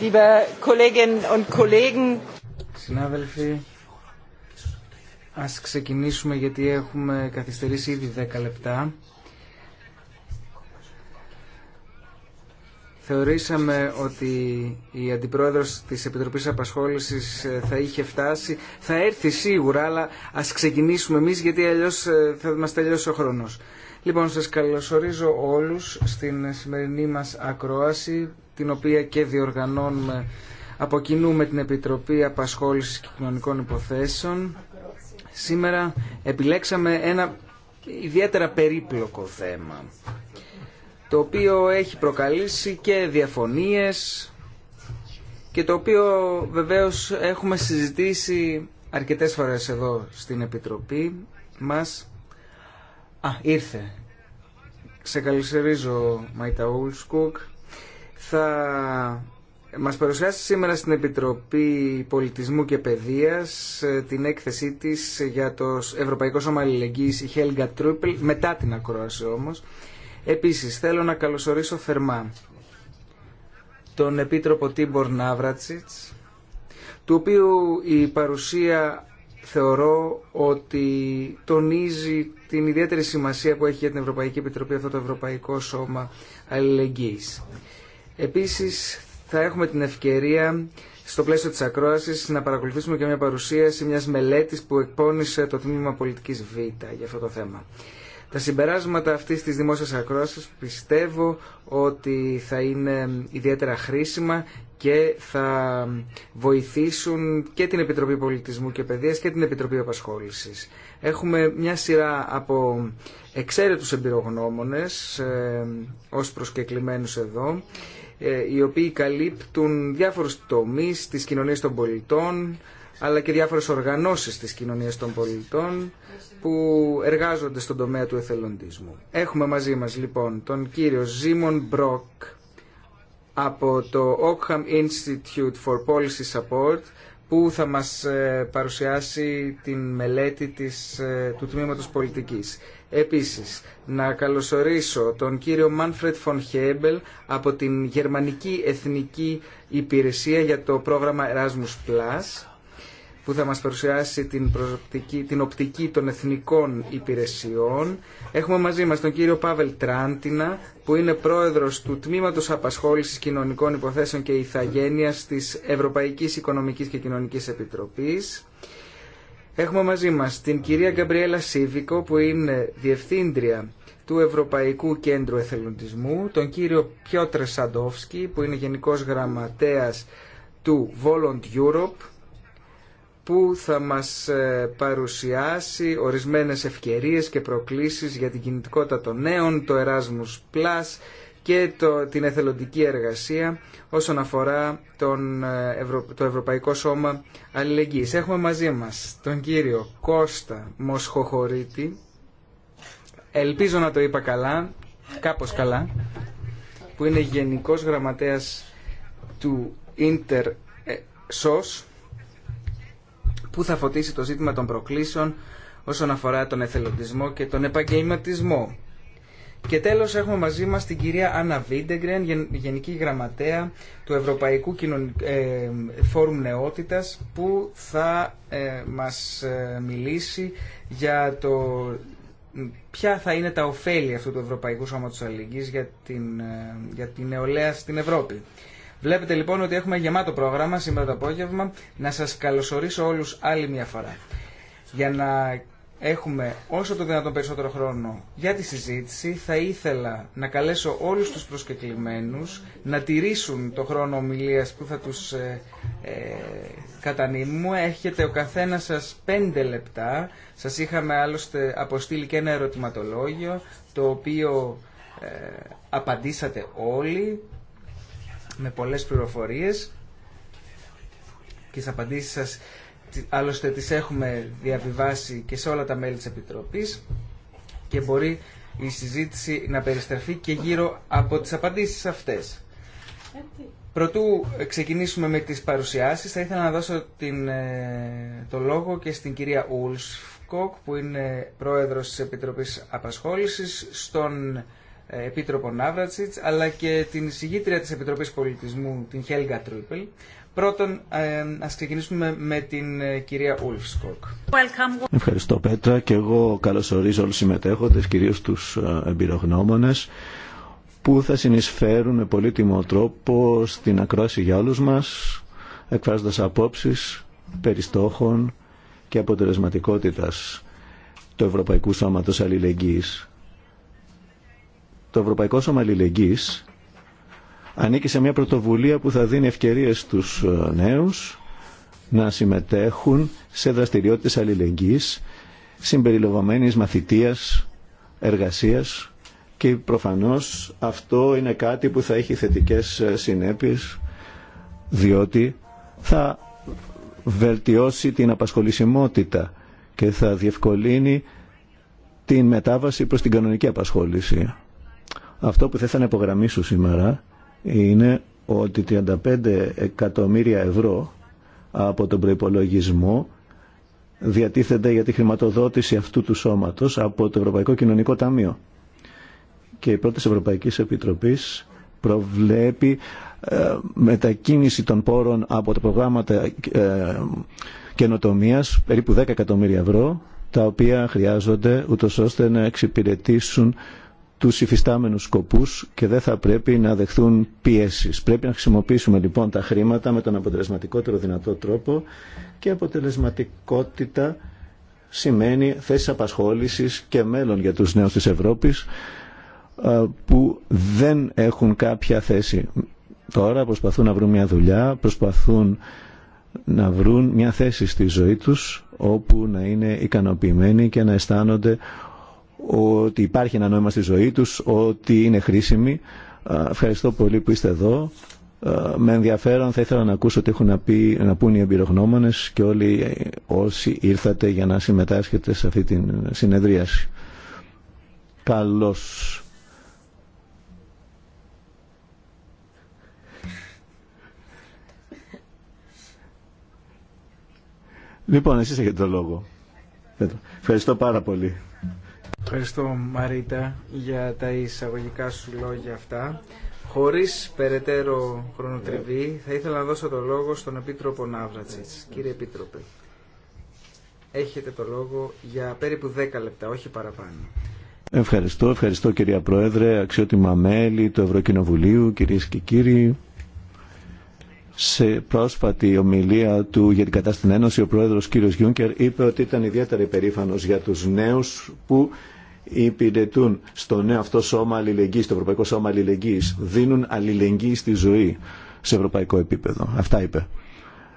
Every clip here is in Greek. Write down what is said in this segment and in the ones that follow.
Liebe Kolleginnen und Kollegen. Συνάδελφοι, ας ξεκινήσουμε γιατί έχουμε καθυστερήσει ήδη 10 λεπτά. Θεωρήσαμε ότι η Αντιπρόεδρος της Επιτροπής Απασχόλησης ε, θα είχε φτάσει. Θα έρθει σίγουρα, αλλά ας ξεκινήσουμε εμείς γιατί αλλιώς ε, θα μας τελειώσει ο χρόνος. Λοιπόν, σας καλωσορίζω όλους στην σημερινή μας ακρόαση την οποία και διοργανώνουμε από κοινού με την Επιτροπή Απασχόλησης και Κοινωνικών Υποθέσεων. Σήμερα επιλέξαμε ένα ιδιαίτερα περίπλοκο θέμα, το οποίο έχει προκαλήσει και διαφωνίες και το οποίο βεβαίως έχουμε συζητήσει αρκετές φορές εδώ στην Επιτροπή μας. Α, ήρθε. Σε καλωσορίζω, Μαϊτα Ουλσκουκ θα μας παρουσιάσει σήμερα στην Επιτροπή Πολιτισμού και Παιδείας ε, την έκθεσή της για το Ευρωπαϊκό Σώμα Αλληλεγγύης η Helga Truppel, μετά την ακρόαση όμως. Επίσης θέλω να καλωσορίσω θερμά τον Επίτροπο Τίμπορ Ναύρατσιτς, του οποίου η παρουσία θεωρώ ότι τονίζει την ιδιαίτερη σημασία που έχει για την Ευρωπαϊκή Επιτροπή αυτό το Ευρωπαϊκό Σώμα Αλληλεγγύης. Επίσης θα έχουμε την ευκαιρία στο πλαίσιο της ακρόασης να παρακολουθήσουμε και μια παρουσίαση μιας μελέτης που εκπώνησε το Τμήμα Πολιτικής Β για αυτό το θέμα. Τα συμπεράσματα αυτής της δημόσιας ακρόασης πιστεύω ότι θα είναι ιδιαίτερα χρήσιμα και θα βοηθήσουν και την Επιτροπή Πολιτισμού και Παιδείας και την Επιτροπή Απασχόλησης. Έχουμε μια σειρά από εξαίρετους εμπειρογνώμονες ε, ως προσκεκλημένους εδώ ε, οι οποίοι καλύπτουν διάφορους τομείς της κοινωνίας των πολιτών αλλά και διάφορες οργανώσεις της κοινωνίας των πολιτών που εργάζονται στον τομέα του εθελοντισμού. Έχουμε μαζί μας λοιπόν τον κύριο Ζήμον Μπροκ από το Ockham Institute for Policy Support που θα μας ε, παρουσιάσει την μελέτη της, ε, του Τμήματος Πολιτικής. Επίσης, να καλωσορίσω τον κύριο Μάνφρετ Φον Χέμπελ από την Γερμανική Εθνική Υπηρεσία για το πρόγραμμα Erasmus Plus που θα μας παρουσιάσει την, προοπτική, την οπτική των εθνικών υπηρεσιών. Έχουμε μαζί μας τον κύριο Πάβελ Τράντινα, που είναι πρόεδρος του Τμήματος Απασχόλησης Κοινωνικών Υποθέσεων και Ιθαγένειας της Ευρωπαϊκής Οικονομικής και Κοινωνικής Επιτροπής. Έχουμε μαζί μας την κυρία Γκαμπριέλα Σίβικο που είναι Διευθύντρια του Ευρωπαϊκού Κέντρου Εθελοντισμού, τον κύριο Πιότρε Σαντόφσκι που είναι Γενικός Γραμματέας του Volont Europe που θα μας ε, παρουσιάσει ορισμένες ευκαιρίες και προκλήσεις για την κινητικότητα των νέων, το Erasmus και το, την εθελοντική εργασία όσον αφορά τον, ε, το Ευρωπαϊκό Σώμα Αλληλεγγύης. Έχουμε μαζί μας τον κύριο Κώστα Μοσχοχωρίτη, ελπίζω να το είπα καλά, κάπως καλά, που είναι Γενικός Γραμματέας του Ίντερ ε, ΣΟΣ, που θα φωτίσει το ζήτημα των προκλήσεων όσον αφορά τον εθελοντισμό και τον επαγγελματισμό και τέλος έχουμε μαζί μας την κυρία Άννα Βίντεγκρεν, Γενική Γραμματέα του Ευρωπαϊκού ε, Φόρουμ Νεότητας, που θα ε, μας ε, μιλήσει για το ποια θα είναι τα ωφέλη αυτού του Ευρωπαϊκού Σώματος Αλληλεγγύης για την, για την νεολαία στην Ευρώπη. Βλέπετε λοιπόν ότι έχουμε γεμάτο πρόγραμμα σήμερα το απόγευμα. Να σας καλωσορίσω όλους άλλη μια φορά. Για να έχουμε όσο το δυνατόν περισσότερο χρόνο για τη συζήτηση. Θα ήθελα να καλέσω όλους τους προσκεκλημένους να τηρήσουν το χρόνο ομιλίας που θα τους ε, ε, Έχετε ο καθένας σας πέντε λεπτά. Σας είχαμε άλλωστε αποστείλει και ένα ερωτηματολόγιο το οποίο ε, απαντήσατε όλοι με πολλές πληροφορίες και τις απαντήσεις σας άλλωστε τις έχουμε διαβιβάσει και σε όλα τα μέλη της Επιτροπής και μπορεί η συζήτηση να περιστραφεί και γύρω από τις απαντήσεις αυτές. Πρωτού ξεκινήσουμε με τις παρουσιάσεις, θα ήθελα να δώσω την, ε, το λόγο και στην κυρία Ουλσκοκ, που είναι πρόεδρος της Επιτροπής Απασχόλησης, στον ε, Επίτροπο Ναύρατσιτς, αλλά και την συγγήτρια της Επιτροπής Πολιτισμού, την Χέλγα Τρούπελ, Πρώτον, ε, ας ξεκινήσουμε με την ε, κυρία Ουλφσκοκ. Ευχαριστώ Πέτρα και εγώ καλωσορίζω όλους συμμετέχοντες, κυρίως τους ε, εμπειρογνώμονες που θα συνεισφέρουν με πολύτιμο τρόπο στην ακρόαση για όλους μας εκφράζοντας απόψεις περιστόχων και αποτελεσματικότητας του Ευρωπαϊκού Σώματος Αλληλεγγύης. Το Ευρωπαϊκό Σώμα Αλληλεγγύης ανήκει σε μια πρωτοβουλία που θα δίνει ευκαιρίες στους ε, νέους να συμμετέχουν σε δραστηριότητες αλληλεγγύης, συμπεριλαμβανομένης μαθητείας, εργασίας και προφανώς αυτό είναι κάτι που θα έχει θετικές ε, συνέπειες διότι θα βελτιώσει την απασχολησιμότητα και θα διευκολύνει την μετάβαση προς την κανονική απασχόληση. Αυτό που θα ήθελα υπογραμμίσω σήμερα είναι ότι 35 εκατομμύρια ευρώ από τον προϋπολογισμό διατίθενται για τη χρηματοδότηση αυτού του σώματος από το Ευρωπαϊκό Κοινωνικό Ταμείο. Και η πρώτη Ευρωπαϊκή Επιτροπή προβλέπει ε, μετακίνηση των πόρων από τα προγράμματα ε, καινοτομίας, περίπου 10 εκατομμύρια ευρώ, τα οποία χρειάζονται ούτως ώστε να εξυπηρετήσουν τους υφιστάμενους σκοπούς και δεν θα πρέπει να δεχθούν πιέσεις. Πρέπει να χρησιμοποιήσουμε λοιπόν τα χρήματα με τον αποτελεσματικότερο δυνατό τρόπο και αποτελεσματικότητα σημαίνει θέσεις απασχόλησης και μέλλον για τους νέους της Ευρώπης που δεν έχουν κάποια θέση. Τώρα προσπαθούν να βρουν μια δουλειά, προσπαθούν να βρουν μια θέση στη ζωή τους όπου να είναι ικανοποιημένοι και να αισθάνονται ότι υπάρχει ένα νόημα στη ζωή τους, ότι είναι χρήσιμοι. Ευχαριστώ πολύ που είστε εδώ. Με ενδιαφέρον θα ήθελα να ακούσω τι έχουν να, πει, να πούν οι εμπειρογνώμονες και όλοι όσοι ήρθατε για να συμμετάσχετε σε αυτή την συνεδρίαση. Καλώς. Λοιπόν, εσείς έχετε το λόγο. Ευχαριστώ πάρα πολύ. Ευχαριστώ Μαρίτα για τα εισαγωγικά σου λόγια αυτά. Χωρίς περαιτέρω χρονοτριβή θα ήθελα να δώσω το λόγο στον Επίτροπο Ναύρατσιτς. Κύριε Επίτροπε, έχετε το λόγο για περίπου 10 λεπτά, όχι παραπάνω. Ευχαριστώ, ευχαριστώ κυρία Πρόεδρε, αξιότιμα μέλη του Ευρωκοινοβουλίου, κυρίες και κύριοι. Σε πρόσφατη ομιλία του για την κατάσταση στην Ένωση, ο Πρόεδρος κύριος Γιούνκερ είπε ότι ήταν ιδιαίτερα υπερήφανος για τους νέους που υπηρετούν στο νέο αυτό σώμα αλληλεγγύη, στο Ευρωπαϊκό Σώμα Αλληλεγγύη, Δίνουν αλληλεγγύη στη ζωή σε ευρωπαϊκό επίπεδο. Αυτά είπε.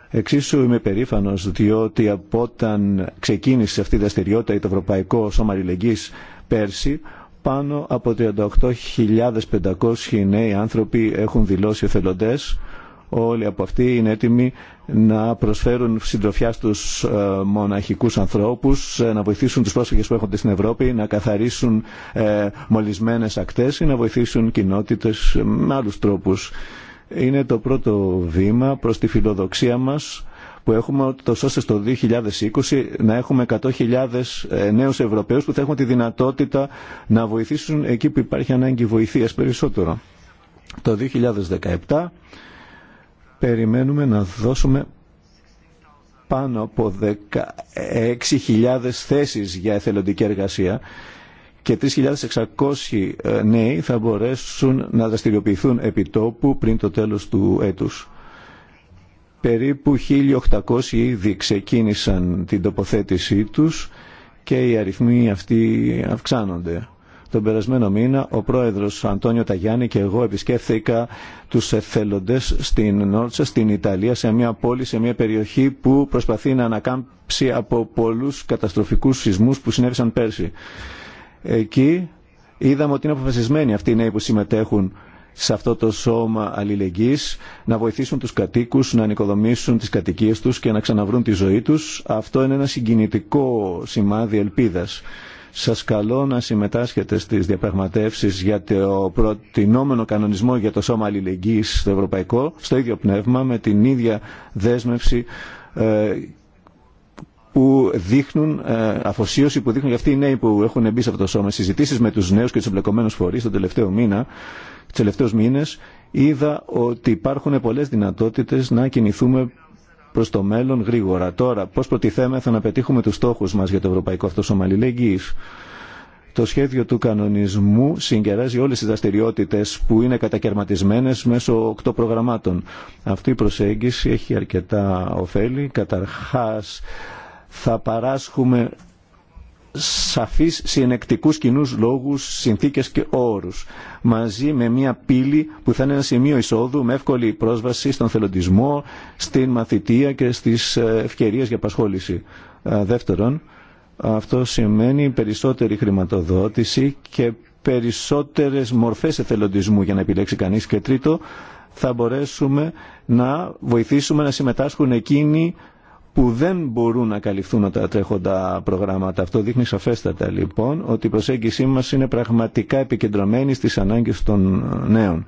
Εξίσου είμαι περήφανο διότι από όταν ξεκίνησε αυτή η δραστηριότητα το Ευρωπαϊκό Σώμα Αλληλεγγύη πέρσι, πάνω από 38.500 νέοι άνθρωποι έχουν δηλώσει εθελοντέ. Όλοι από αυτοί είναι έτοιμοι να προσφέρουν συντροφιά στους ε, μοναχικούς ανθρώπους, ε, να βοηθήσουν τους πρόσφυγες που έχονται στην Ευρώπη, να καθαρίσουν ε, μολυσμένες ακτές ή να βοηθήσουν κοινότητες με άλλους τρόπους. Είναι το πρώτο βήμα προς τη φιλοδοξία μας που έχουμε το ώστε στο 2020 να έχουμε 100.000 νέους Ευρωπαίους που θα έχουν τη δυνατότητα να βοηθήσουν εκεί που υπάρχει ανάγκη βοηθείας περισσότερο. Το 2017 περιμένουμε να δώσουμε πάνω από 16.000 θέσεις για εθελοντική εργασία και 3.600 ε, νέοι θα μπορέσουν να δραστηριοποιηθούν επί τόπου πριν το τέλος του έτους. Περίπου 1.800 ήδη ξεκίνησαν την τοποθέτησή τους και οι αριθμοί αυτοί αυξάνονται. Τον περασμένο μήνα ο πρόεδρος Αντώνιο Ταγιάννη και εγώ επισκέφθηκα τους εθελοντές στην Νόρτσα, στην Ιταλία, σε μια πόλη, σε μια περιοχή που προσπαθεί να ανακάμψει από πολλούς καταστροφικούς σεισμούς που συνέβησαν πέρσι. Εκεί είδαμε ότι είναι αποφασισμένοι αυτοί οι νέοι που συμμετέχουν σε αυτό το σώμα αλληλεγγύης να βοηθήσουν τους κατοίκους να ανοικοδομήσουν τις κατοικίες τους και να ξαναβρούν τη ζωή τους. Αυτό είναι ένα συγκινητικό σημάδι ελπίδας. Σας καλώ να συμμετάσχετε στις διαπραγματεύσεις για το προτινόμενο κανονισμό για το σώμα αλληλεγγύης στο ευρωπαϊκό, στο ίδιο πνεύμα, με την ίδια δέσμευση ε, που δείχνουν, ε, αφοσίωση που δείχνουν για αυτοί οι νέοι που έχουν μπει σε αυτό το σώμα. Συζητήσεις με τους νέους και τους εμπλεκομένους φορείς τον τελευταίο μήνα, τελευταίους μήνες, είδα ότι υπάρχουν πολλές δυνατότητες να κινηθούμε προ το μέλλον γρήγορα. Τώρα, πώ προτιθέμεθα να πετύχουμε του στόχου μα για το Ευρωπαϊκό Αυτό Σώμα το σχέδιο του κανονισμού συγκεράζει όλε τι δραστηριότητε που είναι κατακαιρματισμένε μέσω οκτώ προγραμμάτων. Αυτή η προσέγγιση έχει αρκετά ωφέλη. Καταρχά θα παράσχουμε σαφείς συνεκτικούς κοινού λόγους, συνθήκες και όρους, μαζί με μια πύλη που θα είναι ένα σημείο εισόδου με εύκολη πρόσβαση στον θελοντισμό, στην μαθητεία και στις ε, ευκαιρίες για απασχόληση. Ε, δεύτερον, αυτό σημαίνει περισσότερη χρηματοδότηση και περισσότερες μορφές εθελοντισμού για να επιλέξει κανείς. Και τρίτο, θα μπορέσουμε να βοηθήσουμε να συμμετάσχουν εκείνοι που δεν μπορούν να καλυφθούν τα τρέχοντα προγράμματα. Αυτό δείχνει σαφέστατα λοιπόν ότι η προσέγγιση μας είναι πραγματικά επικεντρωμένη στις ανάγκες των νέων.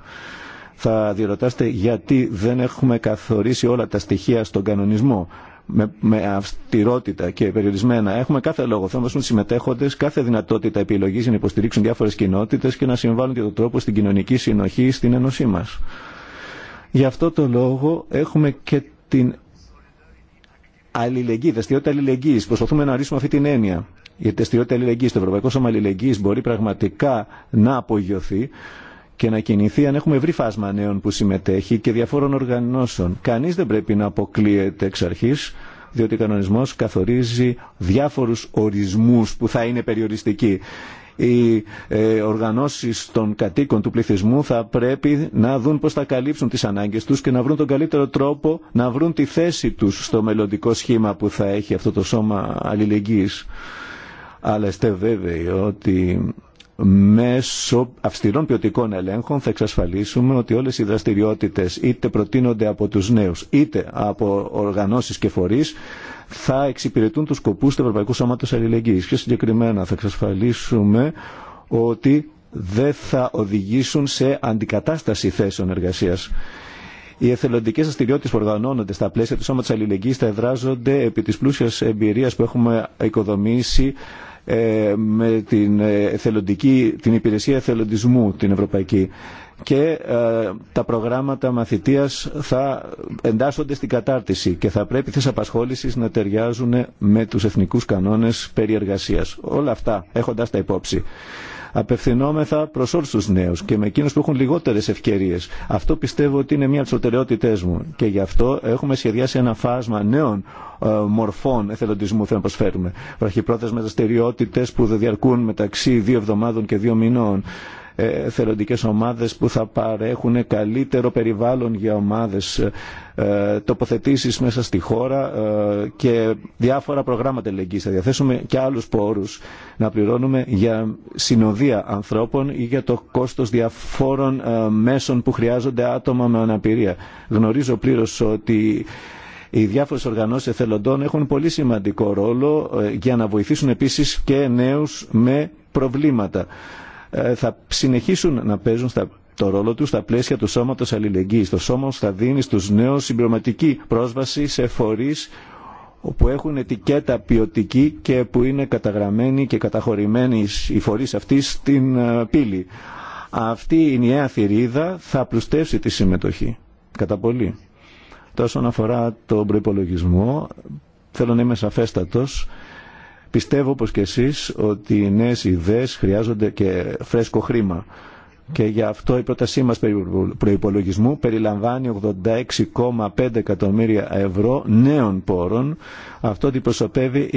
Θα διερωτάστε γιατί δεν έχουμε καθορίσει όλα τα στοιχεία στον κανονισμό με, με αυστηρότητα και περιορισμένα. Έχουμε κάθε λόγο. Θα μας συμμετέχοντε κάθε δυνατότητα επιλογής να υποστηρίξουν διάφορες κοινότητες και να συμβάλλουν και τον τρόπο στην κοινωνική συνοχή στην Ένωσή μας. Γι' αυτό το λόγο έχουμε και την αλληλεγγύη, δραστηριότητα αλληλεγγύη. Προσπαθούμε να ορίσουμε αυτή την έννοια. Η δραστηριότητα αλληλεγγύη, το Ευρωπαϊκό Σώμα Αλληλεγγύη μπορεί πραγματικά να απογειωθεί και να κινηθεί αν έχουμε ευρύ φάσμα νέων που συμμετέχει και διαφόρων οργανώσεων. Κανεί δεν πρέπει να αποκλείεται εξ αρχή, διότι ο κανονισμό καθορίζει διάφορου ορισμού που θα είναι περιοριστικοί οι ε, οργανώσεις των κατοίκων του πληθυσμού θα πρέπει να δουν πώς θα καλύψουν τις ανάγκες τους και να βρουν τον καλύτερο τρόπο να βρουν τη θέση τους στο μελλοντικό σχήμα που θα έχει αυτό το σώμα αλληλεγγύης. Αλλά είστε βέβαιοι ότι μέσω αυστηρών ποιοτικών ελέγχων θα εξασφαλίσουμε ότι όλες οι δραστηριότητες είτε προτείνονται από τους νέους είτε από οργανώσεις και φορείς θα εξυπηρετούν τους σκοπούς του Ευρωπαϊκού Σώματος Αλληλεγγύης. Πιο συγκεκριμένα θα εξασφαλίσουμε ότι δεν θα οδηγήσουν σε αντικατάσταση θέσεων εργασίας. Οι εθελοντικέ δραστηριότητε που οργανώνονται στα πλαίσια του Σώματο Αλληλεγγύη θα εδράζονται επί της πλούσιας εμπειρία που έχουμε οικοδομήσει ε, με την, την υπηρεσία εθελοντισμού την ευρωπαϊκή και ε, τα προγράμματα μαθητείας θα εντάσσονται στην κατάρτιση και θα πρέπει τις απασχόλησεις να ταιριάζουν με τους εθνικούς κανόνες περί εργασίας. Όλα αυτά έχοντας τα υπόψη. Απευθυνόμεθα προ όλου του νέου και με εκείνου που έχουν λιγότερε ευκαιρίε. Αυτό πιστεύω ότι είναι μία από τι προτεραιότητέ μου και γι' αυτό έχουμε σχεδιάσει ένα φάσμα νέων ε, μορφών εθελοντισμού θέλω να προσφέρουμε. Βραχυπρόθεσμε δραστηριότητε που διαρκούν μεταξύ δύο εβδομάδων και δύο μηνών ε, θελοντικές ομάδες που θα παρέχουν καλύτερο περιβάλλον για ομάδες, ε, τοποθετήσεις μέσα στη χώρα ε, και διάφορα προγράμματα ελεγγύη. Θα διαθέσουμε και άλλους πόρους να πληρώνουμε για συνοδεία ανθρώπων ή για το κόστος διαφόρων μέσων που χρειάζονται άτομα με αναπηρία. Γνωρίζω πλήρως ότι οι διάφορες οργανώσεις εθελοντών έχουν πολύ σημαντικό ρόλο για να βοηθήσουν επίσης και νέους με προβλήματα. Ε, θα συνεχίσουν να παίζουν το ρόλο του στα πλαίσια του σώματος αλληλεγγύης. Το σώμα θα δίνει στους νέους συμπληρωματική πρόσβαση σε φορείς που έχουν ετικέτα ποιοτική και που είναι καταγραμμένοι και καταχωρημένοι οι φορείς αυτοί στην ε, πύλη. Αυτή η νέα θηρίδα θα πλουστεύσει τη συμμετοχή. Κατά πολύ. Τόσο αφορά τον προπολογισμό, θέλω να είμαι σαφέστατος, Πιστεύω πως και εσείς ότι οι νέες ιδέες χρειάζονται και φρέσκο χρήμα. Και γι' αυτό η πρότασή μας προϋπολογισμού περιλαμβάνει 86,5 εκατομμύρια ευρώ νέων πόρων. Αυτό αντιπροσωπεύει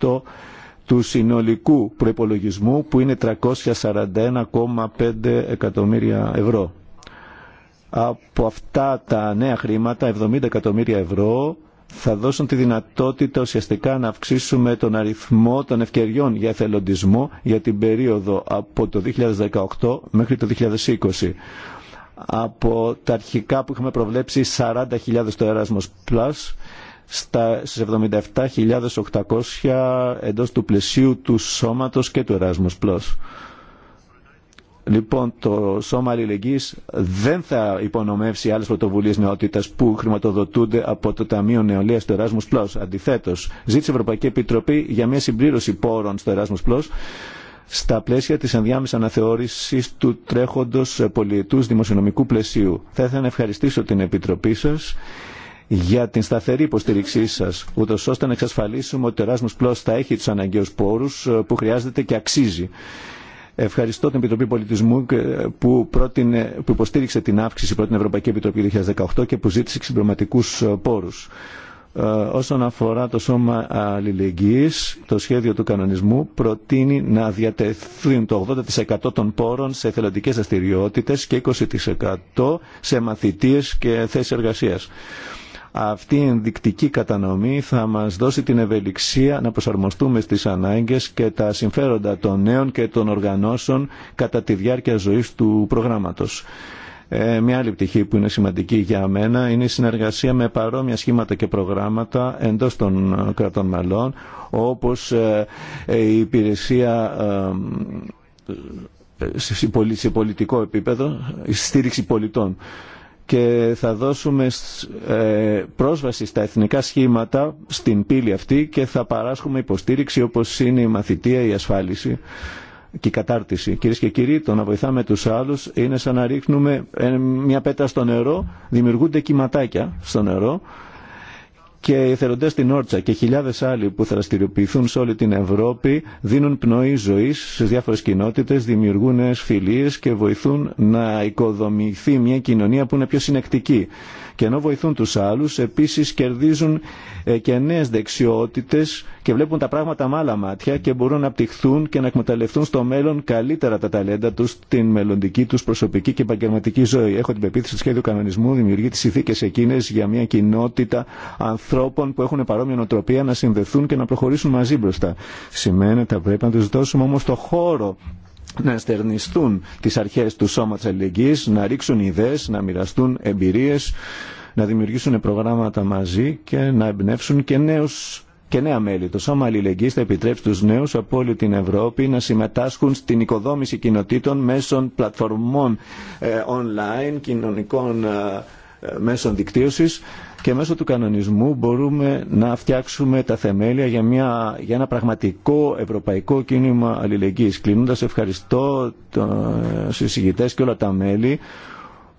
25% του συνολικού προϋπολογισμού που είναι 341,5 εκατομμύρια ευρώ. Από αυτά τα νέα χρήματα, 70 εκατομμύρια ευρώ θα δώσουν τη δυνατότητα ουσιαστικά να αυξήσουμε τον αριθμό των ευκαιριών για εθελοντισμό για την περίοδο από το 2018 μέχρι το 2020. Από τα αρχικά που είχαμε προβλέψει 40.000 το Erasmus Plus στα, 77.800 εντός του πλαισίου του σώματος και του Erasmus Plus. Λοιπόν, το Σώμα Αλληλεγγύης δεν θα υπονομεύσει άλλες πρωτοβουλίες νεότητας που χρηματοδοτούνται από το Ταμείο Νεολαίας του Erasmus Plus. Αντιθέτως, ζήτησε η Ευρωπαϊκή Επιτροπή για μια συμπλήρωση πόρων στο Erasmus Plus στα πλαίσια της ενδιάμεσης αναθεώρησης του τρέχοντος πολιετούς δημοσιονομικού πλαισίου. Θα ήθελα να ευχαριστήσω την Επιτροπή σας για την σταθερή υποστήριξή σας, ούτως ώστε να εξασφαλίσουμε ότι ο Erasmus Plus θα έχει τους αναγκαίους πόρους που χρειάζεται και αξίζει. Ευχαριστώ την Επιτροπή Πολιτισμού ε, που, πρότεινε, που υποστήριξε την αύξηση την Ευρωπαϊκή Επιτροπή 2018 και που ζήτησε συμπληρωματικού ε, πόρου. Ε, όσον αφορά το Σώμα Αλληλεγγύης, το σχέδιο του κανονισμού προτείνει να διατεθούν το 80% των πόρων σε εθελοντικές δραστηριότητε και 20% σε μαθητείες και θέσεις εργασίας. Αυτή η ενδεικτική κατανομή θα μας δώσει την ευελιξία να προσαρμοστούμε στις ανάγκες και τα συμφέροντα των νέων και των οργανώσεων κατά τη διάρκεια ζωής του προγράμματος. Ε, μια άλλη πτυχή που είναι σημαντική για μένα είναι η συνεργασία με παρόμοια σχήματα και προγράμματα εντός των ε, κρατών μελών, όπως ε, η υπηρεσία σε πολιτικό επίπεδο, η στήριξη πολιτών και θα δώσουμε ε, πρόσβαση στα εθνικά σχήματα στην πύλη αυτή και θα παράσχουμε υποστήριξη όπως είναι η μαθητεία, η ασφάλιση και η κατάρτιση. Κυρίε και κύριοι, το να βοηθάμε τους άλλους είναι σαν να ρίχνουμε ε, μια πέτα στο νερό, δημιουργούνται κυματάκια στο νερό και οι εθελοντές στην Όρτσα και χιλιάδες άλλοι που θα δραστηριοποιηθούν σε όλη την Ευρώπη δίνουν πνοή ζωής σε διάφορες κοινότητες, δημιουργούν νέες φιλίες και βοηθούν να οικοδομηθεί μια κοινωνία που είναι πιο συνεκτική και ενώ βοηθούν τους άλλους επίσης κερδίζουν ε, και νέες δεξιότητες και βλέπουν τα πράγματα με άλλα μάτια και μπορούν να απτυχθούν και να εκμεταλλευτούν στο μέλλον καλύτερα τα ταλέντα τους στην μελλοντική τους προσωπική και επαγγελματική ζωή. Έχω την πεποίθηση το σχέδιου κανονισμού δημιουργεί τις ηθίκες εκείνες για μια κοινότητα ανθρώπων που έχουν παρόμοια νοοτροπία να συνδεθούν και να προχωρήσουν μαζί μπροστά. Σημαίνεται πρέπει να τους δώσουμε όμως το χώρο να στερνιστούν τις αρχές του σώματος αλληλεγγύης, να ρίξουν ιδέες, να μοιραστούν εμπειρίες να δημιουργήσουν προγράμματα μαζί και να εμπνεύσουν και νέους και νέα μέλη. Το Σώμα Αλληλεγγύης θα επιτρέψει τους νέους από όλη την Ευρώπη να συμμετάσχουν στην οικοδόμηση κοινοτήτων μέσω πλατφορμών ε, online, κοινωνικών ε, ε, μέσων δικτύωσης και μέσω του κανονισμού μπορούμε να φτιάξουμε τα θεμέλια για, μια, για ένα πραγματικό ευρωπαϊκό κίνημα αλληλεγγύης. Κλείνοντας ευχαριστώ του συζητητές και όλα τα μέλη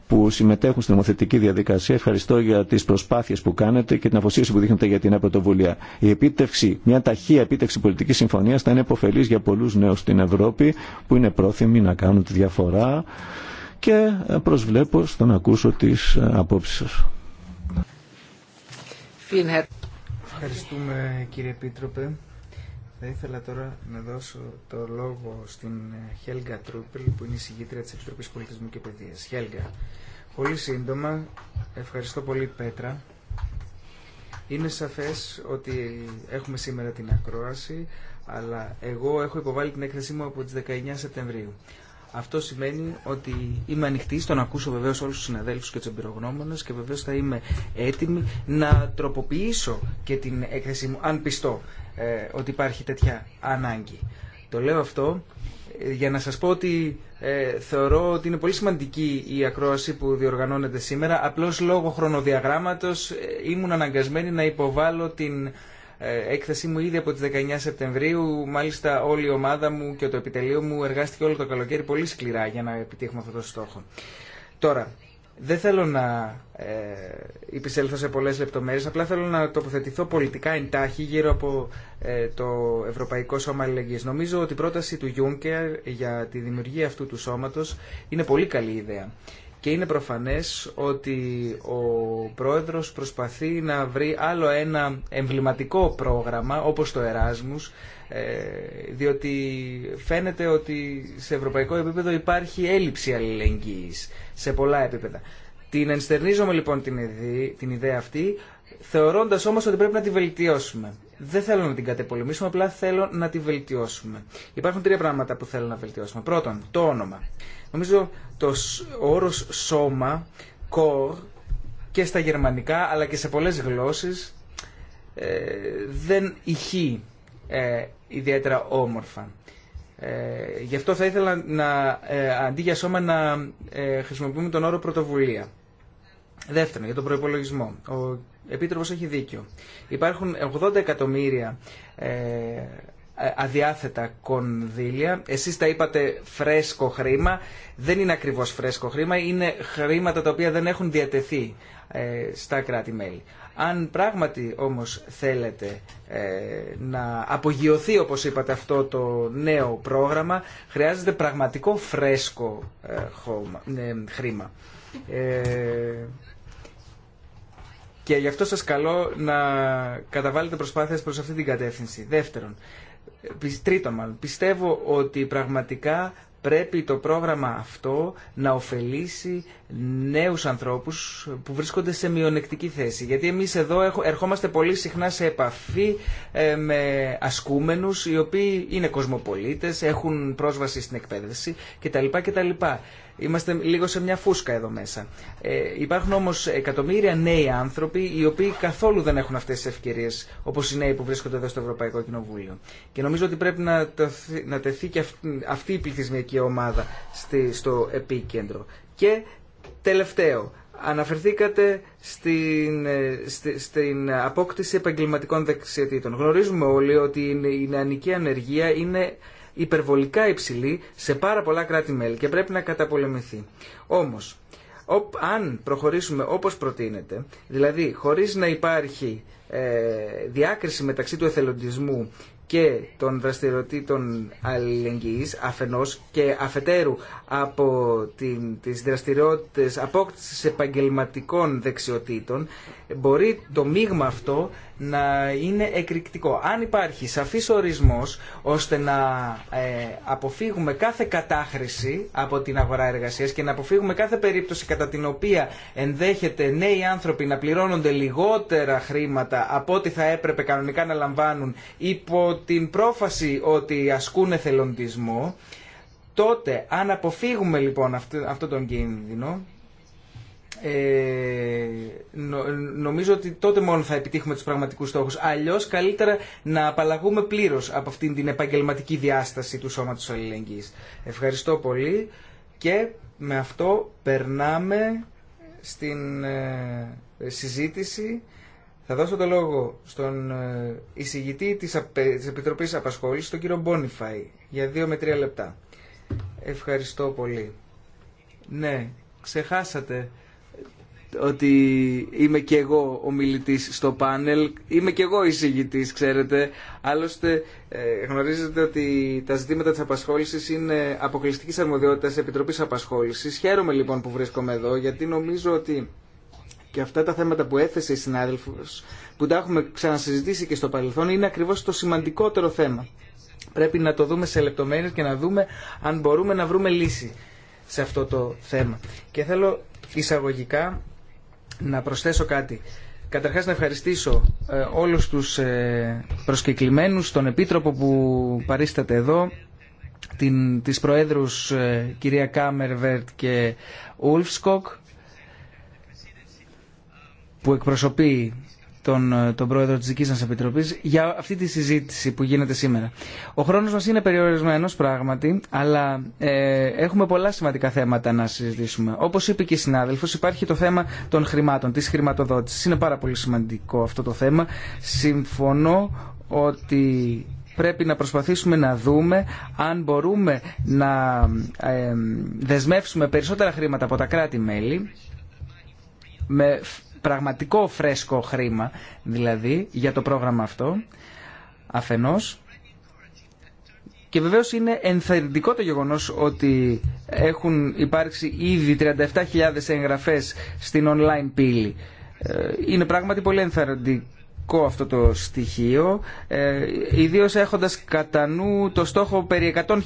που συμμετέχουν στην νομοθετική διαδικασία. Ευχαριστώ για τι προσπάθειε που κάνετε και την αφοσίωση που δείχνετε για την νέα πρωτοβουλία. Η επίτευξη, μια ταχεία επίτευξη πολιτική συμφωνία θα είναι υποφελή για πολλού νέου στην Ευρώπη που είναι πρόθυμοι να κάνουν τη διαφορά και προσβλέπω στο να ακούσω τι απόψει σα. κύριε Επίτροπε. Θα ήθελα τώρα να δώσω το λόγο στην ε, Χέλγα Τρούπελ που είναι η συγγήτρια της Επιτροπής Πολιτισμού και Παιδείας. Χέλγα, πολύ σύντομα, ευχαριστώ πολύ Πέτρα. Είναι σαφές ότι έχουμε σήμερα την ακρόαση, αλλά εγώ έχω υποβάλει την έκθεσή μου από τις 19 Σεπτεμβρίου. Αυτό σημαίνει ότι είμαι ανοιχτή στο να ακούσω βεβαίω όλου του συναδέλφου και του εμπειρογνώμονε και βεβαίω θα είμαι έτοιμη να τροποποιήσω και την έκθεσή μου, αν πιστώ ε, ότι υπάρχει τέτοια ανάγκη. Το λέω αυτό ε, για να σας πω ότι ε, θεωρώ ότι είναι πολύ σημαντική η ακρόαση που διοργανώνεται σήμερα. Απλώς λόγω χρονοδιαγράμματος ε, ήμουν αναγκασμένη να υποβάλω την έκθεσή μου ήδη από τις 19 Σεπτεμβρίου. Μάλιστα όλη η ομάδα μου και το επιτελείο μου εργάστηκε όλο το καλοκαίρι πολύ σκληρά για να επιτύχουμε αυτό το στόχο. Τώρα, δεν θέλω να ε, υπησέλθω σε πολλές λεπτομέρειες, απλά θέλω να τοποθετηθώ πολιτικά εντάχει γύρω από ε, το Ευρωπαϊκό Σώμα Αλληλεγγύης. Νομίζω ότι η πρόταση του Juncker για τη δημιουργία αυτού του σώματος είναι πολύ καλή ιδέα. Και είναι προφανές ότι ο πρόεδρος προσπαθεί να βρει άλλο ένα εμβληματικό πρόγραμμα όπως το Εράσμους ε, διότι φαίνεται ότι σε ευρωπαϊκό επίπεδο υπάρχει έλλειψη αλληλεγγύης σε πολλά επίπεδα. Την ενστερνίζομαι λοιπόν την ιδέα αυτή θεωρώντας όμως ότι πρέπει να τη βελτιώσουμε. Δεν θέλω να την κατεπολεμήσουμε, απλά θέλω να τη βελτιώσουμε. Υπάρχουν τρία πράγματα που θέλω να βελτιώσουμε. Πρώτον, το όνομα. Νομίζω το, όρο όρος σώμα, κορ, και στα γερμανικά αλλά και σε πολλές γλώσσες ε, δεν ηχεί ε, ιδιαίτερα όμορφα. Ε, γι' αυτό θα ήθελα να, ε, αντί για σώμα να χρησιμοποιούμε τον όρο πρωτοβουλία. Δεύτερον, για τον προπολογισμό. Ο Επίτροπο έχει δίκιο. Υπάρχουν 80 εκατομμύρια ε, αδιάθετα κονδύλια. Εσείς τα είπατε φρέσκο χρήμα. Δεν είναι ακριβώς φρέσκο χρήμα. Είναι χρήματα τα οποία δεν έχουν διατεθεί ε, στα κράτη-μέλη. Αν πράγματι όμως θέλετε ε, να απογειωθεί όπως είπατε αυτό το νέο πρόγραμμα χρειάζεται πραγματικό φρέσκο ε, χρήμα. Και γι' αυτό σας καλώ να καταβάλλετε προσπάθειες προς αυτή την κατεύθυνση. Δεύτερον, τρίτον μάλλον, πιστεύω ότι πραγματικά πρέπει το πρόγραμμα αυτό να ωφελήσει νέους ανθρώπους που βρίσκονται σε μειονεκτική θέση. Γιατί εμείς εδώ ερχόμαστε πολύ συχνά σε επαφή ε, με ασκούμενους οι οποίοι είναι κοσμοπολίτες, έχουν πρόσβαση στην εκπαίδευση κτλ. Είμαστε λίγο σε μια φούσκα εδώ μέσα. Ε, υπάρχουν όμω εκατομμύρια νέοι άνθρωποι οι οποίοι καθόλου δεν έχουν αυτέ τι ευκαιρίε όπω οι νέοι που βρίσκονται εδώ στο Ευρωπαϊκό Κοινοβούλιο. Και νομίζω ότι πρέπει να, τεθεί, να τεθεί και αυτή, αυτή η πληθυσμιακή ομάδα στο επίκεντρο. Και τελευταίο, αναφερθήκατε στην, ε, στην απόκτηση επαγγελματικών δεξιοτήτων. Γνωρίζουμε όλοι ότι η νεανική ανεργία είναι υπερβολικά υψηλή σε πάρα πολλά κράτη-μέλη και πρέπει να καταπολεμηθεί. Όμως, αν προχωρήσουμε όπως προτείνεται, δηλαδή χωρίς να υπάρχει ε, διάκριση μεταξύ του εθελοντισμού και των δραστηριοτήτων αλληλεγγύης αφενός και αφετέρου από την, τις δραστηριότητες απόκτησης επαγγελματικών δεξιοτήτων μπορεί το μείγμα αυτό να είναι εκρηκτικό. Αν υπάρχει σαφής ορισμός ώστε να ε, αποφύγουμε κάθε κατάχρηση από την αγορά εργασίας και να αποφύγουμε κάθε περίπτωση κατά την οποία ενδέχεται νέοι άνθρωποι να πληρώνονται λιγότερα χρήματα από ό,τι θα έπρεπε κανονικά να λαμβάνουν υπό την πρόφαση ότι ασκούν εθελοντισμό, τότε αν αποφύγουμε λοιπόν αυτό, τον κίνδυνο, ε, νομίζω ότι τότε μόνο θα επιτύχουμε τους πραγματικούς στόχους. Αλλιώς καλύτερα να απαλλαγούμε πλήρως από αυτήν την επαγγελματική διάσταση του σώματος αλληλεγγύης. Ευχαριστώ πολύ και με αυτό περνάμε στην ε, συζήτηση. Θα δώσω το λόγο στον ε, εισηγητή της Επιτροπής Απασχόλησης, τον κύριο Μπόνιφαϊ, για δύο με τρία λεπτά. Ευχαριστώ πολύ. Ναι, ξεχάσατε ότι είμαι και εγώ ο μιλητής στο πάνελ, είμαι και εγώ εισηγητής, ξέρετε. Άλλωστε ε, γνωρίζετε ότι τα ζητήματα της απασχόλησης είναι αποκλειστικής αρμοδιότητας Επιτροπής Απασχόλησης. Χαίρομαι λοιπόν που βρίσκομαι εδώ, γιατί νομίζω ότι και αυτά τα θέματα που έθεσε η συνάδελφος, που τα έχουμε ξανασυζητήσει και στο παρελθόν, είναι ακριβώς το σημαντικότερο θέμα. Πρέπει να το δούμε σε λεπτομέρειες και να δούμε αν μπορούμε να βρούμε λύση σε αυτό το θέμα. Και θέλω εισαγωγικά να προσθέσω κάτι. Καταρχάς να ευχαριστήσω ε, όλους τους ε, προσκεκλημένους, τον Επίτροπο που παρίσταται εδώ, την, τις Προέδρους ε, κυρία Κάμερβερτ και Ουλφσκοκ που εκπροσωπεί τον, τον πρόεδρο της δική μα επιτροπή για αυτή τη συζήτηση που γίνεται σήμερα. Ο χρόνος μα είναι περιορισμένος πράγματι, αλλά ε, έχουμε πολλά σημαντικά θέματα να συζητήσουμε. Όπως είπε και η συνάδελφος, υπάρχει το θέμα των χρημάτων, της χρηματοδότησης. Είναι πάρα πολύ σημαντικό αυτό το θέμα. Συμφωνώ ότι πρέπει να προσπαθήσουμε να δούμε αν μπορούμε να ε, δεσμεύσουμε περισσότερα χρήματα από τα κράτη-μέλη με πραγματικό φρέσκο χρήμα δηλαδή για το πρόγραμμα αυτό αφενός και βεβαίω είναι ενθαρρυντικό το γεγονός ότι έχουν υπάρξει ήδη 37.000 εγγραφές στην online πύλη. Ε, είναι πράγματι πολύ ενθαρρυντικό σημαντικό αυτό το στοιχείο, ε, ιδίως έχοντας κατά νου το στόχο περί 100.000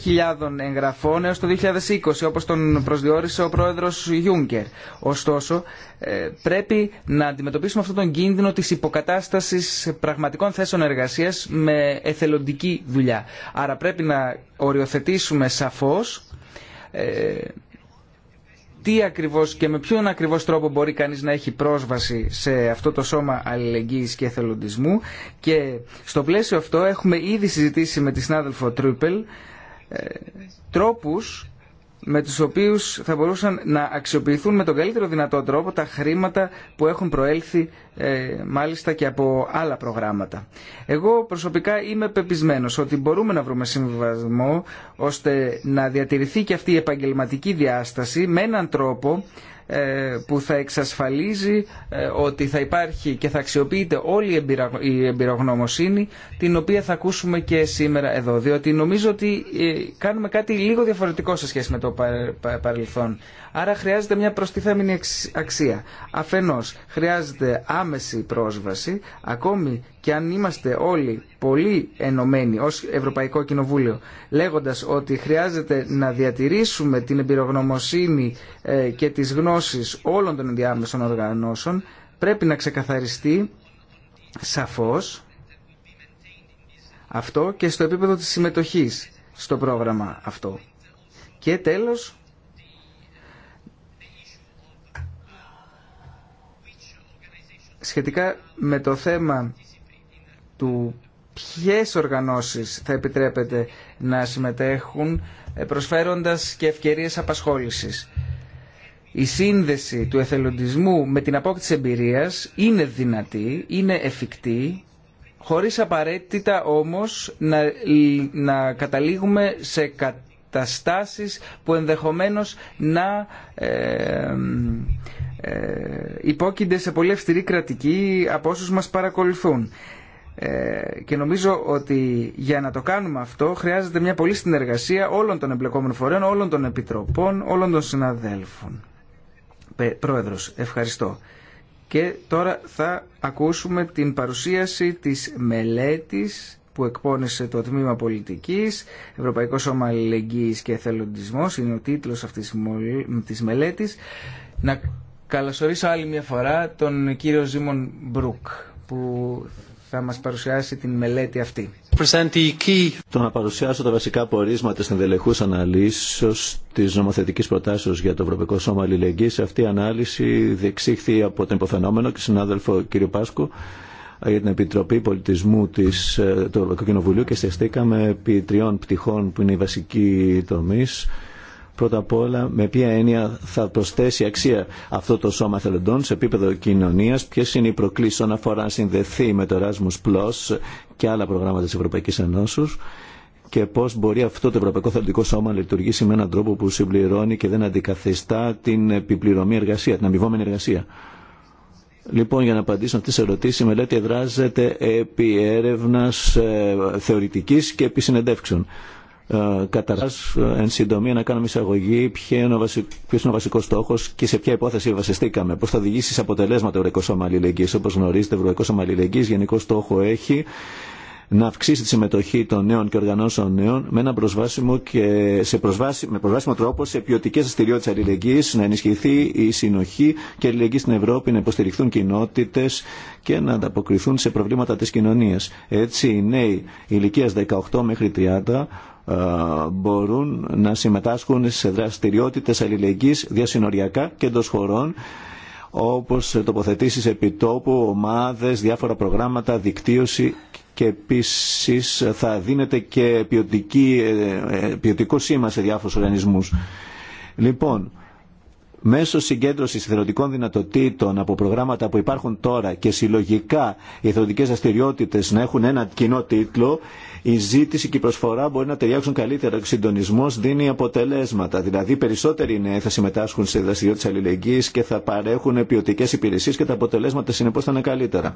εγγραφών έω το 2020, όπως τον προσδιορίσε ο πρόεδρος Γιούγκερ. Ωστόσο, ε, πρέπει να αντιμετωπίσουμε αυτόν τον κίνδυνο της υποκατάστασης πραγματικών θέσεων εργασία με εθελοντική δουλειά. Άρα πρέπει να οριοθετήσουμε σαφώς... Ε, τι ακριβώς και με ποιον ακριβώς τρόπο μπορεί κανείς να έχει πρόσβαση σε αυτό το σώμα αλληλεγγύης και εθελοντισμού και στο πλαίσιο αυτό έχουμε ήδη συζητήσει με τη συνάδελφο Τρούπελ ε, τρόπους με τους οποίους θα μπορούσαν να αξιοποιηθούν με τον καλύτερο δυνατό τρόπο τα χρήματα που έχουν προέλθει ε, μάλιστα και από άλλα προγράμματα. Εγώ προσωπικά είμαι πεπισμένος ότι μπορούμε να βρούμε συμβιβασμό ώστε να διατηρηθεί και αυτή η επαγγελματική διάσταση με έναν τρόπο ε, που θα εξασφαλίζει ε, ότι θα υπάρχει και θα αξιοποιείται όλη η εμπειρογνωμοσύνη την οποία θα ακούσουμε και σήμερα εδώ. Διότι νομίζω ότι ε, κάνουμε κάτι λίγο διαφορετικό σε σχέση με το παρελθόν. Άρα χρειάζεται μια προστιθέμενη αξία. Αφενός χρειάζεται άμεση πρόσβαση, ακόμη και αν είμαστε όλοι πολύ ενωμένοι ως Ευρωπαϊκό Κοινοβούλιο, λέγοντας ότι χρειάζεται να διατηρήσουμε την εμπειρογνωμοσύνη ε, και τις γνώσεις όλων των ενδιάμεσων οργανώσεων, πρέπει να ξεκαθαριστεί σαφώς αυτό και στο επίπεδο της συμμετοχής στο πρόγραμμα αυτό. Και τέλος, σχετικά με το θέμα του ποιε οργανώσεις θα επιτρέπεται να συμμετέχουν ε, προσφέροντας και ευκαιρίες απασχόλησης. Η σύνδεση του εθελοντισμού με την απόκτηση εμπειρίας είναι δυνατή, είναι εφικτή, χωρίς απαραίτητα όμως να, να καταλήγουμε σε καταστάσεις που ενδεχομένως να ε, ε, υπόκεινται σε πολύ αυστηρή κρατική από όσου μας παρακολουθούν. Ε, και νομίζω ότι για να το κάνουμε αυτό χρειάζεται μια πολύ συνεργασία όλων των εμπλεκόμενων φορέων, όλων των επιτροπών, όλων των συναδέλφων. Πρόεδρος, ευχαριστώ. Και τώρα θα ακούσουμε την παρουσίαση της μελέτης που εκπώνησε το Τμήμα Πολιτικής, Ευρωπαϊκό Σώμα και Εθελοντισμός, είναι ο τίτλος αυτής της μελέτης. Να καλωσορίσω άλλη μια φορά τον κύριο Ζήμον Μπρουκ που θα μας παρουσιάσει την μελέτη αυτή. Το να παρουσιάσω τα βασικά πορίσματα στην δελεχούς αναλύσεως της νομοθετικής προτάσεως για το Ευρωπαϊκό Σώμα Αλληλεγγύης. Αυτή η ανάλυση διεξήχθη από τον υποφαινόμενο και συνάδελφο κύριο Πάσκου ε, για την Επιτροπή Πολιτισμού της, ε, του Ευρωπαϊκού Κοινοβουλίου και στεστήκαμε επί τριών πτυχών που είναι οι βασικοί τομείς Πρώτα απ' όλα, με ποια έννοια θα προσθέσει αξία αυτό το σώμα θελοντών σε επίπεδο κοινωνία, ποιε είναι οι προκλήσει όταν αφορά να συνδεθεί με το Erasmus Plus και άλλα προγράμματα τη Ευρωπαϊκή Ενώσης και πώ μπορεί αυτό το Ευρωπαϊκό Θελοντικό Σώμα να λειτουργήσει με έναν τρόπο που συμπληρώνει και δεν αντικαθιστά την επιπληρωμή εργασία, την αμοιβόμενη εργασία. Λοιπόν, για να απαντήσω αυτή τη ερωτήσεις, η μελέτη εδράζεται επί έρευνας ε, θεωρητικής και επί συνεντεύξεων. Ε, Καταρχά εν συντομία, να κάνουμε εισαγωγή ποιο είναι ο, βασικό στόχο και σε ποια υπόθεση βασιστήκαμε. πώ θα οδηγήσει σε αποτελέσματα ο Ευρωπαϊκό Σώμα όπω Όπως γνωρίζετε, ο Ευρωπαϊκό Σώμα Αλληλεγγύη γενικό στόχο έχει να αυξήσει τη συμμετοχή των νέων και οργανώσεων νέων με ένα προσβάσιμο και σε προσβάσι... με προσβάσιμο τρόπο σε ποιοτικέ δραστηριότητε αλληλεγγύη, να ενισχυθεί η συνοχή και η αλληλεγγύη στην Ευρώπη, να υποστηριχθούν κοινότητε και να ανταποκριθούν σε προβλήματα τη κοινωνία. Έτσι, οι νέοι ηλικία 18 μέχρι 30 ε, μπορούν να συμμετάσχουν σε δραστηριότητες αλληλεγγύης διασυνοριακά και εντός χωρών όπως τοποθετήσεις επιτόπου, ομάδες, διάφορα προγράμματα, δικτύωση και επίσης θα δίνεται και ποιοτική, ε, ε, ποιοτικό σήμα σε διάφορους οργανισμούς. Λοιπόν, μέσω συγκέντρωση θεωρητικών δυνατοτήτων από προγράμματα που υπάρχουν τώρα και συλλογικά οι θεωρητικέ δραστηριότητε να έχουν ένα κοινό τίτλο, η ζήτηση και η προσφορά μπορεί να ταιριάξουν καλύτερα. Ο συντονισμό δίνει αποτελέσματα. Δηλαδή, περισσότεροι νέοι θα συμμετάσχουν σε δραστηριότητε αλληλεγγύη και θα παρέχουν ποιοτικέ υπηρεσίε και τα αποτελέσματα συνεπώ θα είναι καλύτερα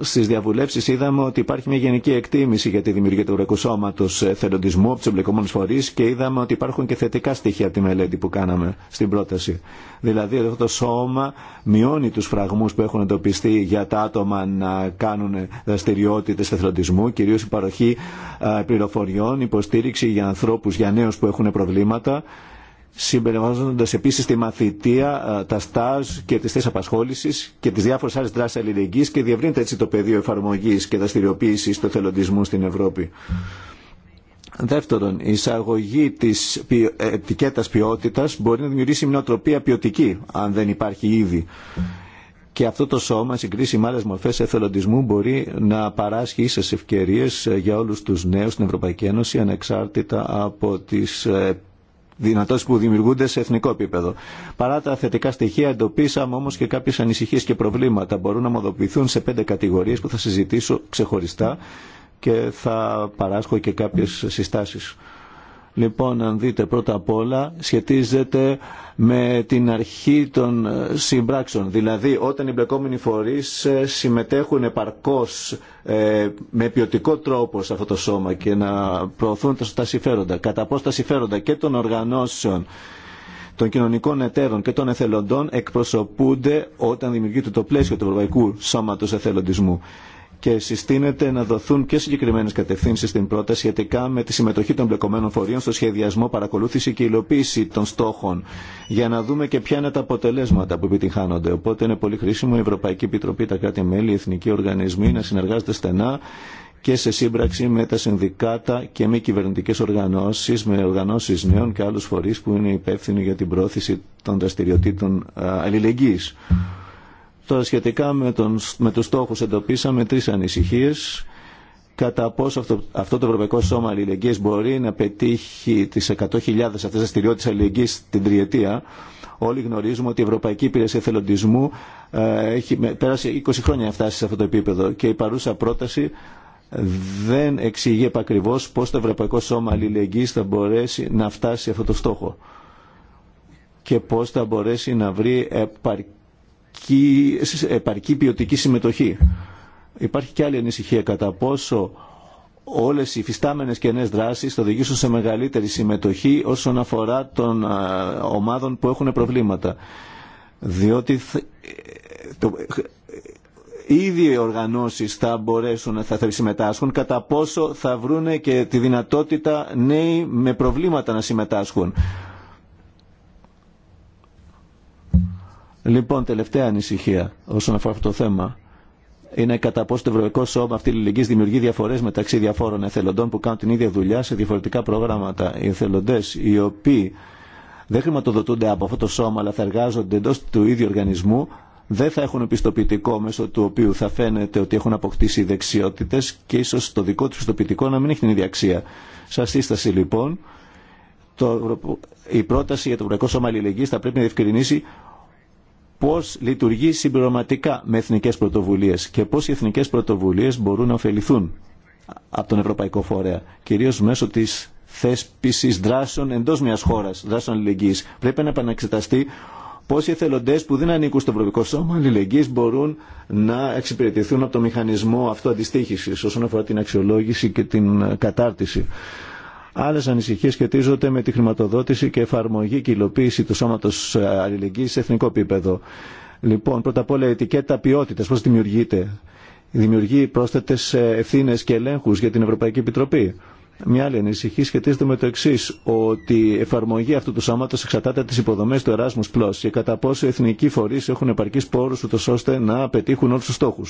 στις διαβουλεύσεις είδαμε ότι υπάρχει μια γενική εκτίμηση για τη δημιουργία του Ευρωπαϊκού Σώματος ε, θελοντισμού από τους εμπλεκόμενους φορείς και είδαμε ότι υπάρχουν και θετικά στοιχεία από τη μελέτη που κάναμε στην πρόταση. Δηλαδή αυτό το σώμα μειώνει τους φραγμούς που έχουν εντοπιστεί για τα άτομα να κάνουν δραστηριότητες εθελοντισμού, κυρίως η παροχή ε, πληροφοριών, υποστήριξη για ανθρώπους, για νέους που έχουν προβλήματα συμπεριλαμβάνοντα επίση τη μαθητεία, τα στάζ και τις θέσει απασχόληση και τις διάφορε άλλε δράσει αλληλεγγύη και διευρύνεται έτσι το πεδίο εφαρμογή και δραστηριοποίηση του εθελοντισμού στην Ευρώπη. Δεύτερον, η εισαγωγή της ε, ετικέτα ποιότητα μπορεί να δημιουργήσει μια οτροπία ποιοτική, αν δεν υπάρχει ήδη. Και αυτό το σώμα, συγκρίσει με άλλε μορφέ εθελοντισμού, μπορεί να παράσχει ίσε ευκαιρίε ε, για όλου του νέου στην Ευρωπαϊκή Ένωση, ανεξάρτητα από τι ε, δυνατότητε που δημιουργούνται σε εθνικό επίπεδο. Παρά τα θετικά στοιχεία εντοπίσαμε όμω και κάποιε ανησυχίε και προβλήματα. Μπορούν να μοδοποιηθούν σε πέντε κατηγορίε που θα συζητήσω ξεχωριστά και θα παράσχω και κάποιε συστάσει. Λοιπόν, αν δείτε πρώτα απ' όλα, σχετίζεται με την αρχή των ε, συμπράξεων. Δηλαδή, όταν οι μπλεκόμενοι φορείς ε, συμμετέχουν επαρκώς ε, με ποιοτικό τρόπο σε αυτό το σώμα και να προωθούν τα συμφέροντα, κατά πώς τα συμφέροντα και των οργανώσεων, των κοινωνικών εταίρων και των εθελοντών εκπροσωπούνται όταν δημιουργείται το πλαίσιο του Ευρωπαϊκού Σώματος Εθελοντισμού και συστήνεται να δοθούν και συγκεκριμένε κατευθύνσει στην πρόταση σχετικά με τη συμμετοχή των μπλεκομένων φορείων στο σχεδιασμό, παρακολούθηση και υλοποίηση των στόχων, για να δούμε και ποια είναι τα αποτελέσματα που επιτυγχάνονται. Οπότε είναι πολύ χρήσιμο η Ευρωπαϊκή Επιτροπή, τα κράτη-μέλη, οι εθνικοί οργανισμοί να συνεργάζονται στενά και σε σύμπραξη με τα συνδικάτα και με κυβερνητικέ οργανώσει, με οργανώσει νέων και άλλου φορεί που είναι υπεύθυνοι για την πρόθεση των δραστηριοτήτων αλληλεγγύη. Τώρα σχετικά με, τον, με τους στόχους εντοπίσαμε τρεις ανησυχίες. Κατά πόσο αυτό, το Ευρωπαϊκό Σώμα Αλληλεγγύης μπορεί να πετύχει τις 100.000 αυτές τις δραστηριότητες αλληλεγγύης την τριετία. Όλοι γνωρίζουμε ότι η Ευρωπαϊκή Υπηρεσία Εθελοντισμού ε, έχει, πέρασε 20 χρόνια να φτάσει σε αυτό το επίπεδο και η παρούσα πρόταση δεν εξηγεί επακριβώ πώ το Ευρωπαϊκό Σώμα Αλληλεγγύη θα μπορέσει να φτάσει σε αυτό το στόχο και πώ θα μπορέσει να βρει επαρκή επαρκή, επαρκή ποιοτική συμμετοχή. Υπάρχει και άλλη ανησυχία κατά πόσο όλες οι φυστάμενες και νέες δράσεις θα οδηγήσουν σε μεγαλύτερη συμμετοχή όσον αφορά των ε, ομάδων που έχουν προβλήματα. Διότι ε, το, ε, ήδη οι οργανώσεις θα μπορέσουν, θα, θα συμμετάσχουν, κατά πόσο θα βρούνε και τη δυνατότητα νέοι με προβλήματα να συμμετάσχουν. Λοιπόν, τελευταία ανησυχία όσον αφορά αυτό το θέμα είναι κατά πόσο το Ευρωπαϊκό Σώμα αυτή η δημιουργεί διαφορέ μεταξύ διαφόρων εθελοντών που κάνουν την ίδια δουλειά σε διαφορετικά προγράμματα. Οι εθελοντέ οι οποίοι δεν χρηματοδοτούνται από αυτό το σώμα αλλά θα εργάζονται εντό του ίδιου οργανισμού δεν θα έχουν πιστοποιητικό μέσω του οποίου θα φαίνεται ότι έχουν αποκτήσει δεξιότητε και ίσω το δικό του πιστοποιητικό να μην έχει την ίδια αξία. Σα σύσταση λοιπόν, το, η πρόταση για το Ευρωπαϊκό Σώμα Αλληλεγγύη θα πρέπει να διευκρινίσει πώς λειτουργεί συμπληρωματικά με εθνικές πρωτοβουλίες και πώς οι εθνικές πρωτοβουλίες μπορούν να ωφεληθούν από τον Ευρωπαϊκό Φορέα, κυρίως μέσω της θέσπισης δράσεων εντός μιας χώρας, δράσεων αλληλεγγύης. Πρέπει να επαναξεταστεί πώς οι εθελοντές που δεν ανήκουν στο Ευρωπαϊκό Σώμα Αλληλεγγύης μπορούν να εξυπηρετηθούν από το μηχανισμό αυτοαντιστήχησης, όσον αφορά την αξιολόγηση και την κατάρτιση. Άλλε ανησυχίε σχετίζονται με τη χρηματοδότηση και εφαρμογή και υλοποίηση του σώματο ε, αλληλεγγύη σε εθνικό επίπεδο. Λοιπόν, πρώτα απ' όλα η ετικέτα ποιότητα, πώ δημιουργείται. Δημιουργεί πρόσθετε ε, ευθύνε και ελέγχου για την Ευρωπαϊκή Επιτροπή. Μια άλλη ανησυχία σχετίζεται με το εξή, ότι η εφαρμογή αυτού του σώματο εξαρτάται από τι υποδομέ του Erasmus Plus και κατά πόσο οι εθνικοί φορεί έχουν επαρκεί πόρου ώστε να πετύχουν όλου του στόχου.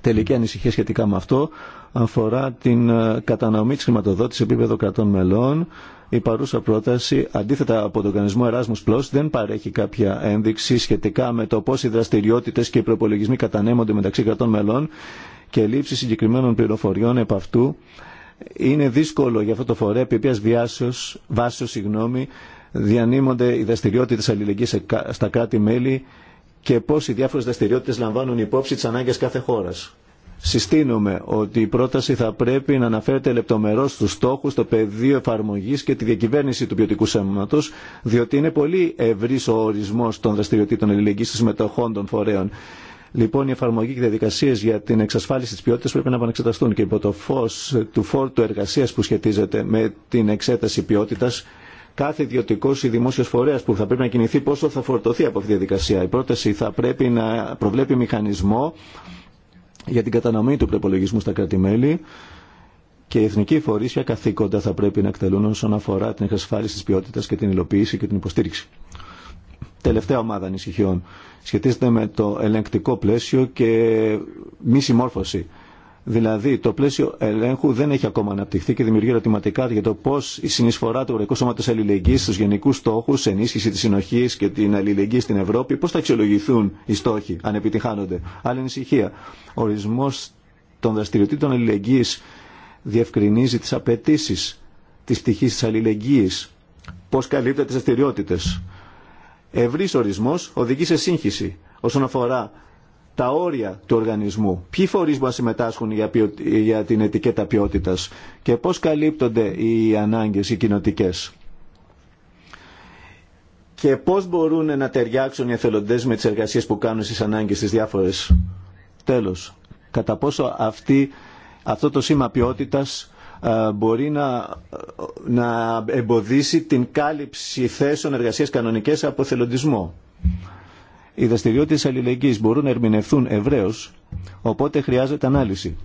Τελική ανησυχία σχετικά με αυτό αφορά την ε, κατανομή της χρηματοδότησης επίπεδο κρατών μελών. Η παρούσα πρόταση, αντίθετα από τον οργανισμό Erasmus Plus, δεν παρέχει κάποια ένδειξη σχετικά με το πώς οι δραστηριότητες και οι προπολογισμοί κατανέμονται μεταξύ κρατών μελών και λήψη συγκεκριμένων πληροφοριών επ' αυτού. Είναι δύσκολο για αυτό το φορέα επί οποία βάσεως συγγνώμη, διανύμονται οι δραστηριότητε αλληλεγγύη στα κράτη-μέλη και πώ οι διάφορε δραστηριότητε λαμβάνουν υπόψη τις ανάγκες κάθε χώρα. Συστήνουμε ότι η πρόταση θα πρέπει να αναφέρεται λεπτομερώς στου στόχου, το πεδίο εφαρμογή και τη διακυβέρνηση του ποιοτικού σέμματο, διότι είναι πολύ ευρύ ο ορισμό των δραστηριοτήτων ελληνικής συμμετοχών των φορέων. Λοιπόν, η εφαρμογή και οι διαδικασίε για την εξασφάλιση τη ποιότητα πρέπει να επανεξεταστούν και υπό το φω του φόρτου εργασία που σχετίζεται με την εξέταση ποιότητα κάθε ιδιωτικό ή δημόσιο φορέα που θα πρέπει να κινηθεί πόσο θα φορτωθεί από αυτή τη διαδικασία. Η πρόταση θα πρέπει να προβλέπει μηχανισμό για την κατανομή του προπολογισμού στα κράτη-μέλη και οι εθνικοί φορεί για καθήκοντα θα πρέπει να εκτελούν όσον αφορά την εξασφάλιση τη ποιότητα και την υλοποίηση και την υποστήριξη. Τελευταία ομάδα ανησυχιών σχετίζεται με το ελεγκτικό πλαίσιο και μη συμμόρφωση Δηλαδή, το πλαίσιο ελέγχου δεν έχει ακόμα αναπτυχθεί και δημιουργεί ερωτηματικά για το πώ η συνεισφορά του Ευρωπαϊκού Σώματο Αλληλεγγύη στου γενικού στόχου, ενίσχυση τη συνοχή και την αλληλεγγύη στην Ευρώπη, πώ θα αξιολογηθούν οι στόχοι, αν επιτυχάνονται. Άλλη ανησυχία. Ορισμό των δραστηριοτήτων αλληλεγγύη διευκρινίζει τι απαιτήσει τη πτυχή τη αλληλεγγύη. Πώ καλύπτεται τι δραστηριότητε. Ευρύ ορισμό οδηγεί σε σύγχυση όσον αφορά τα όρια του οργανισμού. Ποιοι φορεί μπορούν να συμμετάσχουν για, ποιο, για την ετικέτα ποιότητα και πώ καλύπτονται οι ανάγκε οι κοινοτικέ. Και πώ μπορούν να ταιριάξουν οι εθελοντέ με τι εργασίε που κάνουν στι ανάγκε τι διάφορε. Τέλο, κατά πόσο αυτή, αυτό το σήμα ποιότητα ε, μπορεί να, να εμποδίσει την κάλυψη θέσεων εργασίας κανονικές από εθελοντισμό. Οι δραστηριότητε αλληλεγγύη μπορούν να ερμηνευθούν ευρέω, οπότε χρειάζεται ανάλυση.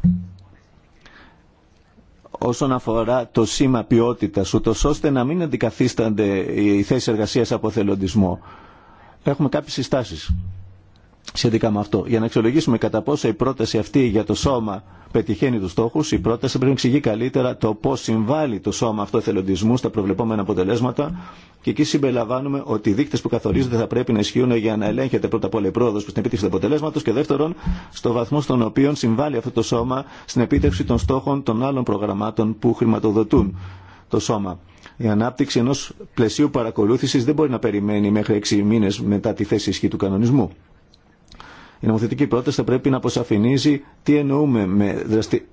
Όσον αφορά το σήμα ποιότητα, ούτω ώστε να μην αντικαθίστανται οι θέσει εργασία από θελοντισμό, έχουμε κάποιε συστάσει σχετικά με αυτό. Για να αξιολογήσουμε κατά πόσο η πρόταση αυτή για το σώμα πετυχαίνει του στόχου, η πρόταση πρέπει να εξηγεί καλύτερα το πώ συμβάλλει το σώμα αυτό εθελοντισμού στα προβλεπόμενα αποτελέσματα. Και εκεί συμπεριλαμβάνουμε ότι οι δείκτε που καθορίζονται θα πρέπει να ισχύουν για να ελέγχεται πρώτα απ' όλα η πρόοδο στην επίτευξη του αποτελέσματο και δεύτερον, στο βαθμό στον οποίο συμβάλλει αυτό το σώμα στην επίτευξη των στόχων των άλλων προγραμμάτων που χρηματοδοτούν το σώμα. Η ανάπτυξη ενό πλαισίου παρακολούθηση δεν μπορεί να περιμένει μέχρι 6 μήνε μετά τη θέση ισχύ του κανονισμού. Η νομοθετική πρόταση θα πρέπει να αποσαφηνίζει τι εννοούμε με δράσει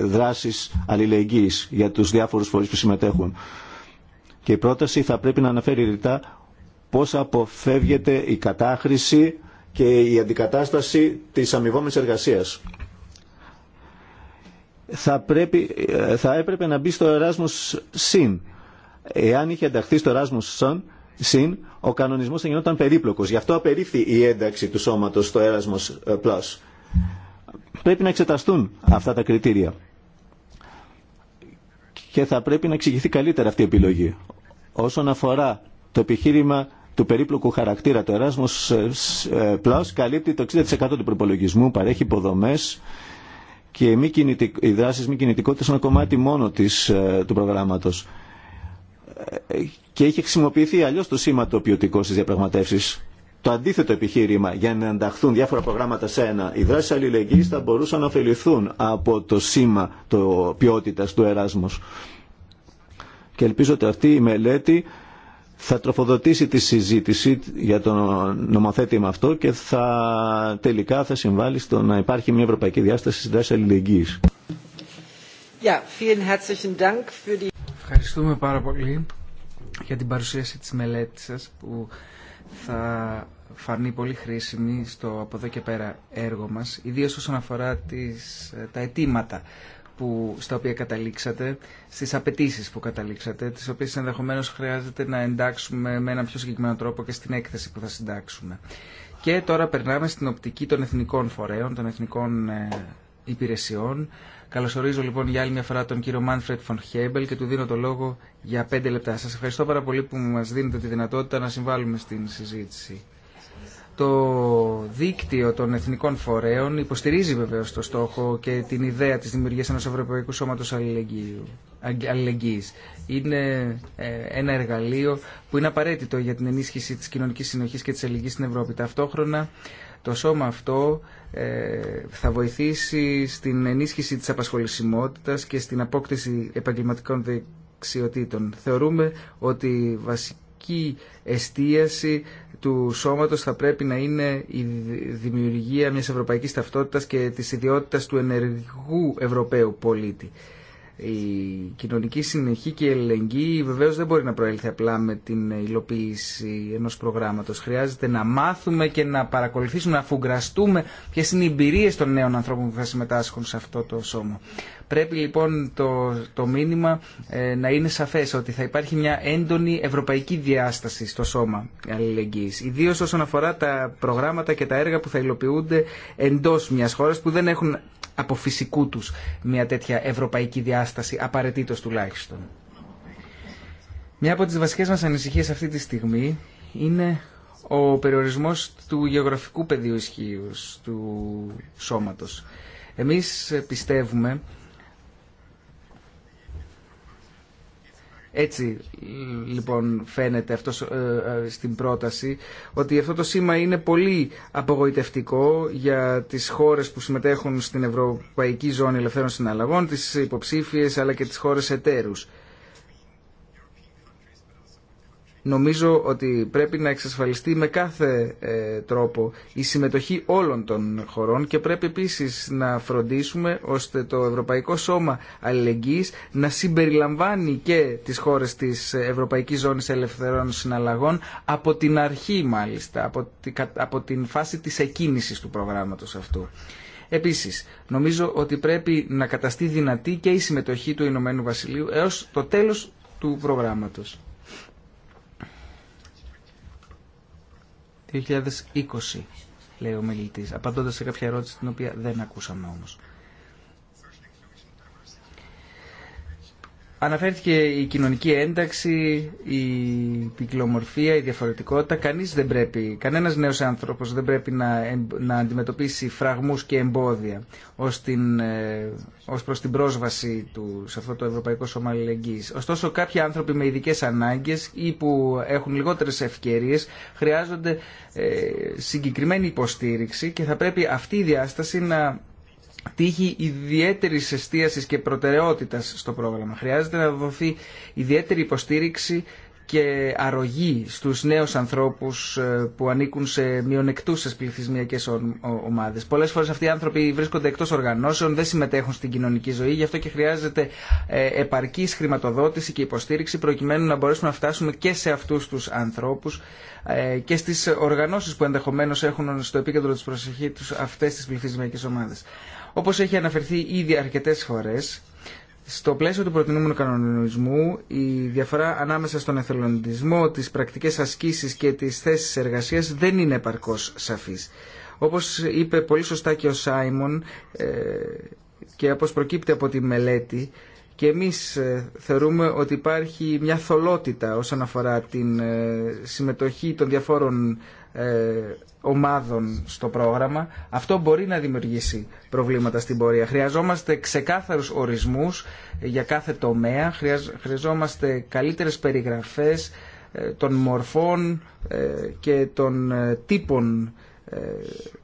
δράσεις αλληλεγγύης για τους διάφορους φορείς που συμμετέχουν. Και η πρόταση θα πρέπει να αναφέρει ρητά πώς αποφεύγεται η κατάχρηση και η αντικατάσταση τη αμοιβόμενη εργασίας. Θα, ε, θα έπρεπε να μπει στο Erasmus Συν. Εάν είχε ενταχθεί στο Erasmus Συν, ο κανονισμός θα γινόταν περίπλοκος. Γι' αυτό απερίφθη η ένταξη του σώματος στο Erasmus Plus. Πρέπει να εξεταστούν αυτά τα κριτήρια. Και θα πρέπει να εξηγηθεί καλύτερα αυτή η επιλογή. Όσον αφορά το επιχείρημα του περίπλοκου χαρακτήρα, το Erasmus ε, Plus καλύπτει το 60% του προπολογισμού, παρέχει υποδομέ και οι δράσεις μη κινητικότητας είναι ένα κομμάτι μόνο της, ε, του προγράμματος και είχε χρησιμοποιηθεί αλλιώ το σήμα το ποιοτικό στι διαπραγματεύσει. Το αντίθετο επιχείρημα για να ενταχθούν διάφορα προγράμματα σε ένα, οι δράσει αλληλεγγύη θα μπορούσαν να ωφεληθούν από το σήμα το ποιότητα του Εράσμου. Και ελπίζω ότι αυτή η μελέτη θα τροφοδοτήσει τη συζήτηση για το νομοθέτημα αυτό και θα, τελικά θα συμβάλλει στο να υπάρχει μια ευρωπαϊκή διάσταση στις δράσεις αλληλεγγύης. Yeah, Ευχαριστούμε πάρα πολύ για την παρουσίαση της μελέτης σας που θα φανεί πολύ χρήσιμη στο από εδώ και πέρα έργο μας, ιδίως όσον αφορά τις, τα αιτήματα που, στα οποία καταλήξατε, στις απαιτήσει που καταλήξατε, τις οποίες ενδεχομένως χρειάζεται να εντάξουμε με έναν πιο συγκεκριμένο τρόπο και στην έκθεση που θα συντάξουμε. Και τώρα περνάμε στην οπτική των εθνικών φορέων, των εθνικών ε, υπηρεσιών, Καλωσορίζω λοιπόν για άλλη μια φορά τον κύριο Μάνφρετ Φον Χέμπελ και του δίνω το λόγο για πέντε λεπτά. Σα ευχαριστώ πάρα πολύ που μα δίνετε τη δυνατότητα να συμβάλλουμε στην συζήτηση. Το δίκτυο των εθνικών φορέων υποστηρίζει βεβαίω το στόχο και την ιδέα τη δημιουργία ενό Ευρωπαϊκού σώματο αλληλεγγύη. Είναι ε, ένα εργαλείο που είναι απαραίτητο για την ενίσχυση τη κοινωνική συνοχή και τη αλληλεγγύη στην Ευρώπη. Ταυτόχρονα το σώμα αυτό ε, θα βοηθήσει στην ενίσχυση της απασχολησιμότητας και στην απόκτηση επαγγελματικών δεξιοτήτων. Θεωρούμε ότι βασική εστίαση του σώματος θα πρέπει να είναι η δημιουργία μιας ευρωπαϊκής ταυτότητας και της ιδιότητας του ενεργού Ευρωπαίου πολίτη. Η κοινωνική συνεχή και η ελεγγύη βεβαίω δεν μπορεί να προέλθει απλά με την υλοποίηση ενό προγράμματο. Χρειάζεται να μάθουμε και να παρακολουθήσουμε, να αφουγκραστούμε ποιε είναι οι εμπειρίε των νέων ανθρώπων που θα συμμετάσχουν σε αυτό το σώμα. Πρέπει λοιπόν το, το μήνυμα ε, να είναι σαφέ ότι θα υπάρχει μια έντονη ευρωπαϊκή διάσταση στο σώμα αλληλεγγύη. Ιδίω όσον αφορά τα προγράμματα και τα έργα που θα υλοποιούνται εντό μια χώρα που δεν έχουν από φυσικού τους μια τέτοια ευρωπαϊκή διάσταση, απαραίτητος τουλάχιστον. Μια από τις βασικές μας ανησυχίες αυτή τη στιγμή είναι ο περιορισμός του γεωγραφικού πεδίου ισχύου του σώματος. Εμείς πιστεύουμε Έτσι λοιπόν φαίνεται αυτό ε, ε, στην πρόταση ότι αυτό το σήμα είναι πολύ απογοητευτικό για τις χώρες που συμμετέχουν στην Ευρωπαϊκή Ζώνη Ελευθέρων Συναλλαγών, τις υποψήφιες αλλά και τις χώρες εταίρους νομίζω ότι πρέπει να εξασφαλιστεί με κάθε ε, τρόπο η συμμετοχή όλων των χωρών και πρέπει επίσης να φροντίσουμε ώστε το Ευρωπαϊκό Σώμα Αλληλεγγύης να συμπεριλαμβάνει και τις χώρες της Ευρωπαϊκής Ζώνης Ελευθερών Συναλλαγών από την αρχή μάλιστα, από την φάση της εκκίνησης του προγράμματος αυτού. Επίσης, νομίζω ότι πρέπει να καταστεί δυνατή και η συμμετοχή του Ηνωμένου Βασιλείου έως το τέλος του προγράμματος. 2020, λέει ο μιλητής, απαντώντας σε κάποια ερώτηση την οποία δεν ακούσαμε όμως. Αναφέρθηκε η κοινωνική ένταξη, η πυκλομορφία, η διαφορετικότητα. Κανείς δεν πρέπει, κανένας νέος άνθρωπος δεν πρέπει να, να αντιμετωπίσει φραγμούς και εμπόδια ως, την, ε, ως προς την πρόσβαση του σε αυτό το Ευρωπαϊκό Σώμα Αλληλεγγύης. Ωστόσο κάποιοι άνθρωποι με ειδικές ανάγκες ή που έχουν λιγότερες ευκαιρίες χρειάζονται ε, συγκεκριμένη υποστήριξη και θα πρέπει αυτή η διάσταση να τύχει ιδιαίτερη εστίαση και προτεραιότητα στο πρόγραμμα. Χρειάζεται να δοθεί ιδιαίτερη υποστήριξη και αρρωγή στους νέους ανθρώπους ε, που ανήκουν σε μειονεκτούσες πληθυσμιακές ομάδες. Πολλές φορές αυτοί οι άνθρωποι βρίσκονται εκτός οργανώσεων, δεν συμμετέχουν στην κοινωνική ζωή, γι' αυτό και χρειάζεται ε, επαρκής χρηματοδότηση και υποστήριξη προκειμένου να μπορέσουμε να φτάσουμε και σε αυτούς τους ανθρώπους ε, και στις οργανώσεις που ενδεχομένως έχουν στο επίκεντρο της προσοχής τους αυτές τις πληθυσμιακές ομάδες. Όπω έχει αναφερθεί ήδη αρκετέ φορέ, στο πλαίσιο του προτινούμενου κανονισμού, η διαφορά ανάμεσα στον εθελοντισμό, τι πρακτικέ ασκήσει και τις θέσει εργασία δεν είναι επαρκώ σαφής. Όπως είπε πολύ σωστά και ο Σάιμον ε, και όπω προκύπτει από τη μελέτη, και εμείς ε, θεωρούμε ότι υπάρχει μια θολότητα όσον αφορά την ε, συμμετοχή των διαφόρων ε, ομάδων στο πρόγραμμα, αυτό μπορεί να δημιουργήσει προβλήματα στην πορεία. Χρειαζόμαστε ξεκάθαρους ορισμούς για κάθε τομέα, χρειαζόμαστε καλύτερες περιγραφές ε, των μορφών ε, και των τύπων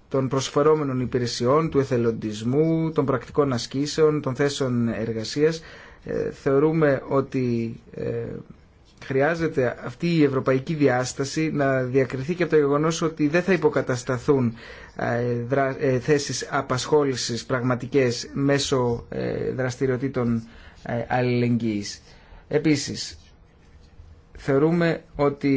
των προσφερόμενων υπηρεσιών, του εθελοντισμού, των πρακτικών ασκήσεων, των θέσεων εργασίας. Θεωρούμε ότι χρειάζεται αυτή η ευρωπαϊκή διάσταση να διακριθεί και από το γεγονός ότι δεν θα υποκατασταθούν ε, ε, θέσεις απασχόλησης πραγματικές μέσω ε, δραστηριοτήτων αλληλεγγύης. Επίσης, θεωρούμε ότι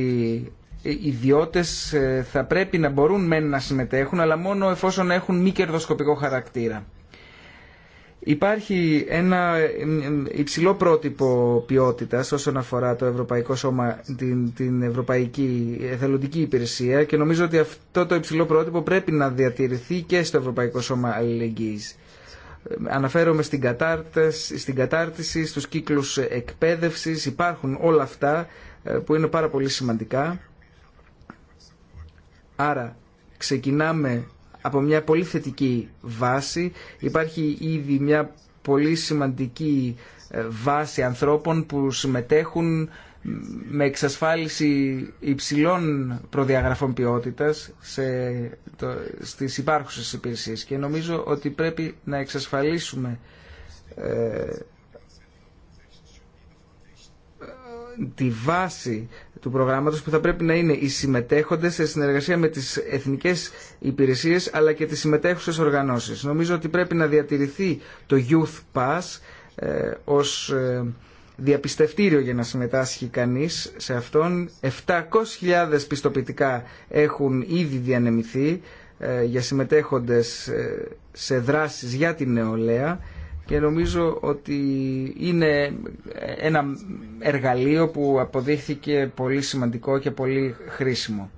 οι ιδιώτες θα πρέπει να μπορούν μεν να συμμετέχουν αλλά μόνο εφόσον έχουν μη κερδοσκοπικό χαρακτήρα. Υπάρχει ένα υψηλό πρότυπο ποιότητας όσον αφορά το Ευρωπαϊκό Σώμα, την, την Ευρωπαϊκή Εθελοντική Υπηρεσία και νομίζω ότι αυτό το υψηλό πρότυπο πρέπει να διατηρηθεί και στο Ευρωπαϊκό Σώμα Αλληλεγγύης. Αναφέρομαι στην κατάρτιση, στην κατάρτιση στους κύκλους εκπαίδευσης, υπάρχουν όλα αυτά ε, που είναι πάρα πολύ σημαντικά. Άρα ξεκινάμε από μια πολύ θετική βάση. Υπάρχει ήδη μια πολύ σημαντική ε, βάση ανθρώπων που συμμετέχουν με εξασφάλιση υψηλών προδιαγραφών ποιότητας σε, το, στις υπάρχουσες υπηρεσίες και νομίζω ότι πρέπει να εξασφαλίσουμε ε, τη βάση του προγράμματος που θα πρέπει να είναι οι συμμετέχοντες σε συνεργασία με τις εθνικές υπηρεσίες αλλά και τις συμμετέχουσες οργανώσεις. Νομίζω ότι πρέπει να διατηρηθεί το Youth Pass ε, ως ε, διαπιστευτήριο για να συμμετάσχει κανείς σε αυτόν. 700.000 πιστοποιητικά έχουν ήδη διανεμηθεί ε, για συμμετέχοντες ε, σε δράσεις για την νεολαία και νομίζω ότι είναι ένα εργαλείο που αποδείχθηκε πολύ σημαντικό και πολύ χρήσιμο.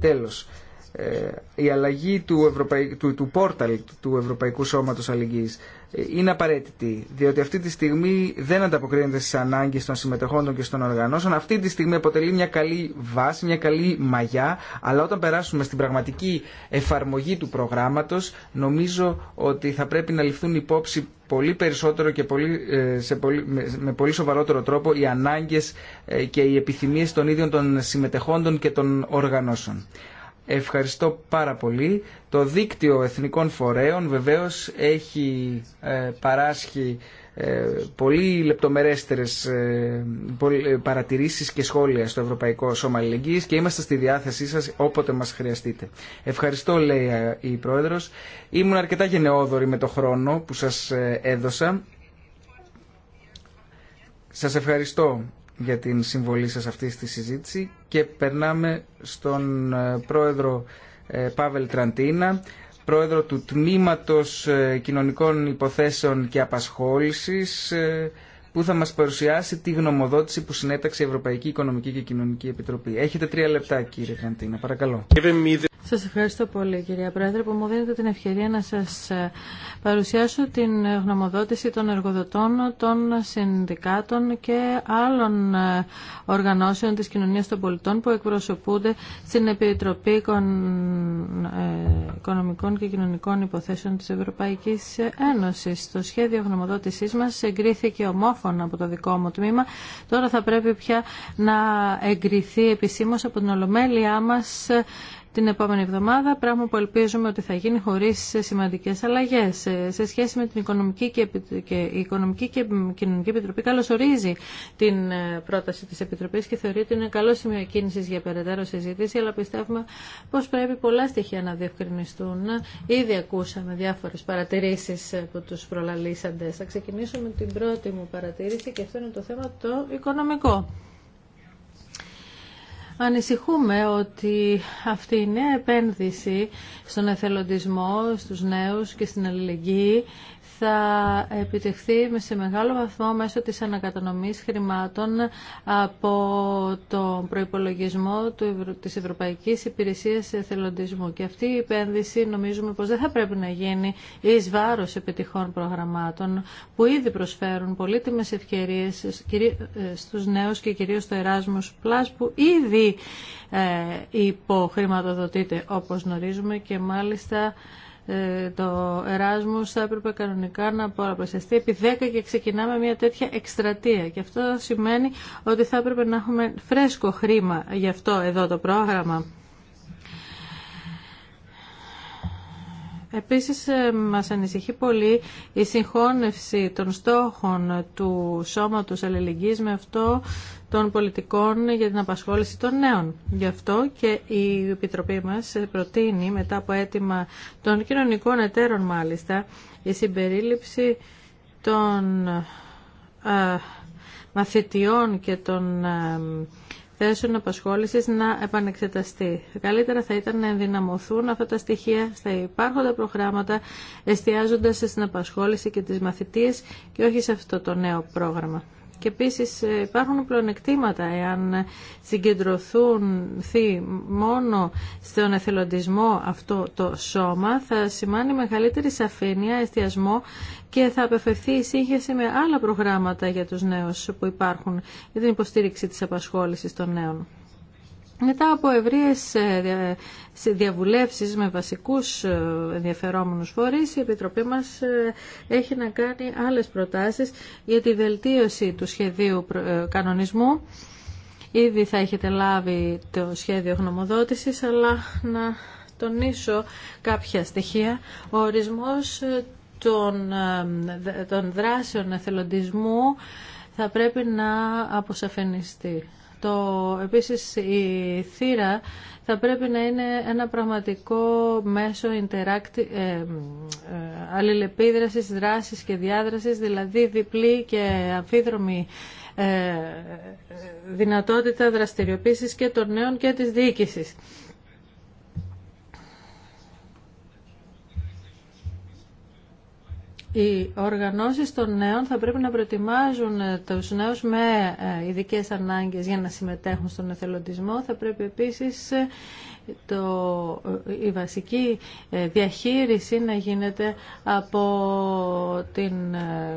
Τέλος, ε, η αλλαγή του, του, του πόρταλ του Ευρωπαϊκού Σώματος Αλληλεγγύης ε, είναι απαραίτητη, διότι αυτή τη στιγμή δεν ανταποκρίνεται στις ανάγκες των συμμετεχόντων και των οργανώσεων. Αυτή τη στιγμή αποτελεί μια καλή βάση, μια καλή μαγιά, αλλά όταν περάσουμε στην πραγματική εφαρμογή του προγράμματος, νομίζω ότι θα πρέπει να ληφθούν υπόψη πολύ περισσότερο και πολύ, ε, σε πολύ, με πολύ σοβαρότερο τρόπο οι ανάγκες ε, και οι επιθυμίες των ίδιων των συμμετεχόντων και των οργανώσεων. Ευχαριστώ πάρα πολύ. Το δίκτυο εθνικών φορέων βεβαίως έχει ε, παράσχει ε, πολύ λεπτομερέστερες ε, ε, παρατηρήσεις και σχόλια στο Ευρωπαϊκό Σώμα Αλληλεγγύης και είμαστε στη διάθεσή σας όποτε μας χρειαστείτε. Ευχαριστώ λέει η Πρόεδρος. Ήμουν αρκετά γενναιόδορη με το χρόνο που σας έδωσα. Σας ευχαριστώ για την συμβολή σας αυτή στη συζήτηση και περνάμε στον Πρόεδρο Πάβελ Τραντίνα πρόεδρο του Τμήματος ε, Κοινωνικών Υποθέσεων και Απασχόλησης ε, που θα μας παρουσιάσει τη γνωμοδότηση που συνέταξε η Ευρωπαϊκή Οικονομική και Κοινωνική Επιτροπή. Έχετε τρία λεπτά κύριε Γαντίνα, παρακαλώ. Σας ευχαριστώ πολύ κυρία Πρόεδρε που μου δίνετε την ευκαιρία να σας ε, παρουσιάσω την γνωμοδότηση των εργοδοτών, των συνδικάτων και άλλων ε, οργανώσεων της κοινωνίας των πολιτών που εκπροσωπούνται στην Επιτροπή ε, Οικονομικών και Κοινωνικών Υποθέσεων της Ευρωπαϊκής Ένωσης. Το σχέδιο γνωμοδότησής μας εγκρίθηκε ομόφωνα από το δικό μου τμήμα. Τώρα θα πρέπει πια να εγκριθεί επισήμως από την Ολομέλειά μας την επόμενη εβδομάδα, πράγμα που ελπίζουμε ότι θα γίνει χωρίς σημαντικές αλλαγές. Σε σχέση με την Οικονομική και, η Οικονομική και Κοινωνική Επιτροπή ορίζει την ε, πρόταση της Επιτροπής και θεωρεί ότι είναι καλό σημείο κίνησης για περαιτέρω συζήτηση, αλλά πιστεύουμε πως πρέπει πολλά στοιχεία να διευκρινιστούν. Ήδη ακούσαμε διάφορες παρατηρήσεις από ε, τους προλαλήσαντες. Θα ξεκινήσω με την πρώτη μου παρατήρηση και αυτό είναι το θέμα το οικονομικό. Ανησυχούμε ότι αυτή η νέα επένδυση στον εθελοντισμό, στους νέους και στην αλληλεγγύη θα επιτευχθεί σε μεγάλο βαθμό μέσω της ανακατανομής χρημάτων από τον προϋπολογισμό της Ευρωπαϊκής Υπηρεσίας Εθελοντισμού. Και αυτή η επένδυση νομίζουμε πως δεν θα πρέπει να γίνει εις βάρος επιτυχών προγραμμάτων που ήδη προσφέρουν πολύτιμες ευκαιρίες στους ε, νέους και κυρίως στο Erasmus Plus που ήδη ε, υποχρηματοδοτείται όπως γνωρίζουμε και μάλιστα ε, το Εράσμου θα έπρεπε κανονικά να παραπλασιαστεί επί 10 και ξεκινάμε μια τέτοια εκστρατεία. Και αυτό σημαίνει ότι θα έπρεπε να έχουμε φρέσκο χρήμα γι' αυτό εδώ το πρόγραμμα. Επίσης ε, μας ανησυχεί πολύ η συγχώνευση των στόχων του σώματος αλληλεγγύης με αυτό των πολιτικών για την απασχόληση των νέων. Γι' αυτό και η Επιτροπή μας προτείνει μετά από αίτημα των κοινωνικών εταίρων μάλιστα η συμπερίληψη των μαθητιών και των θέσεων απασχόλησης να επανεξεταστεί. Καλύτερα θα ήταν να ενδυναμωθούν αυτά τα στοιχεία στα υπάρχοντα προγράμματα, εστιάζοντας στην απασχόληση και τις μαθητείες και όχι σε αυτό το νέο πρόγραμμα. Και επίση, ε, υπάρχουν πλονεκτήματα εάν συγκεντρωθούν μόνο στον εθελοντισμό αυτό το σώμα θα σημάνει μεγαλύτερη σαφήνεια, εστιασμό και θα απεφευθεί η σύγχυση με άλλα προγράμματα για τους νέους που υπάρχουν για την υποστήριξη της απασχόλησης των νέων. Μετά από ευρείες ε, διαβουλεύσεις με βασικούς ε, ενδιαφερόμενους φορείς, η Επιτροπή μας ε, έχει να κάνει άλλες προτάσεις για τη βελτίωση του σχεδίου κανονισμού. Ήδη θα έχετε λάβει το σχέδιο γνωμοδότησης, αλλά να τονίσω κάποια στοιχεία. Ο ορισμός των, των δράσεων εθελοντισμού θα πρέπει να αποσαφενιστεί. Το, επίσης η θύρα θα πρέπει να είναι ένα πραγματικό μέσο interacti, ε, ε αλληλεπίδρασης, δράσης και διάδρασης, δηλαδή διπλή και αμφίδρομη ε, ε, δυνατότητα δραστηριοποίησης και των νέων και της διοίκησης. Οι οργανώσεις των νέων θα πρέπει να προετοιμάζουν ε, τους νέους με ε, ειδικέ ανάγκες για να συμμετέχουν στον εθελοντισμό. Θα πρέπει επίσης ε, το, η βασική διαχείριση να γίνεται από την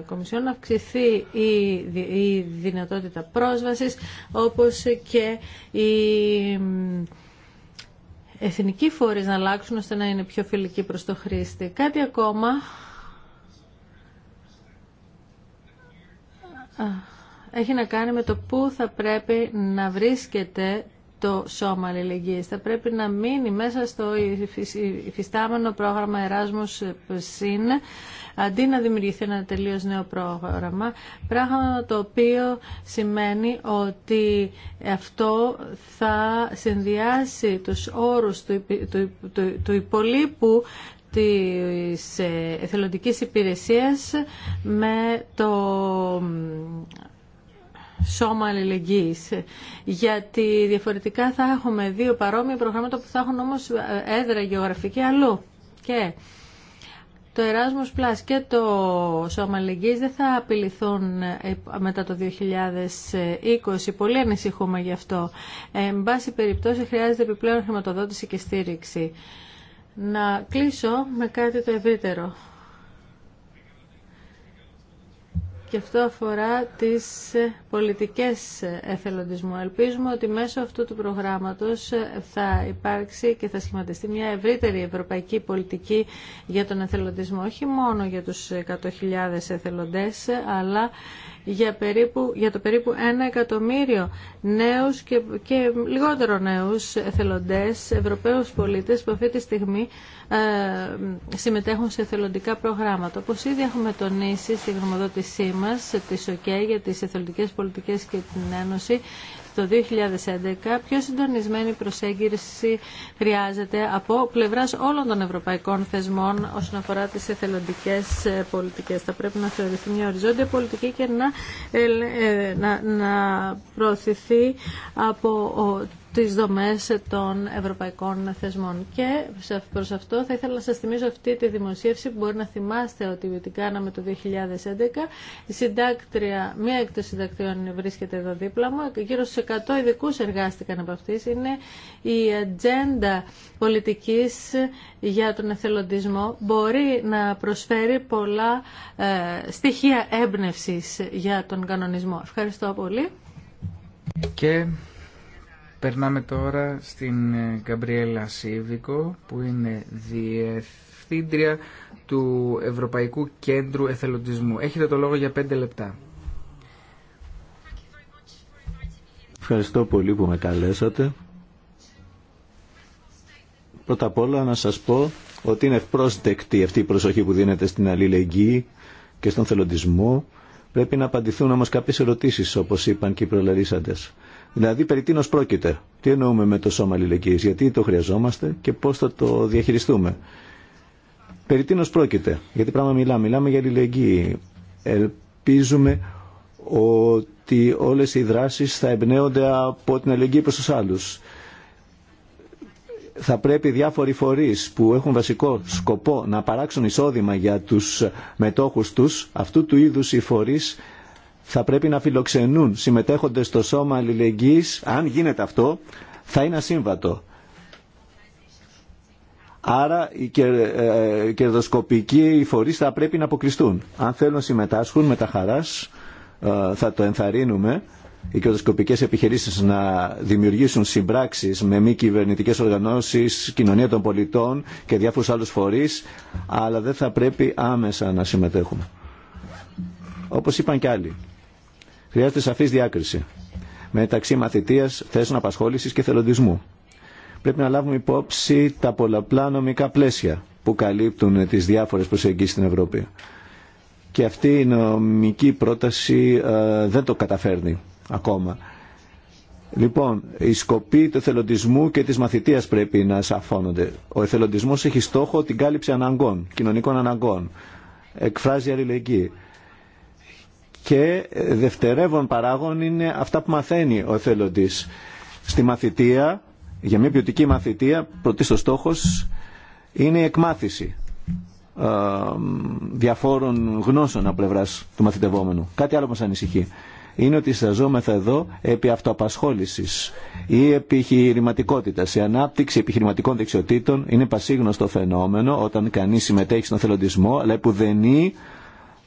Κομισιόν να αυξηθεί η, η δυνατότητα πρόσβασης όπως και η εθνικοί φορείς να αλλάξουν ώστε να είναι πιο φιλικοί προς το χρήστη. Κάτι ακόμα έχει να κάνει με το πού θα πρέπει να βρίσκεται το σώμα αλληλεγγύης. Θα πρέπει να μείνει μέσα στο υφιστάμενο πρόγραμμα Εράσμος ΣΥΝ αντί να δημιουργηθεί ένα τελείως νέο πρόγραμμα, πράγμα το οποίο σημαίνει ότι αυτό θα συνδυάσει τους όρους του, του, του, του υπολείπου της ε, εθελοντικής υπηρεσίας με το σώμα αλληλεγγύης. Γιατί διαφορετικά θα έχουμε δύο παρόμοια προγράμματα που θα έχουν όμως ε, έδρα γεωγραφική αλλού. Και το Erasmus Plus και το Σώμα Αλληλεγγύης δεν θα απειληθούν ε, μετά το 2020. Πολύ ανησυχούμε γι' αυτό. Ε, εν πάση περιπτώσει χρειάζεται επιπλέον χρηματοδότηση και στήριξη να κλείσω με κάτι το ευρύτερο. και αυτό αφορά τις ε, πολιτικές ε, εθελοντισμού. Ελπίζουμε ότι μέσω αυτού του προγράμματος ε, θα υπάρξει και θα σχηματιστεί μια ευρύτερη ευρωπαϊκή πολιτική για τον εθελοντισμό, όχι μόνο για τους 100.000 εθελοντές, αλλά για, περίπου, για το περίπου ένα εκατομμύριο νέους και, και λιγότερο νέους εθελοντές, ευρωπαίους πολίτες που αυτή τη στιγμή ε, συμμετέχουν σε εθελοντικά προγράμματα. Όπω ήδη έχουμε τονίσει στη γνωμοδότησή μας τη ΟΚΕ για τις εθελοντικέ πολιτικές και την Ένωση το 2011, πιο συντονισμένη προσέγγιση χρειάζεται από πλευράς όλων των ευρωπαϊκών θεσμών όσον αφορά τις εθελοντικές ε, πολιτικές. Θα πρέπει να θεωρηθεί μια οριζόντια πολιτική και να, ε, να, να προωθηθεί από τις δομές των ευρωπαϊκών θεσμών. Και προς αυτό θα ήθελα να σας θυμίσω αυτή τη δημοσίευση που μπορεί να θυμάστε ότι την κάναμε το 2011. Η συντάκτρια, μία εκ των συντακτριών βρίσκεται εδώ δίπλα μου. Γύρω στους 100 ειδικού εργάστηκαν από αυτής. Είναι η ατζέντα πολιτικής για τον εθελοντισμό. Μπορεί να προσφέρει πολλά ε, στοιχεία έμπνευσης για τον κανονισμό. Ευχαριστώ πολύ. Και Περνάμε τώρα στην ε, Γκαμπριέλα Σίβικο που είναι διευθύντρια του Ευρωπαϊκού Κέντρου Εθελοντισμού. Έχετε το λόγο για πέντε λεπτά. Ευχαριστώ πολύ που με καλέσατε. Πρώτα απ' όλα να σας πω ότι είναι ευπρόσδεκτη αυτή η προσοχή που δίνεται στην αλληλεγγύη και στον θελοντισμό. Πρέπει να απαντηθούν όμως κάποιες ερωτήσεις όπως είπαν και οι Δηλαδή, περί τίνο πρόκειται. Τι εννοούμε με το σώμα αλληλεγγύη, γιατί το χρειαζόμαστε και πώς θα το διαχειριστούμε. Περί τίνο πρόκειται. Γιατί πράγμα μιλάμε. Μιλάμε για αλληλεγγύη. Ελπίζουμε ότι όλες οι δράσεις θα εμπνέονται από την αλληλεγγύη προς τους άλλους. Θα πρέπει διάφοροι φορεί που έχουν βασικό σκοπό να παράξουν εισόδημα για τους μετόχους τους, αυτού του είδου οι φορεί θα πρέπει να φιλοξενούν συμμετέχοντες στο σώμα αλληλεγγύης, αν γίνεται αυτό, θα είναι ασύμβατο. Άρα οι ε, κερδοσκοπικοί φορείς θα πρέπει να αποκλειστούν. Αν θέλουν να συμμετάσχουν με τα χαράς, ε, θα το ενθαρρύνουμε, οι κερδοσκοπικές επιχειρήσεις να δημιουργήσουν συμπράξεις με μη κυβερνητικές οργανώσεις, κοινωνία των πολιτών και διάφορους άλλους φορείς, αλλά δεν θα πρέπει άμεσα να συμμετέχουμε Όπως είπαν και άλλοι Χρειάζεται σαφής διάκριση μεταξύ μαθητείας, θέσεων απασχόληση και θελοντισμού. Πρέπει να λάβουμε υπόψη τα πολλαπλά νομικά πλαίσια που καλύπτουν τι διάφορε προσεγγίσεις στην Ευρώπη. Και αυτή η νομική πρόταση ε, δεν το καταφέρνει ακόμα. Λοιπόν, οι σκοποί του εθελοντισμού και της μαθητείας πρέπει να σαφώνονται. Ο εθελοντισμός έχει στόχο την κάλυψη αναγκών, κοινωνικών αναγκών. Εκφράζει αλληλεγγύη. Και δευτερεύον παράγον είναι αυτά που μαθαίνει ο εθελοντής. Στη μαθητεία, για μια ποιοτική μαθητεία, πρωτίστως στόχος είναι η εκμάθηση ε, διαφόρων γνώσεων από πλευρά του μαθητευόμενου. Κάτι άλλο που μα ανησυχεί είναι ότι σταζόμεθα εδώ επί αυτοαπασχόλησης ή επιχειρηματικότητας. Η ανάπτυξη επιχειρηματικών δεξιοτήτων είναι πασίγνωστο φαινόμενο όταν κανείς συμμετέχει στον θελοντισμό, αλλά επουδενή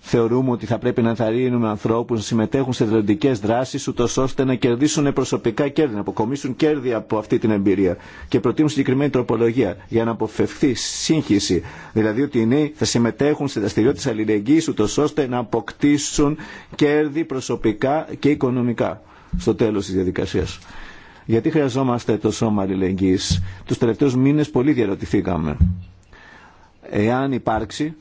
θεωρούμε ότι θα πρέπει να ενθαρρύνουμε ανθρώπου να συμμετέχουν σε εθελοντικέ δράσει, ούτω ώστε να κερδίσουν προσωπικά κέρδη, να αποκομίσουν κέρδη από αυτή την εμπειρία. Και προτείνουν συγκεκριμένη τροπολογία για να αποφευθεί σύγχυση. Δηλαδή ότι οι νέοι θα συμμετέχουν σε δραστηριότητε αλληλεγγύη, ούτω ώστε να αποκτήσουν κέρδη προσωπικά και οικονομικά στο τέλο τη διαδικασία. Γιατί χρειαζόμαστε το σώμα αλληλεγγύη. Του τελευταίου μήνε πολύ διαρωτηθήκαμε. Εάν υπάρξει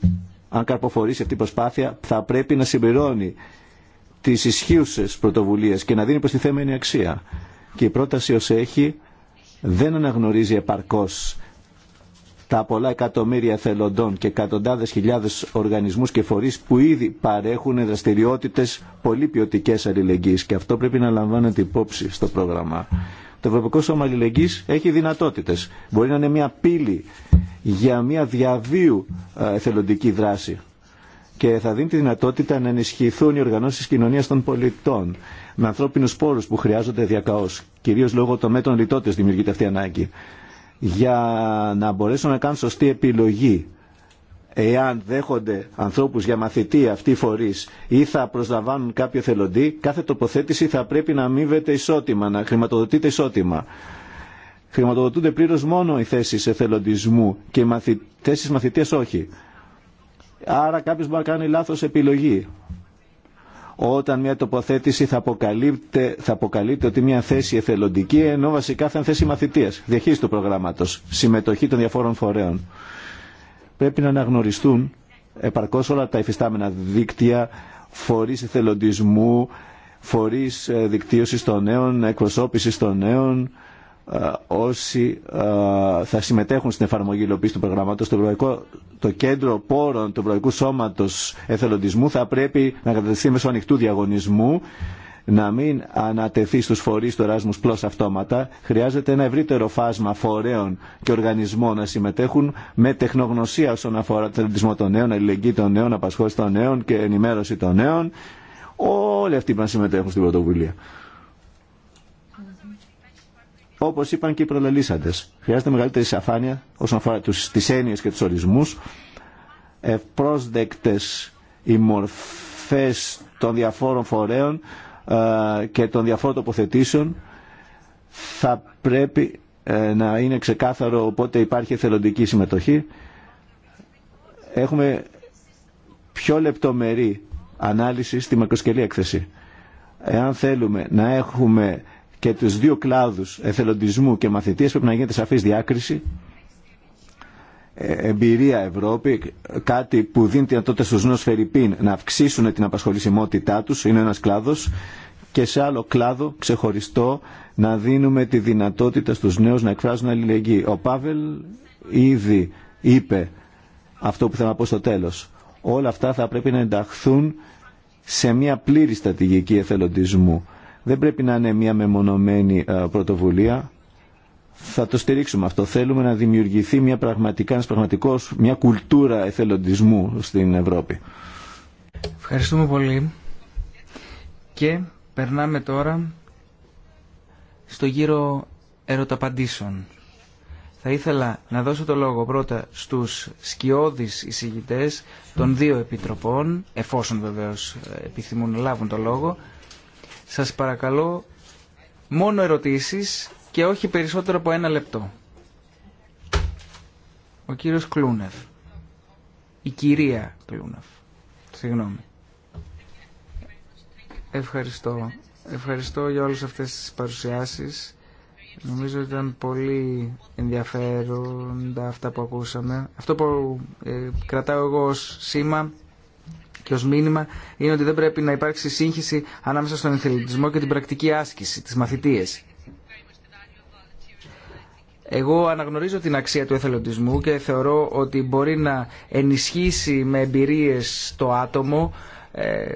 αν καρποφορήσει αυτή η προσπάθεια, θα πρέπει να συμπληρώνει τι ισχύουσε πρωτοβουλίε και να δίνει προστιθέμενη αξία. Και η πρόταση ω έχει δεν αναγνωρίζει επαρκώ τα πολλά εκατομμύρια θελοντών και εκατοντάδες χιλιάδες οργανισμού και φορεί που ήδη παρέχουν δραστηριότητε πολύ ποιοτικέ αλληλεγγύη. και αυτό πρέπει να λαμβάνεται υπόψη στο πρόγραμμα. Το Ευρωπαϊκό Σώμα Αλληλεγγύης έχει δυνατότητες. Μπορεί να είναι μια πύλη για μια διαβίου ε, εθελοντική δράση και θα δίνει τη δυνατότητα να ενισχυθούν οι οργανώσεις κοινωνίας των πολιτών με ανθρώπινους πόρους που χρειάζονται διακαώς, κυρίως λόγω των μέτρων λιτότητας δημιουργείται αυτή η ανάγκη, για να μπορέσουν να κάνουν σωστή επιλογή εάν δέχονται ανθρώπους για μαθητή αυτή οι ή θα προσλαμβάνουν κάποιο θελοντή, κάθε τοποθέτηση θα πρέπει να αμείβεται ισότιμα, να χρηματοδοτείται ισότιμα. Χρηματοδοτούνται πλήρως μόνο οι θέσεις εθελοντισμού και οι θέσεις μαθητές όχι. Άρα κάποιος μπορεί να κάνει λάθος επιλογή. Όταν μια τοποθέτηση θα αποκαλύπτει, θα αποκαλύπτε ότι μια θέση εθελοντική ενώ βασικά θα είναι θέση μαθητείας. Διαχείριση του προγράμματος. Συμμετοχή των διαφόρων φορέων πρέπει να αναγνωριστούν επαρκώς όλα τα υφιστάμενα δίκτυα, φορείς εθελοντισμού, φορείς ε, δικτύωσης των νέων, εκπροσώπησης των νέων, ε, όσοι ε, θα συμμετέχουν στην εφαρμογή υλοποίηση του προγραμμάτου Το, το κέντρο πόρων του ευρωπαϊκού σώματος εθελοντισμού θα πρέπει να κατατεθεί μέσω ανοιχτού διαγωνισμού να μην ανατεθεί στους φορείς του Erasmus Plus αυτόματα. Χρειάζεται ένα ευρύτερο φάσμα φορέων και οργανισμών να συμμετέχουν με τεχνογνωσία όσον αφορά τον των νέων, αλληλεγγύη των νέων, απασχόληση των νέων και ενημέρωση των νέων. Όλοι αυτοί να συμμετέχουν στην πρωτοβουλία. Όπω είπαν και οι προλαλήσαντε, χρειάζεται μεγαλύτερη σαφάνεια όσον αφορά τι έννοιε και του ορισμού. Ευπρόσδεκτε οι μορφέ των διαφόρων φορέων ε, και των διαφόρων τοποθετήσεων θα πρέπει ε, να είναι ξεκάθαρο οπότε υπάρχει εθελοντική συμμετοχή. Έχουμε πιο λεπτομερή ανάλυση στη μακροσκελή έκθεση. Εάν θέλουμε να έχουμε και τους δύο κλάδους εθελοντισμού και μαθητείας πρέπει να γίνεται σαφής διάκριση ε, εμπειρία Ευρώπη, κάτι που δίνει δυνατότητα στους νέους Φερρυπίν να αυξήσουν την απασχολησιμότητά τους, είναι ένας κλάδος και σε άλλο κλάδο ξεχωριστό να δίνουμε τη δυνατότητα στους νέους να εκφράζουν αλληλεγγύη. Ο Πάβελ ήδη είπε αυτό που θέλω να πω στο τέλος. Όλα αυτά θα πρέπει να ενταχθούν σε μια πλήρη στατηγική εθελοντισμού. Δεν πρέπει να είναι μια μεμονωμένη ε, πρωτοβουλία, θα το στηρίξουμε αυτό. Θέλουμε να δημιουργηθεί μια πραγματικά, ένας πραγματικός, μια κουλτούρα εθελοντισμού στην Ευρώπη. Ευχαριστούμε πολύ. Και περνάμε τώρα στο γύρο ερωταπαντήσεων. Θα ήθελα να δώσω το λόγο πρώτα στους σκιώδεις εισηγητέ των δύο επιτροπών, εφόσον βεβαίως επιθυμούν να λάβουν το λόγο. Σας παρακαλώ μόνο ερωτήσεις και όχι περισσότερο από ένα λεπτό. Ο κύριος Κλούνεφ. Η κυρία Κλούνεφ. Συγγνώμη. Ευχαριστώ. Ευχαριστώ για όλες αυτές τις παρουσιάσεις. Νομίζω ότι ήταν πολύ ενδιαφέροντα αυτά που ακούσαμε. Αυτό που ε, κρατάω εγώ ως σήμα και ως μήνυμα είναι ότι δεν πρέπει να υπάρξει σύγχυση ανάμεσα στον εθελοντισμό και την πρακτική άσκηση, τις μαθητείες. Εγώ αναγνωρίζω την αξία του εθελοντισμού και θεωρώ ότι μπορεί να ενισχύσει με εμπειρίες το άτομο, ε,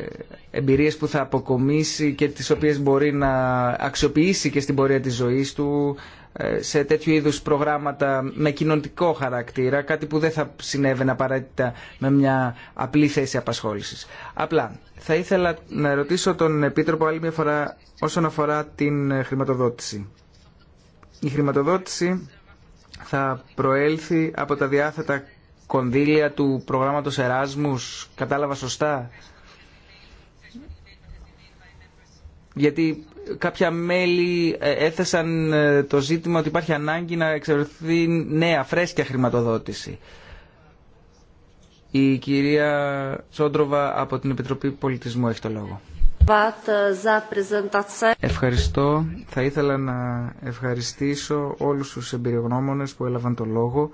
εμπειρίες που θα αποκομίσει και τις οποίες μπορεί να αξιοποιήσει και στην πορεία της ζωής του ε, σε τέτοιου είδους προγράμματα με κοινωνικό χαρακτήρα, κάτι που δεν θα συνέβαινε απαραίτητα με μια απλή θέση απασχόλησης. Απλά, θα ήθελα να ρωτήσω τον Επίτροπο άλλη μια φορά όσον αφορά την χρηματοδότηση. Η χρηματοδότηση θα προέλθει από τα διάθετα κονδύλια του προγράμματος Εράσμους. Κατάλαβα σωστά. Γιατί κάποια μέλη ε, έθεσαν ε, το ζήτημα ότι υπάρχει ανάγκη να εξευρεθεί νέα, φρέσκια χρηματοδότηση. Η κυρία Τσόντροβα από την Επιτροπή Πολιτισμού έχει το λόγο. Ευχαριστώ. Θα ήθελα να ευχαριστήσω όλους τους εμπειρογνώμονες που έλαβαν το λόγο.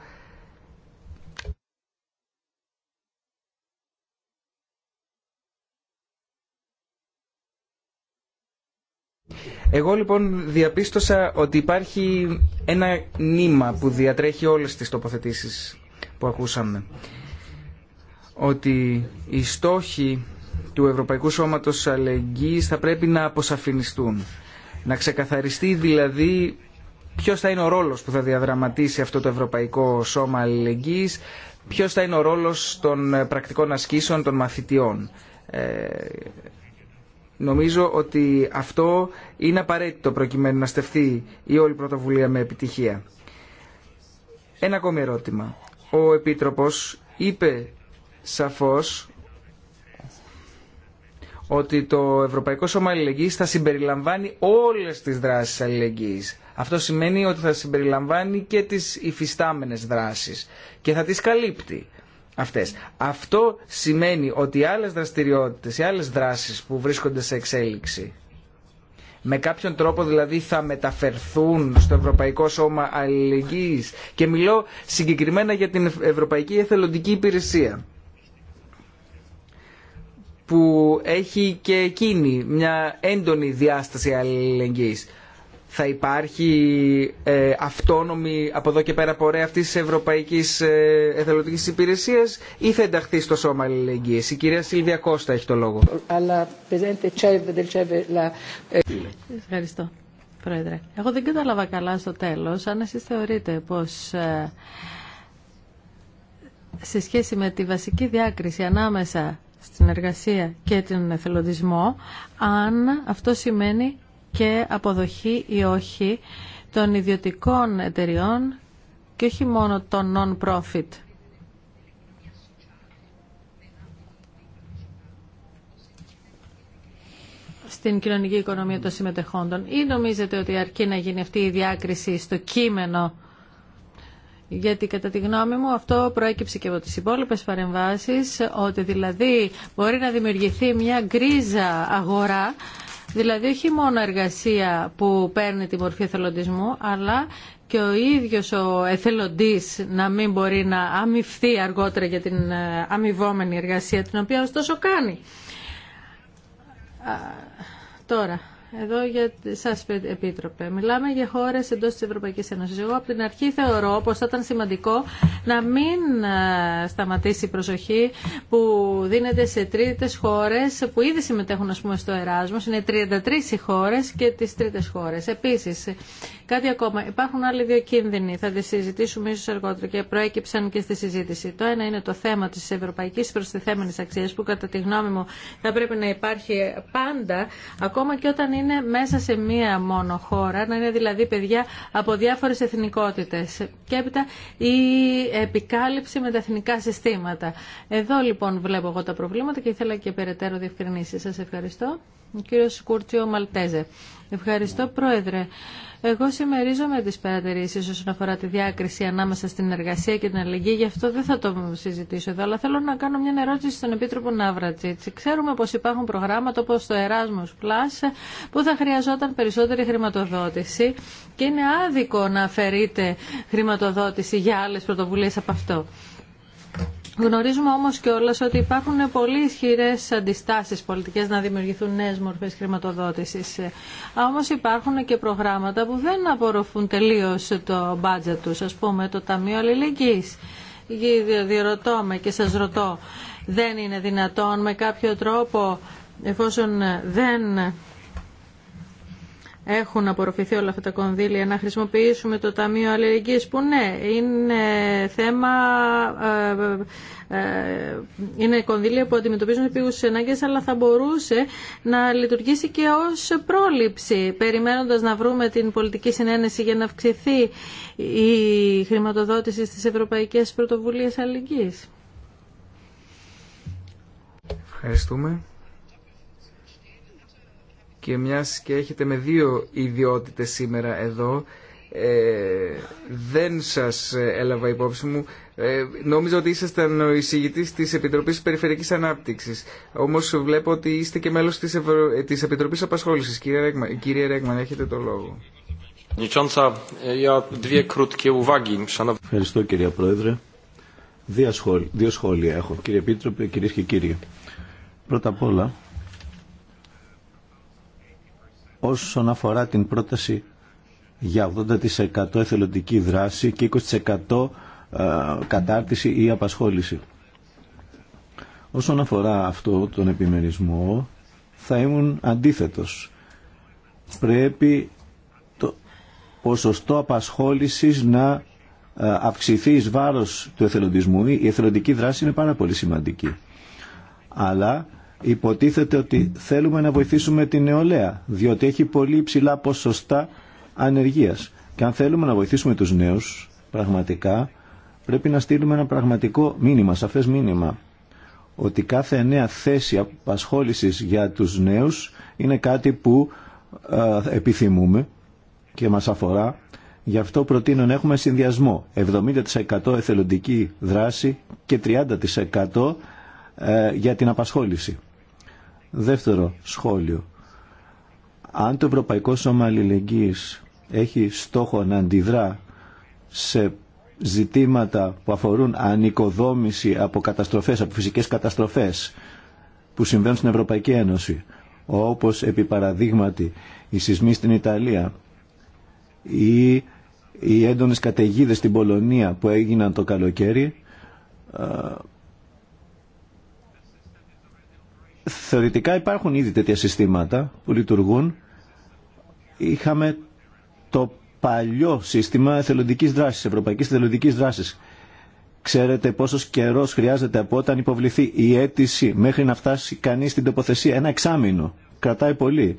Εγώ λοιπόν διαπίστωσα ότι υπάρχει ένα νήμα που διατρέχει όλες τις τοποθετήσεις που ακούσαμε. Ότι οι στόχοι του Ευρωπαϊκού Σώματος Αλληλεγγύης θα πρέπει να αποσαφινιστούν. Να ξεκαθαριστεί δηλαδή ποιος θα είναι ο ρόλος που θα διαδραματίσει αυτό το Ευρωπαϊκό Σώμα Αλληλεγγύης, ποιος θα είναι ο ρόλος των πρακτικών ασκήσεων των μαθητιών. Ε, νομίζω ότι αυτό είναι απαραίτητο προκειμένου να στεφθεί η όλη πρωτοβουλία με επιτυχία. Ένα ακόμη ερώτημα. Ο Επίτροπος είπε σαφώς ότι το Ευρωπαϊκό Σώμα Αλληλεγγύης θα συμπεριλαμβάνει όλες τις δράσεις αλληλεγγύης. Αυτό σημαίνει ότι θα συμπεριλαμβάνει και τις υφιστάμενες δράσεις και θα τις καλύπτει αυτές. Αυτό σημαίνει ότι οι άλλες δραστηριότητες, οι άλλες δράσεις που βρίσκονται σε εξέλιξη με κάποιον τρόπο δηλαδή θα μεταφερθούν στο Ευρωπαϊκό Σώμα Αλληλεγγύης και μιλώ συγκεκριμένα για την Ευρωπαϊκή Εθελοντική Υπηρεσία που έχει και εκείνη μια έντονη διάσταση αλληλεγγύης. Θα υπάρχει ε, αυτόνομη από εδώ και πέρα πορεία αυτή τη Ευρωπαϊκή Εθελλοτική Υπηρεσία ε, στο σώμα ηλελλήσει. Η κυρία Σίλβια Κώστα έχει το λόγο. Ε, Ευχαριστώ, Πρόεδρε. Εγώ δεν κατάλαβα καλά στο σωμα αλληλεγγυη η κυρια σιλβια κωστα εχει το λογο ευχαριστω προεδρε εγω δεν καταλαβα καλα στο τελος αν εσείς θεωρείτε πως... Ε, σε σχέση με τη βασική διάκριση ανάμεσα στην εργασία και τον εθελοντισμό αν αυτό σημαίνει και αποδοχή ή όχι των ιδιωτικών εταιριών και όχι μόνο των non-profit. στην κοινωνική οικονομία των συμμετεχόντων ή νομίζετε ότι αρκεί να γίνει αυτή η διάκριση στο κείμενο γιατί κατά τη γνώμη μου αυτό προέκυψε και από τις υπόλοιπες παρεμβάσεις, ότι δηλαδή μπορεί να δημιουργηθεί μια γκρίζα αγορά, δηλαδή όχι μόνο εργασία που παίρνει τη μορφή εθελοντισμού, αλλά και ο ίδιος ο εθελοντής να μην μπορεί να αμυφθεί αργότερα για την ε, αμοιβόμενη εργασία, την οποία ωστόσο κάνει. Τώρα, εδώ για σας Επίτροπε. Μιλάμε για χώρες εντός της Ευρωπαϊκής Ένωσης. Εγώ από την αρχή θεωρώ πως θα ήταν σημαντικό να μην ε, σταματήσει η προσοχή που δίνεται σε τρίτες χώρες που ήδη συμμετέχουν ας πούμε στο Εράσμος. Είναι 33 οι χώρες και τις τρίτες χώρες. Επίσης, κάτι ακόμα. Υπάρχουν άλλοι δύο κίνδυνοι. Θα τις συζητήσουμε ίσως αργότερα και προέκυψαν και στη συζήτηση. Το ένα είναι το θέμα της ευρωπαϊκής προστιθέμενης Αξία, που κατά τη γνώμη μου θα πρέπει να υπάρχει πάντα ακόμα και όταν είναι μέσα σε μία μόνο χώρα, να είναι δηλαδή παιδιά από διάφορες εθνικότητες. Και έπειτα η επικάλυψη με τα εθνικά συστήματα. Εδώ λοιπόν βλέπω εγώ τα προβλήματα και ήθελα και περαιτέρω διευκρινήσεις. Σας ευχαριστώ. Ο κύριος Κούρτσιο Μαλτέζε. Ευχαριστώ Πρόεδρε. Εγώ συμμερίζομαι τι παρατηρήσει όσον αφορά τη διάκριση ανάμεσα στην εργασία και την αλληλεγγύη, γι' αυτό δεν θα το συζητήσω εδώ, αλλά θέλω να κάνω μια ερώτηση στον Επίτροπο Ναύρατζιτ. Ξέρουμε πως υπάρχουν προγράμματα όπω το Erasmus Plus που θα χρειαζόταν περισσότερη χρηματοδότηση και είναι άδικο να αφαιρείται χρηματοδότηση για άλλε πρωτοβουλίε από αυτό. Γνωρίζουμε όμως και ότι υπάρχουν πολύ ισχυρές αντιστάσεις πολιτικές να δημιουργηθούν νέε μορφέ χρηματοδότησης. Όμω υπάρχουν και προγράμματα που δεν απορροφούν τελείω το μπάτζετ του, ας πούμε το Ταμείο αλληλεγγύη. Διερωτώ με και σας ρωτώ, δεν είναι δυνατόν με κάποιο τρόπο εφόσον δεν έχουν απορροφηθεί όλα αυτά τα κονδύλια, να χρησιμοποιήσουμε το Ταμείο Αλληλεγγύης, που ναι, είναι θέμα, ε, ε, ε, είναι κονδύλια που αντιμετωπίζουν επίγουσες ενάγκες αλλά θα μπορούσε να λειτουργήσει και ως πρόληψη, περιμένοντας να βρούμε την πολιτική συνένεση για να αυξηθεί η χρηματοδότηση στις ευρωπαϊκές πρωτοβουλίες αλληλεγγύης. Ευχαριστούμε και μιας και έχετε με δύο ιδιότητες σήμερα εδώ, ε, δεν σας έλαβα υπόψη μου. Ε, νόμιζα ότι ήσασταν ο εισηγητής της Επιτροπής Περιφερειακής Ανάπτυξης. Όμως βλέπω ότι είστε και μέλος της, Ευρω... της Επιτροπής Απασχόλησης. Κύριε Ρέγμαν, κύριε Ρέγμαν, έχετε το λόγο. Ευχαριστώ κύριε Πρόεδρε. Δύο σχόλια έχω. Κύριε Επίτροπε, κυρίε και κύριοι. Πρώτα απ' όλα, όσον αφορά την πρόταση για 80% εθελοντική δράση και 20% ε, κατάρτιση ή απασχόληση. Όσον αφορά αυτό τον επιμερισμό, θα ήμουν αντίθετος. Πρέπει το ποσοστό απασχόλησης να ε, αυξηθεί εις βάρος του εθελοντισμού. Η εθελοντική δράση είναι πάρα πολύ σημαντική. Αλλά Υποτίθεται ότι θέλουμε να βοηθήσουμε την νεολαία, διότι έχει πολύ υψηλά ποσοστά ανεργίας. Και αν θέλουμε να βοηθήσουμε τους νέους, πραγματικά, πρέπει να στείλουμε ένα πραγματικό μήνυμα, σαφές μήνυμα, ότι κάθε νέα θέση απασχόλησης για τους νέους είναι κάτι που ε, επιθυμούμε και μας αφορά. Γι' αυτό προτείνω να έχουμε συνδυασμό 70% εθελοντική δράση και 30% ε, για την απασχόληση. Δεύτερο σχόλιο. Αν το Ευρωπαϊκό Σώμα Αλληλεγγύης έχει στόχο να αντιδρά σε ζητήματα που αφορούν ανοικοδόμηση από καταστροφές, από φυσικές καταστροφές που συμβαίνουν στην Ευρωπαϊκή Ένωση, όπως επί παραδείγματι οι σεισμοί στην Ιταλία ή οι έντονες καταιγίδε στην Πολωνία που έγιναν το καλοκαίρι, ε, Θεωρητικά υπάρχουν ήδη τέτοια συστήματα που λειτουργούν. Είχαμε το παλιό σύστημα εθελοντικής δράσης, ευρωπαϊκής εθελοντικής δράσης. Ξέρετε πόσος καιρός χρειάζεται από όταν υποβληθεί η αίτηση μέχρι να φτάσει κανείς στην τοποθεσία. Ένα εξάμεινο. Κρατάει πολύ.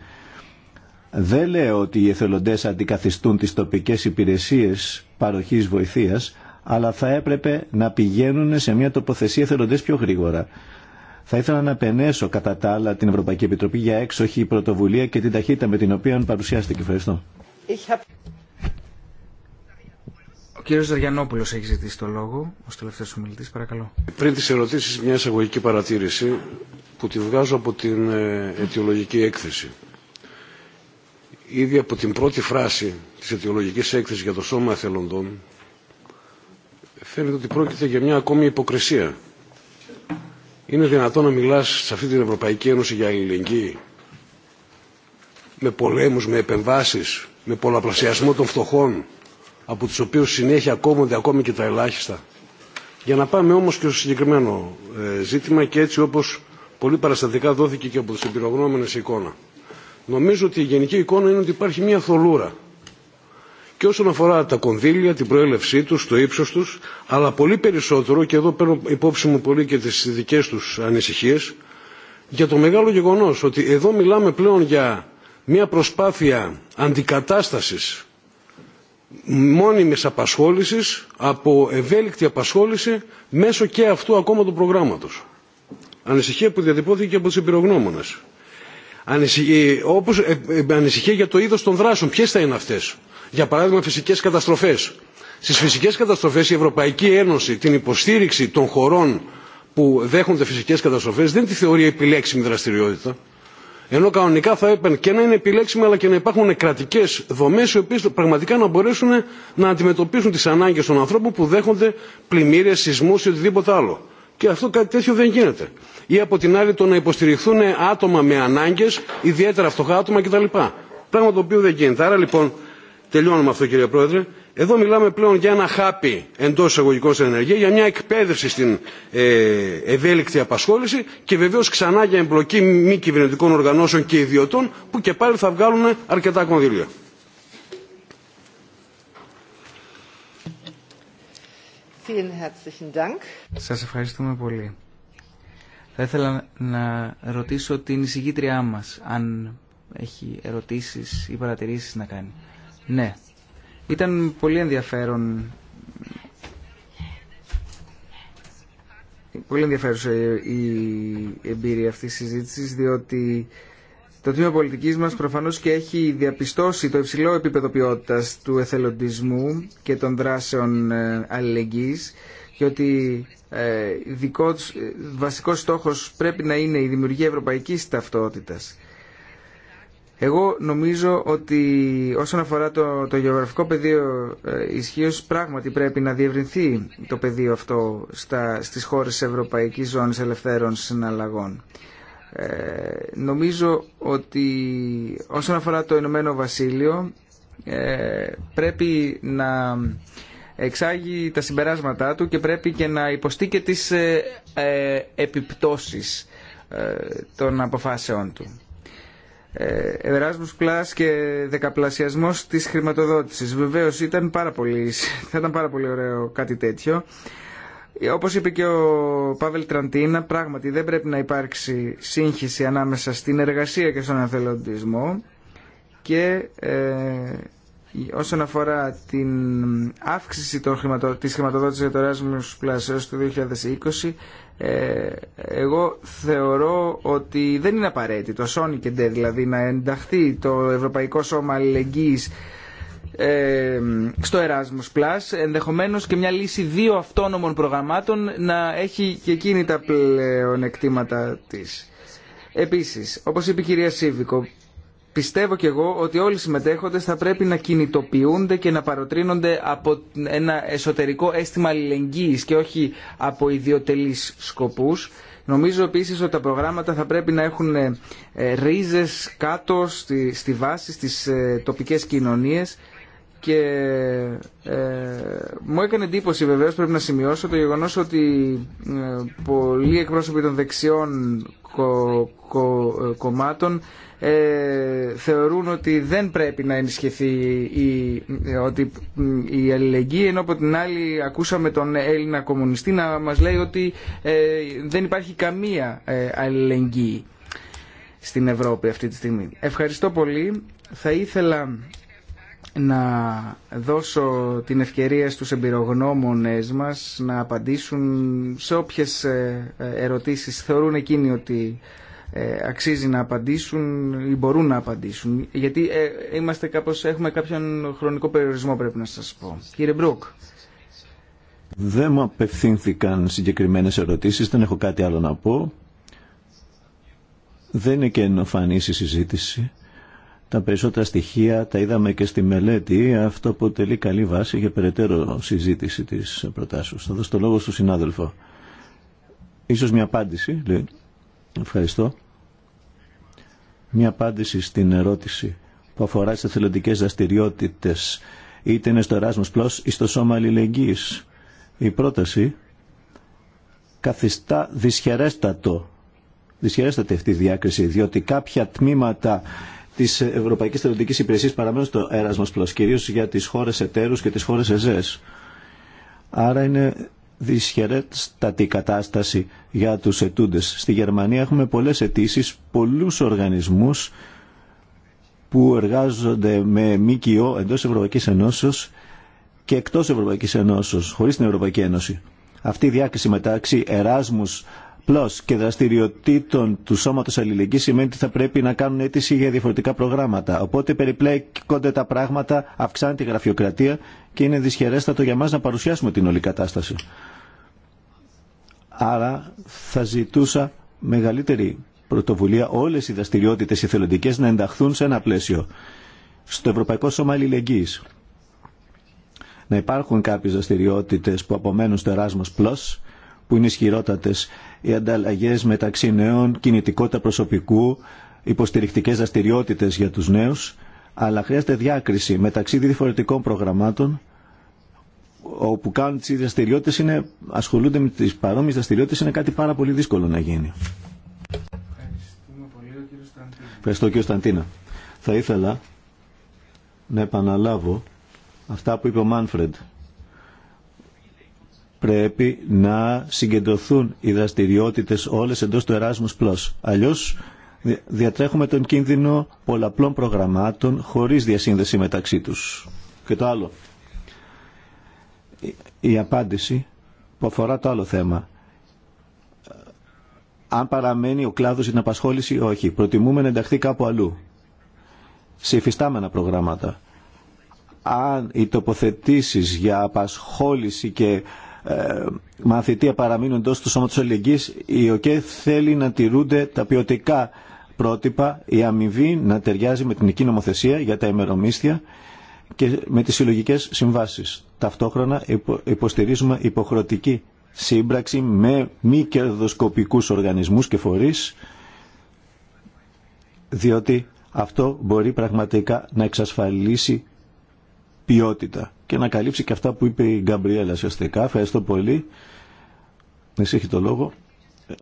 Δεν λέω ότι οι εθελοντές αντικαθιστούν τις τοπικές υπηρεσίες παροχής βοηθείας, αλλά θα έπρεπε να πηγαίνουν σε μια τοποθεσία εθελοντές πιο γρήγορα. Θα ήθελα να επενέσω κατά τα άλλα την Ευρωπαϊκή Επιτροπή για έξοχη πρωτοβουλία και την ταχύτητα με την οποία παρουσιάστηκε. Ευχαριστώ. Ο κύριο Ζαριανόπουλο έχει ζητήσει το λόγο ω τελευταίο ομιλητή. Παρακαλώ. Πριν τι ερωτήσει, μια εισαγωγική παρατήρηση που τη βγάζω από την ε, αιτιολογική έκθεση. Ήδη από την πρώτη φράση της αιτιολογικής έκθεσης για το σώμα εθελοντών φαίνεται ότι πρόκειται για μια ακόμη υποκρισία είναι δυνατόν να μιλάς σε αυτή την Ευρωπαϊκή Ένωση για αλληλεγγύη. Με πολέμους, με επεμβάσεις, με πολλαπλασιασμό των φτωχών, από τους οποίους συνέχεια κόβονται ακόμη και τα ελάχιστα. Για να πάμε όμως και στο συγκεκριμένο ε, ζήτημα και έτσι όπως πολύ παραστατικά δόθηκε και από τις εμπειρογνώμενες εικόνα. Νομίζω ότι η γενική εικόνα είναι ότι υπάρχει μια θολούρα και όσον αφορά τα κονδύλια, την προέλευσή τους, το ύψος τους, αλλά πολύ περισσότερο, και εδώ παίρνω υπόψη μου πολύ και τις δικές τους ανησυχίες, για το μεγάλο γεγονός ότι εδώ μιλάμε πλέον για μια προσπάθεια αντικατάστασης μόνιμης απασχόλησης από ευέλικτη απασχόληση μέσω και αυτού ακόμα του προγράμματος. Ανησυχία που διατυπώθηκε από τους εμπειρογνώμονες. Ανησυχία, ε, όπως, ε, ε, ανησυχία για το είδος των δράσεων. Ποιες θα είναι αυτές για παράδειγμα φυσικές καταστροφές. Στις φυσικές καταστροφές η Ευρωπαϊκή Ένωση την υποστήριξη των χωρών που δέχονται φυσικές καταστροφές δεν τη θεωρεί επιλέξιμη δραστηριότητα. Ενώ κανονικά θα έπαιρνε και να είναι επιλέξιμη αλλά και να υπάρχουν κρατικέ δομέ οι οποίε πραγματικά να μπορέσουν να αντιμετωπίσουν τι ανάγκε των ανθρώπων που δέχονται πλημμύρε, σεισμού ή οτιδήποτε άλλο. Και αυτό κάτι τέτοιο δεν γίνεται. Ή από την άλλη το να υποστηριχθούν άτομα με ανάγκε, ιδιαίτερα φτωχά άτομα κτλ. Πράγμα το οποίο δεν γίνεται. Άρα λοιπόν τελειώνω με αυτό κύριε Πρόεδρε, εδώ μιλάμε πλέον για ένα χάπι εντό εισαγωγικών στην ενεργεία, για μια εκπαίδευση στην ε, ευέλικτη απασχόληση και βεβαίω ξανά για εμπλοκή μη κυβερνητικών οργανώσεων και ιδιωτών που και πάλι θα βγάλουν αρκετά κονδύλια. Σας ευχαριστούμε πολύ. Θα ήθελα να ρωτήσω την εισηγήτριά μα αν έχει ερωτήσει ή παρατηρήσει να κάνει. Ναι. Ήταν πολύ ενδιαφέρον πολύ ενδιαφέρουσα η εμπειρία αυτής της συζήτησης διότι το Τμήμα Πολιτικής μας προφανώς και έχει διαπιστώσει το υψηλό επίπεδο ποιότητας του εθελοντισμού και των δράσεων ε, αλληλεγγύης και ότι ε, δικός, ε, βασικός στόχος πρέπει να είναι η δημιουργία ευρωπαϊκής ταυτότητας. Εγώ νομίζω ότι όσον αφορά το, το γεωγραφικό πεδίο ε, ισχύω πράγματι πρέπει να διευρυνθεί το πεδίο αυτό στα, στις χώρες της Ευρωπαϊκής Ζώνης Ελευθέρων Συναλλαγών. Ε, νομίζω ότι όσον αφορά το Ηνωμένο Βασίλειο ε, πρέπει να εξάγει τα συμπεράσματά του και πρέπει και να υποστεί και τις ε, ε, επιπτώσεις των αποφάσεών του. Ε, Erasmus πλάς και δεκαπλασιασμός της χρηματοδότησης. Βεβαίως ήταν πάρα πολύ, θα ήταν πάρα πολύ ωραίο κάτι τέτοιο. Όπως είπε και ο Παύλ Τραντίνα, πράγματι δεν πρέπει να υπάρξει σύγχυση ανάμεσα στην εργασία και στον εθελοντισμό και ε, όσον αφορά την αύξηση των χρηματο... της χρηματοδότησης για το Erasmus Plus έως το 2020 ε, εγώ θεωρώ ότι δεν είναι απαραίτητο Sony και δεν, δηλαδή να ενταχθεί το Ευρωπαϊκό Σώμα Αλληλεγγύης ε, στο Erasmus Plus ενδεχομένως και μια λύση δύο αυτόνομων προγραμμάτων να έχει και εκείνη τα πλεονεκτήματα της. Επίσης, όπως είπε η κυρία Σίβικο, πιστεύω και εγώ ότι όλοι οι συμμετέχοντες θα πρέπει να κινητοποιούνται και να παροτρύνονται από ένα εσωτερικό αίσθημα αλληλεγγύης και όχι από ιδιωτελείς σκοπούς. Νομίζω επίσης ότι τα προγράμματα θα πρέπει να έχουν ε, ρίζες κάτω στη, βάση, στις ε, τοπικές κοινωνίες και ε, μου έκανε εντύπωση βεβαίως πρέπει να σημειώσω το γεγονός ότι ε, πολλοί εκπρόσωποι των δεξιών κομμάτων ε, θεωρούν ότι δεν πρέπει να ενισχυθεί η, ότι, η αλληλεγγύη ενώ από την άλλη ακούσαμε τον Έλληνα κομμουνιστή να μας λέει ότι ε, δεν υπάρχει καμία ε, αλληλεγγύη στην Ευρώπη αυτή τη στιγμή. Ευχαριστώ πολύ. Θα ήθελα να δώσω την ευκαιρία στους εμπειρογνώμονες μας να απαντήσουν σε όποιες ερωτήσεις θεωρούν εκείνοι ότι ε, αξίζει να απαντήσουν ή μπορούν να απαντήσουν. Γιατί ε, είμαστε κάπως, έχουμε κάποιον χρονικό περιορισμό πρέπει να σας πω. Κύριε Μπρούκ. Δεν μου απευθύνθηκαν συγκεκριμένες ερωτήσεις, δεν έχω κάτι άλλο να πω. Δεν είναι και ενοφανής η συζήτηση. Τα περισσότερα στοιχεία τα είδαμε και στη μελέτη. Αυτό αποτελεί καλή βάση για περαιτέρω συζήτηση της προτάσεως. Θα δώσω το λόγο στον συνάδελφο. Ίσως μια απάντηση, λέει. Ευχαριστώ. Μια απάντηση στην ερώτηση που αφορά τις εθελοντικέ δραστηριότητε είτε είναι στο Erasmus Plus ή στο Σώμα Αλληλεγγύης. Η πρόταση καθιστά δυσχερέστατο, Δυσχερέστατη αυτή η διάκριση, διότι κάποια τμήματα της Ευρωπαϊκής Θελοντικής Υπηρεσίας παραμένουν στο Erasmus Plus, Κυρίω για τις χώρε εταίρου και τι χώρε ΕΖΕΣ. Άρα είναι δυσχερέστατη κατάσταση για τους ετούντες. Στη Γερμανία έχουμε πολλές αιτήσει, πολλούς οργανισμούς που εργάζονται με ΜΚΟ εντός Ευρωπαϊκής Ενώσεως και εκτός Ευρωπαϊκής Ενώσεως, χωρίς την Ευρωπαϊκή Ένωση. Αυτή η διάκριση μεταξύ Εράσμους Πλώ και δραστηριοτήτων του Σώματος Αλληλεγγύης σημαίνει ότι θα πρέπει να κάνουν αίτηση για διαφορετικά προγράμματα. Οπότε περιπλέκονται τα πράγματα, αυξάνεται η γραφειοκρατία και είναι δυσχερέστατο για μας να παρουσιάσουμε την όλη κατάσταση. Άρα θα ζητούσα μεγαλύτερη πρωτοβουλία όλες οι δραστηριότητες εθελοντικές να ενταχθούν σε ένα πλαίσιο. Στο Ευρωπαϊκό Σώμα Αλληλεγγύης να υπάρχουν κάποιες δραστηριότητε που απομένουν στο Erasmus Plus που είναι ισχυρότατε. Οι ανταλλαγέ μεταξύ νέων, κινητικότητα προσωπικού, υποστηρικτικέ δραστηριότητε για τους νέους, αλλά χρειάζεται διάκριση μεταξύ διαφορετικών προγραμμάτων όπου κάνουν τις δραστηριότητε είναι, ασχολούνται με τις παρόμοιες δραστηριότητε, είναι κάτι πάρα πολύ δύσκολο να γίνει. Ευχαριστώ κύριο Σταντίνα. Θα ήθελα να επαναλάβω αυτά που είπε ο Μάνφρεντ πρέπει να συγκεντρωθούν οι δραστηριότητες όλες εντός του Erasmus Plus. Αλλιώς διατρέχουμε τον κίνδυνο πολλαπλών προγραμμάτων χωρίς διασύνδεση μεταξύ τους. Και το άλλο, η απάντηση που αφορά το άλλο θέμα. Αν παραμένει ο κλάδος στην απασχόληση όχι. Προτιμούμε να ενταχθεί κάπου αλλού. Σε υφιστάμενα προγράμματα. Αν οι τοποθετήσεις για απασχόληση και ε, μαθητεία παραμείνουν εντό του σώματος αλληλεγγύη, η ΟΚΕ θέλει να τηρούνται τα ποιοτικά πρότυπα, η αμοιβή να ταιριάζει με την εκείνη για τα ημερομίσθια και με τις συλλογικέ συμβάσεις. Ταυτόχρονα υποστηρίζουμε υποχρεωτική σύμπραξη με μη κερδοσκοπικού οργανισμούς και φορεί, διότι αυτό μπορεί πραγματικά να εξασφαλίσει ποιότητα και να καλύψει και αυτά που είπε η Γκαμπριέλα σωστικά. Ευχαριστώ πολύ. Εσύ έχει το λόγο.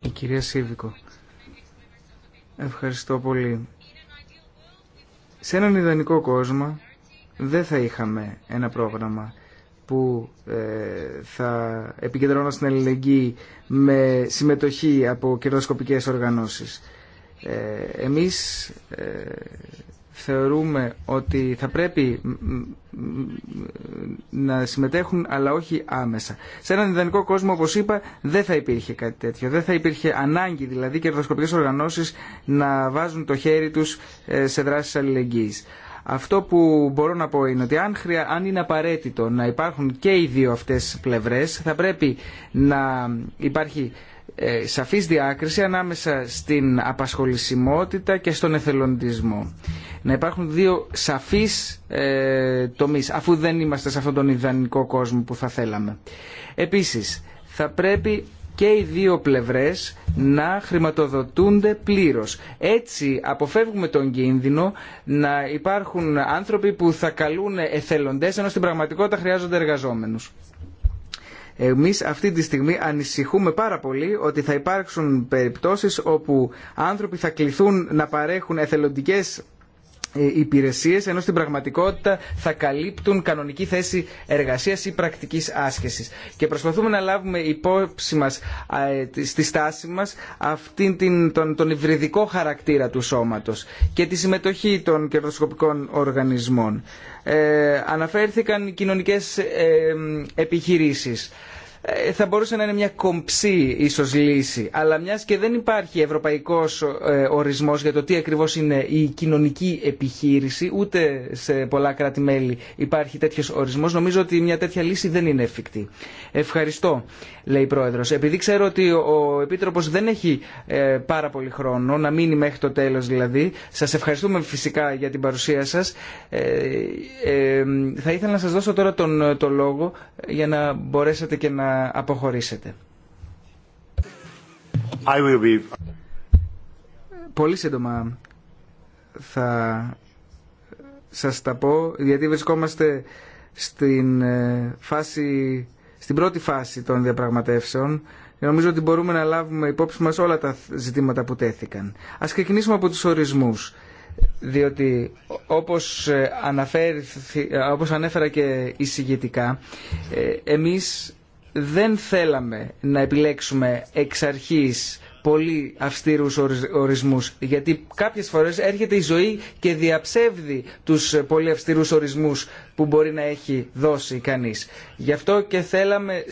Η κυρία Σίβικο. Ευχαριστώ πολύ. Σε έναν ιδανικό κόσμο δεν θα είχαμε ένα πρόγραμμα που ε, θα επικεντρώνα στην αλληλεγγύη με συμμετοχή από κερδοσκοπικές οργανώσεις. Ε, εμείς ε, θεωρούμε ότι θα πρέπει να συμμετέχουν αλλά όχι άμεσα. Σε έναν ιδανικό κόσμο όπως είπα δεν θα υπήρχε κάτι τέτοιο. Δεν θα υπήρχε ανάγκη δηλαδή κερδοσκοπικές οργανώσεις να βάζουν το χέρι τους ε, σε δράσεις αλληλεγγύης. Αυτό που μπορώ να πω είναι ότι αν, χρεια... αν είναι απαραίτητο να υπάρχουν και οι δύο αυτές πλευρές θα πρέπει να υπάρχει ε, σαφής διάκριση ανάμεσα στην απασχολησιμότητα και στον εθελοντισμό. Να υπάρχουν δύο σαφείς ε, τομείς, αφού δεν είμαστε σε αυτόν τον ιδανικό κόσμο που θα θέλαμε. Επίσης, θα πρέπει και οι δύο πλευρές να χρηματοδοτούνται πλήρως. Έτσι αποφεύγουμε τον κίνδυνο να υπάρχουν άνθρωποι που θα καλούν εθελοντές, ενώ στην πραγματικότητα χρειάζονται εργαζόμενους. Εμείς αυτή τη στιγμή ανησυχούμε πάρα πολύ ότι θα υπάρξουν περιπτώσεις όπου άνθρωποι θα κληθούν να παρέχουν εθελοντικές ε, υπηρεσίες ενώ στην πραγματικότητα θα καλύπτουν κανονική θέση εργασίας ή πρακτικής άσκησης. Και προσπαθούμε να λάβουμε υπόψη μας ε, στη στάση μας αυτήν την, τον, τον υβριδικό χαρακτήρα του σώματος και τη συμμετοχή των κερδοσκοπικών οργανισμών. Ε, αναφέρθηκαν κοινωνικές ε, επιχειρήσεις. Ε, θα μπορούσε να είναι μια κομψή ίσως λύση αλλά μιας και δεν υπάρχει ευρωπαϊκός ε, ορισμός για το τι ακριβώς είναι η κοινωνική επιχείρηση ούτε σε πολλά κράτη-μέλη υπάρχει τέτοιος ορισμός νομίζω ότι μια τέτοια λύση δεν είναι εφικτή. Ευχαριστώ λέει η Πρόεδρος. Επειδή ξέρω ότι ο Επίτροπος δεν έχει ε, πάρα πολύ χρόνο να μείνει μέχρι το τέλος δηλαδή σας ευχαριστούμε φυσικά για την παρουσία σας θα ήθελα να σας δώσω τώρα τον, το λόγο για να μπορέσετε και να αποχωρήσετε. I will be... Πολύ σύντομα θα σας τα πω, γιατί βρισκόμαστε στην, ε, φάση, στην πρώτη φάση των διαπραγματεύσεων. Νομίζω ότι μπορούμε να λάβουμε υπόψη μας όλα τα ζητήματα που τέθηκαν. Ας ξεκινήσουμε από τους ορισμούς διότι όπως, ε, αναφέρει, όπως ανέφερα και εισηγητικά ε, εμείς δεν θέλαμε να επιλέξουμε εξ αρχής πολύ αυστηρούς ορισμούς γιατί κάποιες φορές έρχεται η ζωή και διαψεύδει τους πολύ αυστηρούς ορισμούς που μπορεί να έχει δώσει κανείς. Γι' αυτό και θέλαμε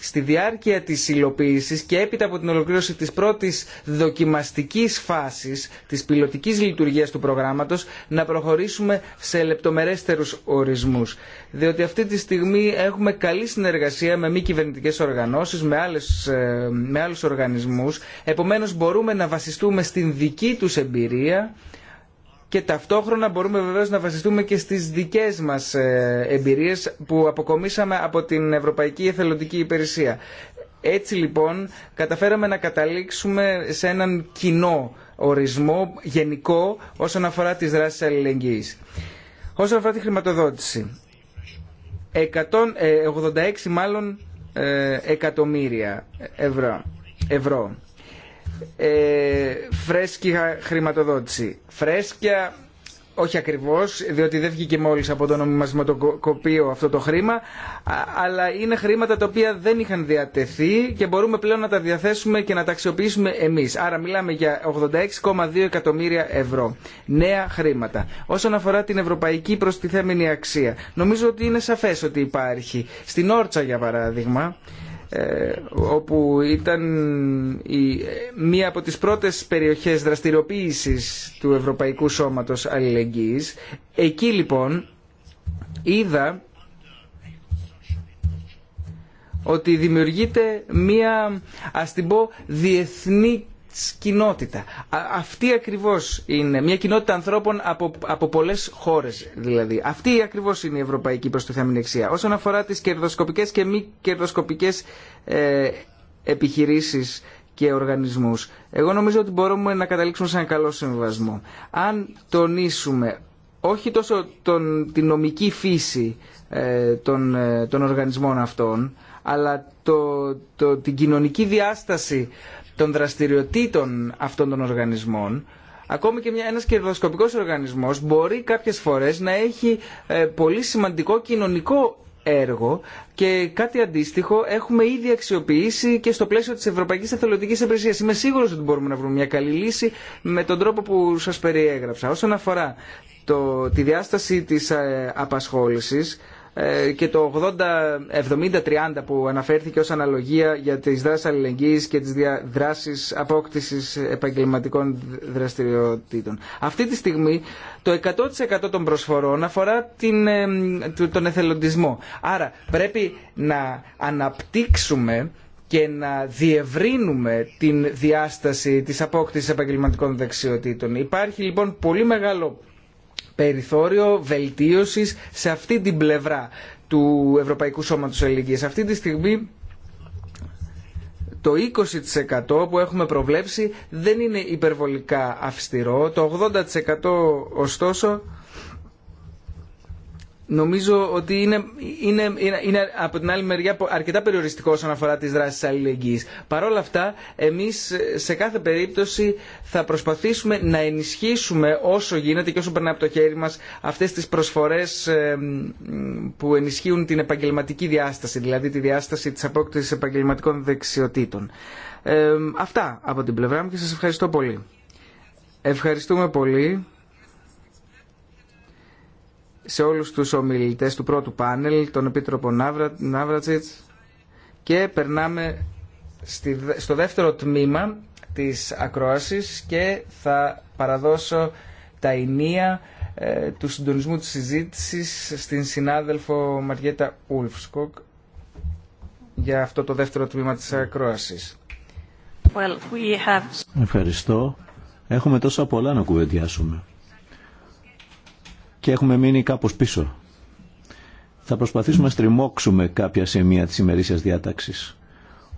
στη, διάρκεια της υλοποίηση και έπειτα από την ολοκλήρωση της πρώτης δοκιμαστικής φάσης της πιλωτικής λειτουργίας του προγράμματος να προχωρήσουμε σε λεπτομερέστερους ορισμούς. Διότι αυτή τη στιγμή έχουμε καλή συνεργασία με μη κυβερνητικέ οργανώσεις, με, άλλες, ε, με άλλους οργανισμούς. Επομένως μπορούμε να βασιστούμε στην δική τους εμπειρία και ταυτόχρονα μπορούμε βεβαίως να βασιστούμε και στις δικές μας ε, εμπειρίες που αποκομίσαμε από την Ευρωπαϊκή Εθελοντική Υπηρεσία. Έτσι λοιπόν καταφέραμε να καταλήξουμε σε έναν κοινό ορισμό γενικό όσον αφορά τις δράσεις αλληλεγγύης. Όσον αφορά τη χρηματοδότηση, 186 ε, μάλλον ε, εκατομμύρια ευρώ. ευρώ ε, φρέσκια χρηματοδότηση. Φρέσκια όχι ακριβώς, διότι δεν βγήκε μόλις από το νομιμασματοκοπείο αυτό το χρήμα, αλλά είναι χρήματα τα οποία δεν είχαν διατεθεί και μπορούμε πλέον να τα διαθέσουμε και να τα αξιοποιήσουμε εμείς. Άρα μιλάμε για 86,2 εκατομμύρια ευρώ. Νέα χρήματα. Όσον αφορά την ευρωπαϊκή προστιθέμενη αξία, νομίζω ότι είναι σαφές ότι υπάρχει. Στην Όρτσα, για παράδειγμα, ε, όπου ήταν μία από τις πρώτες περιοχές δραστηριοποίησης του Ευρωπαϊκού Σώματος Αλληλεγγύης. Εκεί λοιπόν είδα ότι δημιουργείται μία, ας την πω, διεθνή κοινότητα. Αυτή ακριβώς είναι μια κοινότητα ανθρώπων από, από πολλές χώρες δηλαδή. Αυτή ακριβώς είναι η ευρωπαϊκή προστιθέμενη αξία. Όσον αφορά τις κερδοσκοπικές και μη κερδοσκοπικές ε, επιχειρήσεις και οργανισμούς. Εγώ νομίζω ότι μπορούμε να καταλήξουμε σε ένα καλό συμβασμό. Αν τονίσουμε όχι τόσο τον, την νομική φύση ε, των, ε, των οργανισμών αυτών, αλλά το, την κοινωνική διάσταση των δραστηριοτήτων αυτών των οργανισμών, ακόμη και ένας κερδοσκοπικός οργανισμός μπορεί κάποιες φορές να έχει ε, πολύ σημαντικό κοινωνικό έργο και κάτι αντίστοιχο έχουμε ήδη αξιοποιήσει και στο πλαίσιο της Ευρωπαϊκής Εθελοντικής Υπηρεσίας. Είμαι σίγουρος ότι μπορούμε να βρούμε μια καλή λύση με τον τρόπο που σας περιέγραψα. Όσον αφορά το, τη διάσταση της ε, απασχόλησης, ε, και το 80-70-30 που αναφέρθηκε ως αναλογία για τις δράσεις αλληλεγγύης και τις δράσεις απόκτησης επαγγελματικών δραστηριοτήτων. Αυτή τη στιγμή το 100% των προσφορών αφορά την, ε, τον εθελοντισμό. Άρα πρέπει να αναπτύξουμε και να διευρύνουμε την διάσταση της απόκτησης επαγγελματικών δεξιοτήτων. Υπάρχει λοιπόν πολύ μεγάλο περιθώριο βελτίωσης σε αυτή την πλευρά του Ευρωπαϊκού Σώματος Ελληνικής. Αυτή τη στιγμή το 20% που έχουμε προβλέψει δεν είναι υπερβολικά αυστηρό, το 80% ωστόσο Νομίζω ότι είναι, είναι, είναι, από την άλλη μεριά αρκετά περιοριστικό όσον αφορά τις δράσεις αλληλεγγύης. Παρ' όλα αυτά, εμείς ε, σε κάθε περίπτωση θα προσπαθήσουμε να ενισχύσουμε όσο γίνεται και όσο περνάει από το χέρι μας αυτές τις προσφορές ε, που ενισχύουν την επαγγελματική διάσταση, δηλαδή τη διάσταση της απόκτησης επαγγελματικών δεξιοτήτων. Ε, αυτά από την πλευρά μου και σας ευχαριστώ πολύ. Ευχαριστούμε πολύ σε όλους τους ομιλητές του πρώτου πάνελ, τον Επίτροπο Ναύρα, και περνάμε στο δεύτερο τμήμα της ακρόασης και θα παραδώσω τα ενία ε, του συντονισμού της συζήτησης στην συνάδελφο Μαριέτα Ουλφσκοκ για αυτό το δεύτερο τμήμα της ακρόασης. Well, we have... Ευχαριστώ. Έχουμε τόσα πολλά να κουβεντιάσουμε και έχουμε μείνει κάπως πίσω. Θα προσπαθήσουμε να στριμώξουμε κάποια σημεία της ημερήσιας διάταξης,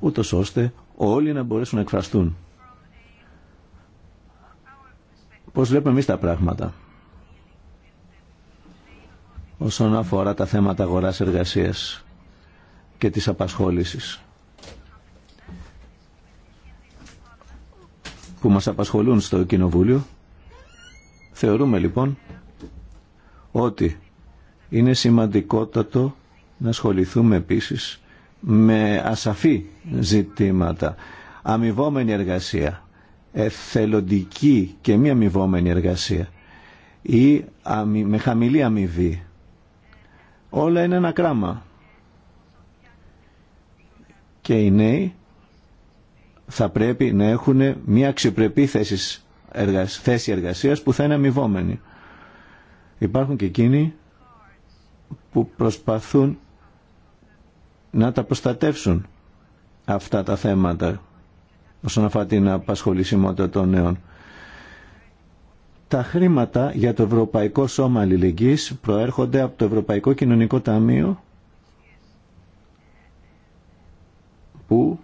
ούτω ώστε όλοι να μπορέσουν να εκφραστούν. Πώς βλέπουμε εμείς τα πράγματα όσον αφορά τα θέματα αγοράς εργασίας και της απασχόλησης που μας απασχολούν στο Κοινοβούλιο. Θεωρούμε λοιπόν ότι είναι σημαντικότατο να ασχοληθούμε επίσης με ασαφή ζητήματα. Αμοιβόμενη εργασία, εθελοντική και μη αμοιβόμενη εργασία ή με χαμηλή αμοιβή. Όλα είναι ένα κράμα. Και οι νέοι θα πρέπει να έχουν μια αξιοπρεπή θέση εργασίας που θα είναι αμοιβόμενη. Υπάρχουν και εκείνοι που προσπαθούν να τα προστατεύσουν αυτά τα θέματα όσον αφορά την απασχολησιμότητα των νέων. Τα χρήματα για το Ευρωπαϊκό Σώμα Αλληλεγγύης προέρχονται από το Ευρωπαϊκό Κοινωνικό Ταμείο που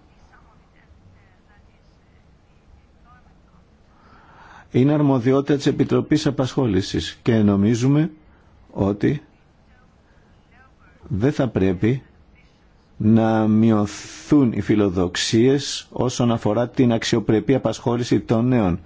είναι αρμοδιότητα της Επιτροπής Απασχόλησης και νομίζουμε ότι δεν θα πρέπει να μειωθούν οι φιλοδοξίες όσον αφορά την αξιοπρεπή απασχόληση των νέων.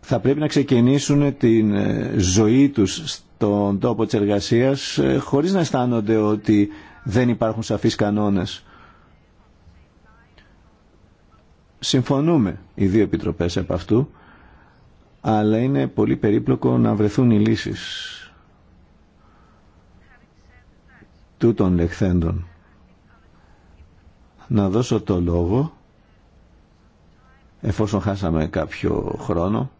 Θα πρέπει να ξεκινήσουν την ε, ζωή τους στον τόπο της εργασίας ε, χωρίς να αισθάνονται ότι δεν υπάρχουν σαφείς κανόνες. συμφωνούμε οι δύο επιτροπές από αυτού, αλλά είναι πολύ περίπλοκο να βρεθούν οι λύσεις τούτων λεχθέντων. Να δώσω το λόγο, εφόσον χάσαμε κάποιο χρόνο,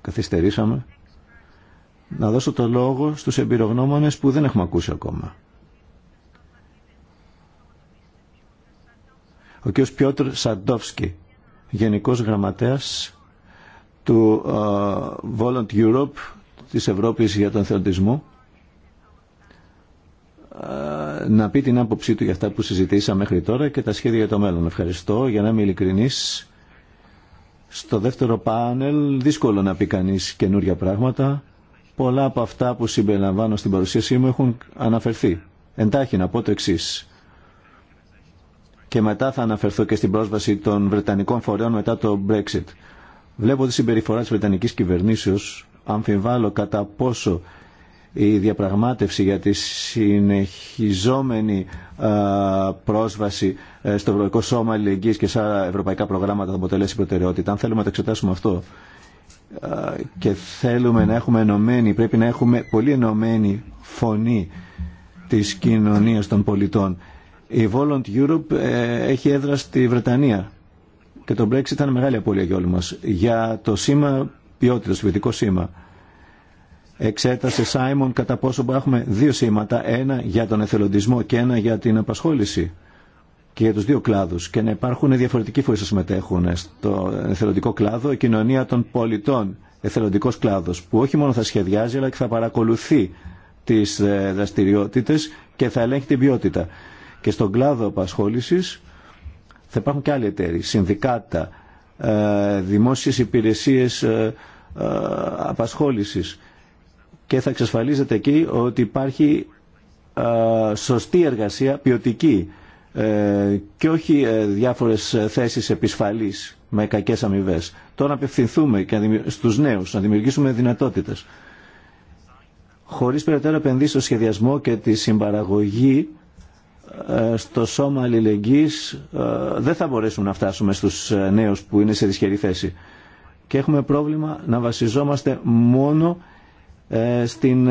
καθυστερήσαμε, να δώσω το λόγο στους εμπειρογνώμονες που δεν έχουμε ακούσει ακόμα. Ο κ. Πιότρ Σαντόφσκι, Γενικός Γραμματέας του uh, Europe της Ευρώπης για τον Θεοντισμό να πει την άποψή του για αυτά που συζητήσαμε μέχρι τώρα και τα σχέδια για το μέλλον. Ευχαριστώ. Για να είμαι ειλικρινής, στο δεύτερο πάνελ δύσκολο να πει κανείς καινούρια πράγματα. Πολλά από αυτά που συμπεριλαμβάνω στην παρουσίασή μου έχουν αναφερθεί. Εντάχει να πω το εξής και μετά θα αναφερθώ και στην πρόσβαση των Βρετανικών φορέων μετά το Brexit. Βλέπω τη συμπεριφορά της Βρετανικής κυβερνήσεως, αμφιβάλλω κατά πόσο η διαπραγμάτευση για τη συνεχιζόμενη πρόσβαση ε, στο Ευρωπαϊκό Σώμα Αλληλεγγύης και σε άλλα ευρωπαϊκά προγράμματα θα αποτελέσει προτεραιότητα. Αν θέλουμε να το εξετάσουμε αυτό και θέλουμε να έχουμε ενωμένη, πρέπει να έχουμε πολύ ενωμένη φωνή της κοινωνίας των πολιτών η Volant Europe ε, έχει έδρα στη Βρετανία και το Brexit ήταν μεγάλη απώλεια για όλους μας. Για το σήμα ποιότητα, το σήμα. Εξέτασε Σάιμον κατά πόσο έχουμε δύο σήματα, ένα για τον εθελοντισμό και ένα για την απασχόληση και για τους δύο κλάδους και να υπάρχουν διαφορετικοί φορείς να συμμετέχουν στο εθελοντικό κλάδο, η κοινωνία των πολιτών, εθελοντικός κλάδος που όχι μόνο θα σχεδιάζει αλλά και θα παρακολουθεί τις ε, δραστηριότητες και θα ελέγχει την ποιότητα και στον κλάδο απασχόληση θα υπάρχουν και άλλοι εταίροι, συνδικάτα, ε, δημόσιες υπηρεσίες ε, ε, απασχόλησης και θα εξασφαλίζεται εκεί ότι υπάρχει σωστή εργασία, ποιοτική και όχι διάφορες θέσεις επισφαλής με κακές αμοιβέ. Τώρα να απευθυνθούμε και στους νέους, να δημιουργήσουμε δυνατότητες. Χωρίς περαιτέρω επενδύσει στο σχεδιασμό και τη συμπαραγωγή ε, στο σώμα αλληλεγγύης ε, δεν θα μπορέσουμε να φτάσουμε στους ε, νέους που είναι σε δυσχερή θέση. Και έχουμε πρόβλημα να βασιζόμαστε μόνο στην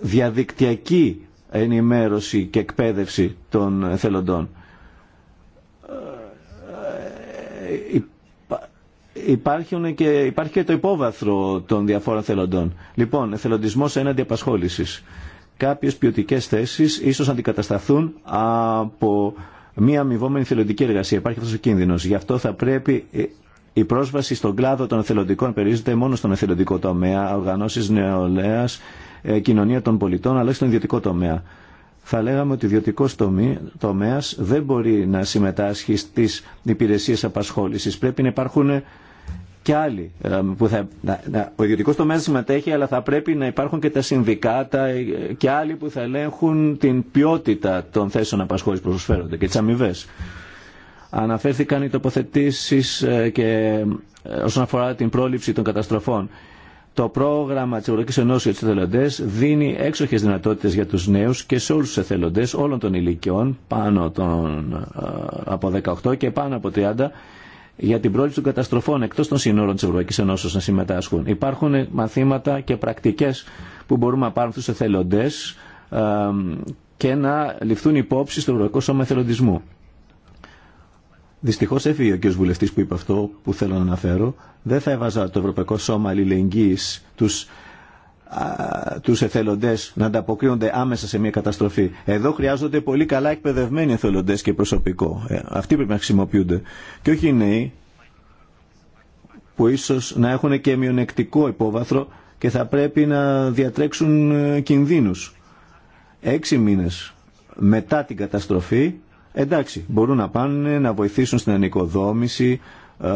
διαδικτυακή ενημέρωση και εκπαίδευση των θελοντών. Υπάρχουν και, υπάρχει και το υπόβαθρο των διαφόρων θελοντών. Λοιπόν, εθελοντισμός έναντι απασχόλησης κάποιες ποιοτικέ θέσεις ίσως αντικατασταθούν από μία αμοιβόμενη θελοντική εργασία. Υπάρχει αυτός ο κίνδυνος. Γι' αυτό θα πρέπει ε, η πρόσβαση στον κλάδο των εθελοντικών περιορίζεται μόνο στον εθελοντικό τομέα, οργανώσεις νεολαίας, ε, κοινωνία των πολιτών, αλλά και στον ιδιωτικό τομέα. Θα λέγαμε ότι ο ιδιωτικό τομέα δεν μπορεί να συμμετάσχει στι υπηρεσίε απασχόληση. Πρέπει να υπάρχουν και άλλοι. Ε, που θα, ο ιδιωτικό τομέα συμμετέχει, αλλά θα πρέπει να υπάρχουν και τα συνδικάτα ε, και άλλοι που θα ελέγχουν την ποιότητα των θέσεων απασχόληση που προσφέρονται και τι αμοιβέ. Αναφέρθηκαν οι τοποθετήσει ε, και όσον αφορά την πρόληψη των καταστροφών. Το πρόγραμμα τη Ευρωπαϊκή Ενώση για του Εθελοντέ δίνει έξοχε δυνατότητε για του νέου και σε όλου του εθελοντέ όλων των ηλικιών πάνω των, από 18 και πάνω από 30 για την πρόληψη των καταστροφών εκτός των σύνορων τη Ευρωπαϊκή Ένωση να συμμετάσχουν. Υπάρχουν μαθήματα και πρακτικές που μπορούμε να πάρουν τους εθελοντές και να ληφθούν υπόψη στο Ευρωπαϊκό Σώμα Εθελοντισμού. Δυστυχώ έφυγε ο κ. Βουλευτή που είπε αυτό που θέλω να αναφέρω. Δεν θα έβαζα το Ευρωπαϊκό Σώμα Αλληλεγγύη, του τους εθελοντέ να ανταποκρίνονται άμεσα σε μια καταστροφή. Εδώ χρειάζονται πολύ καλά εκπαιδευμένοι εθελοντέ και προσωπικό. Ε, αυτοί πρέπει να χρησιμοποιούνται. Και όχι οι νέοι που ίσω να έχουν και μειονεκτικό υπόβαθρο και θα πρέπει να διατρέξουν ε, κινδύνους. Έξι μήνες μετά την καταστροφή, εντάξει, μπορούν να πάνε να βοηθήσουν στην ανοικοδόμηση, ε,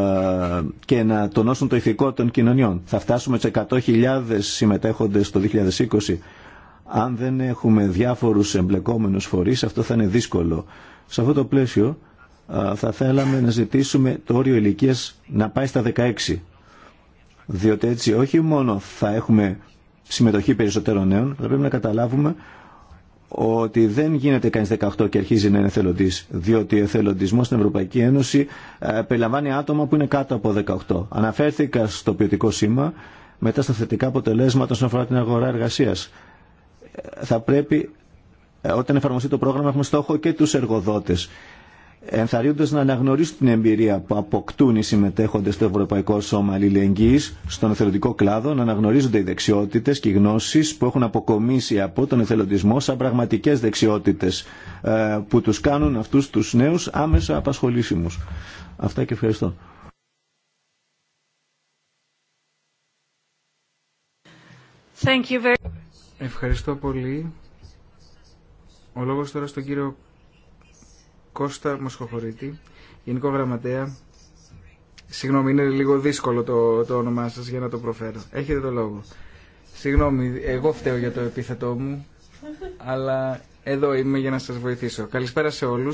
και να τονώσουν το ηθικό των κοινωνιών. Θα φτάσουμε σε 100.000 συμμετέχοντες το 2020. Αν δεν έχουμε διάφορους εμπλεκόμενους φορείς, αυτό θα είναι δύσκολο. Σε αυτό το πλαίσιο ε, θα θέλαμε να ζητήσουμε το όριο ηλικίας να πάει στα 16. Διότι έτσι όχι μόνο θα έχουμε συμμετοχή περισσότερων νέων, θα πρέπει να καταλάβουμε ότι δεν γίνεται κανείς 18 και αρχίζει να είναι εθελοντής, διότι ο εθελοντισμός στην Ευρωπαϊκή Ένωση ε, περιλαμβάνει άτομα που είναι κάτω από 18. Αναφέρθηκα στο ποιοτικό σήμα, μετά στα θετικά αποτελέσματα όσον αφορά την αγορά εργασίας. Ε, θα πρέπει ε, όταν εφαρμοστεί το πρόγραμμα έχουμε στόχο και τους εργοδότες ενθαρρύνοντας να αναγνωρίσουν την εμπειρία που αποκτούν οι συμμετέχοντες στο Ευρωπαϊκό Σώμα Αλληλεγγύης στον εθελοντικό κλάδο, να αναγνωρίζονται οι δεξιότητες και οι γνώσεις που έχουν αποκομίσει από τον εθελοντισμό σαν πραγματικές δεξιότητες ε, που τους κάνουν αυτούς τους νέους άμεσα απασχολήσιμους. Αυτά και ευχαριστώ. Ευχαριστώ πολύ. Ο λόγος τώρα στον κύριο Κώστα Μοσχοχωρίτη, Γενικό Γραμματέα. Συγγνώμη, είναι λίγο δύσκολο το, το όνομά σα για να το προφέρω. Έχετε το λόγο. Συγγνώμη, εγώ φταίω για το επίθετό μου, αλλά εδώ είμαι για να σα βοηθήσω. Καλησπέρα σε όλου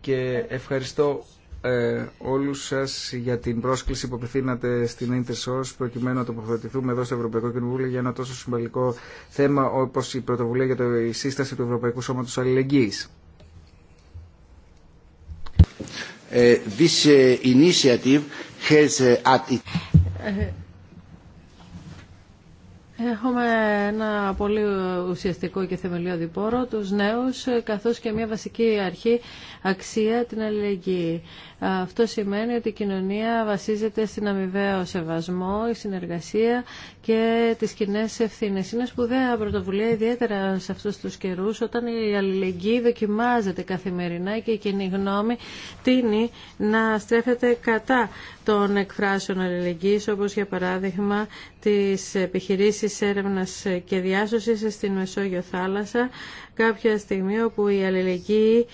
και ευχαριστώ ε, όλους σας για την πρόσκληση που απευθύνατε στην InterSource προκειμένου να τοποθετηθούμε εδώ στο Ευρωπαϊκό Κοινοβούλιο για ένα τόσο συμβαλικό θέμα όπως η πρωτοβουλία για το, η σύσταση του Ευρωπαϊκού Σώματος Αλληλεγγύης. this initiative has at its Έχουμε ένα πολύ ουσιαστικό και θεμελιώδη πόρο, τους νέους, καθώς και μια βασική αρχή αξία, την αλληλεγγύη. Αυτό σημαίνει ότι η κοινωνία βασίζεται στην αμοιβαίο σεβασμό, η συνεργασία και τις κοινέ ευθύνε. Είναι σπουδαία πρωτοβουλία, ιδιαίτερα σε αυτούς τους καιρούς, όταν η αλληλεγγύη δοκιμάζεται καθημερινά και η κοινή γνώμη τίνει να στρέφεται κατά των εκφράσεων αλληλεγγύης, όπως για παράδειγμα της έρευνας και διάσωσης στην Μεσόγειο θάλασσα κάποια στιγμή όπου η αλληλεγγύη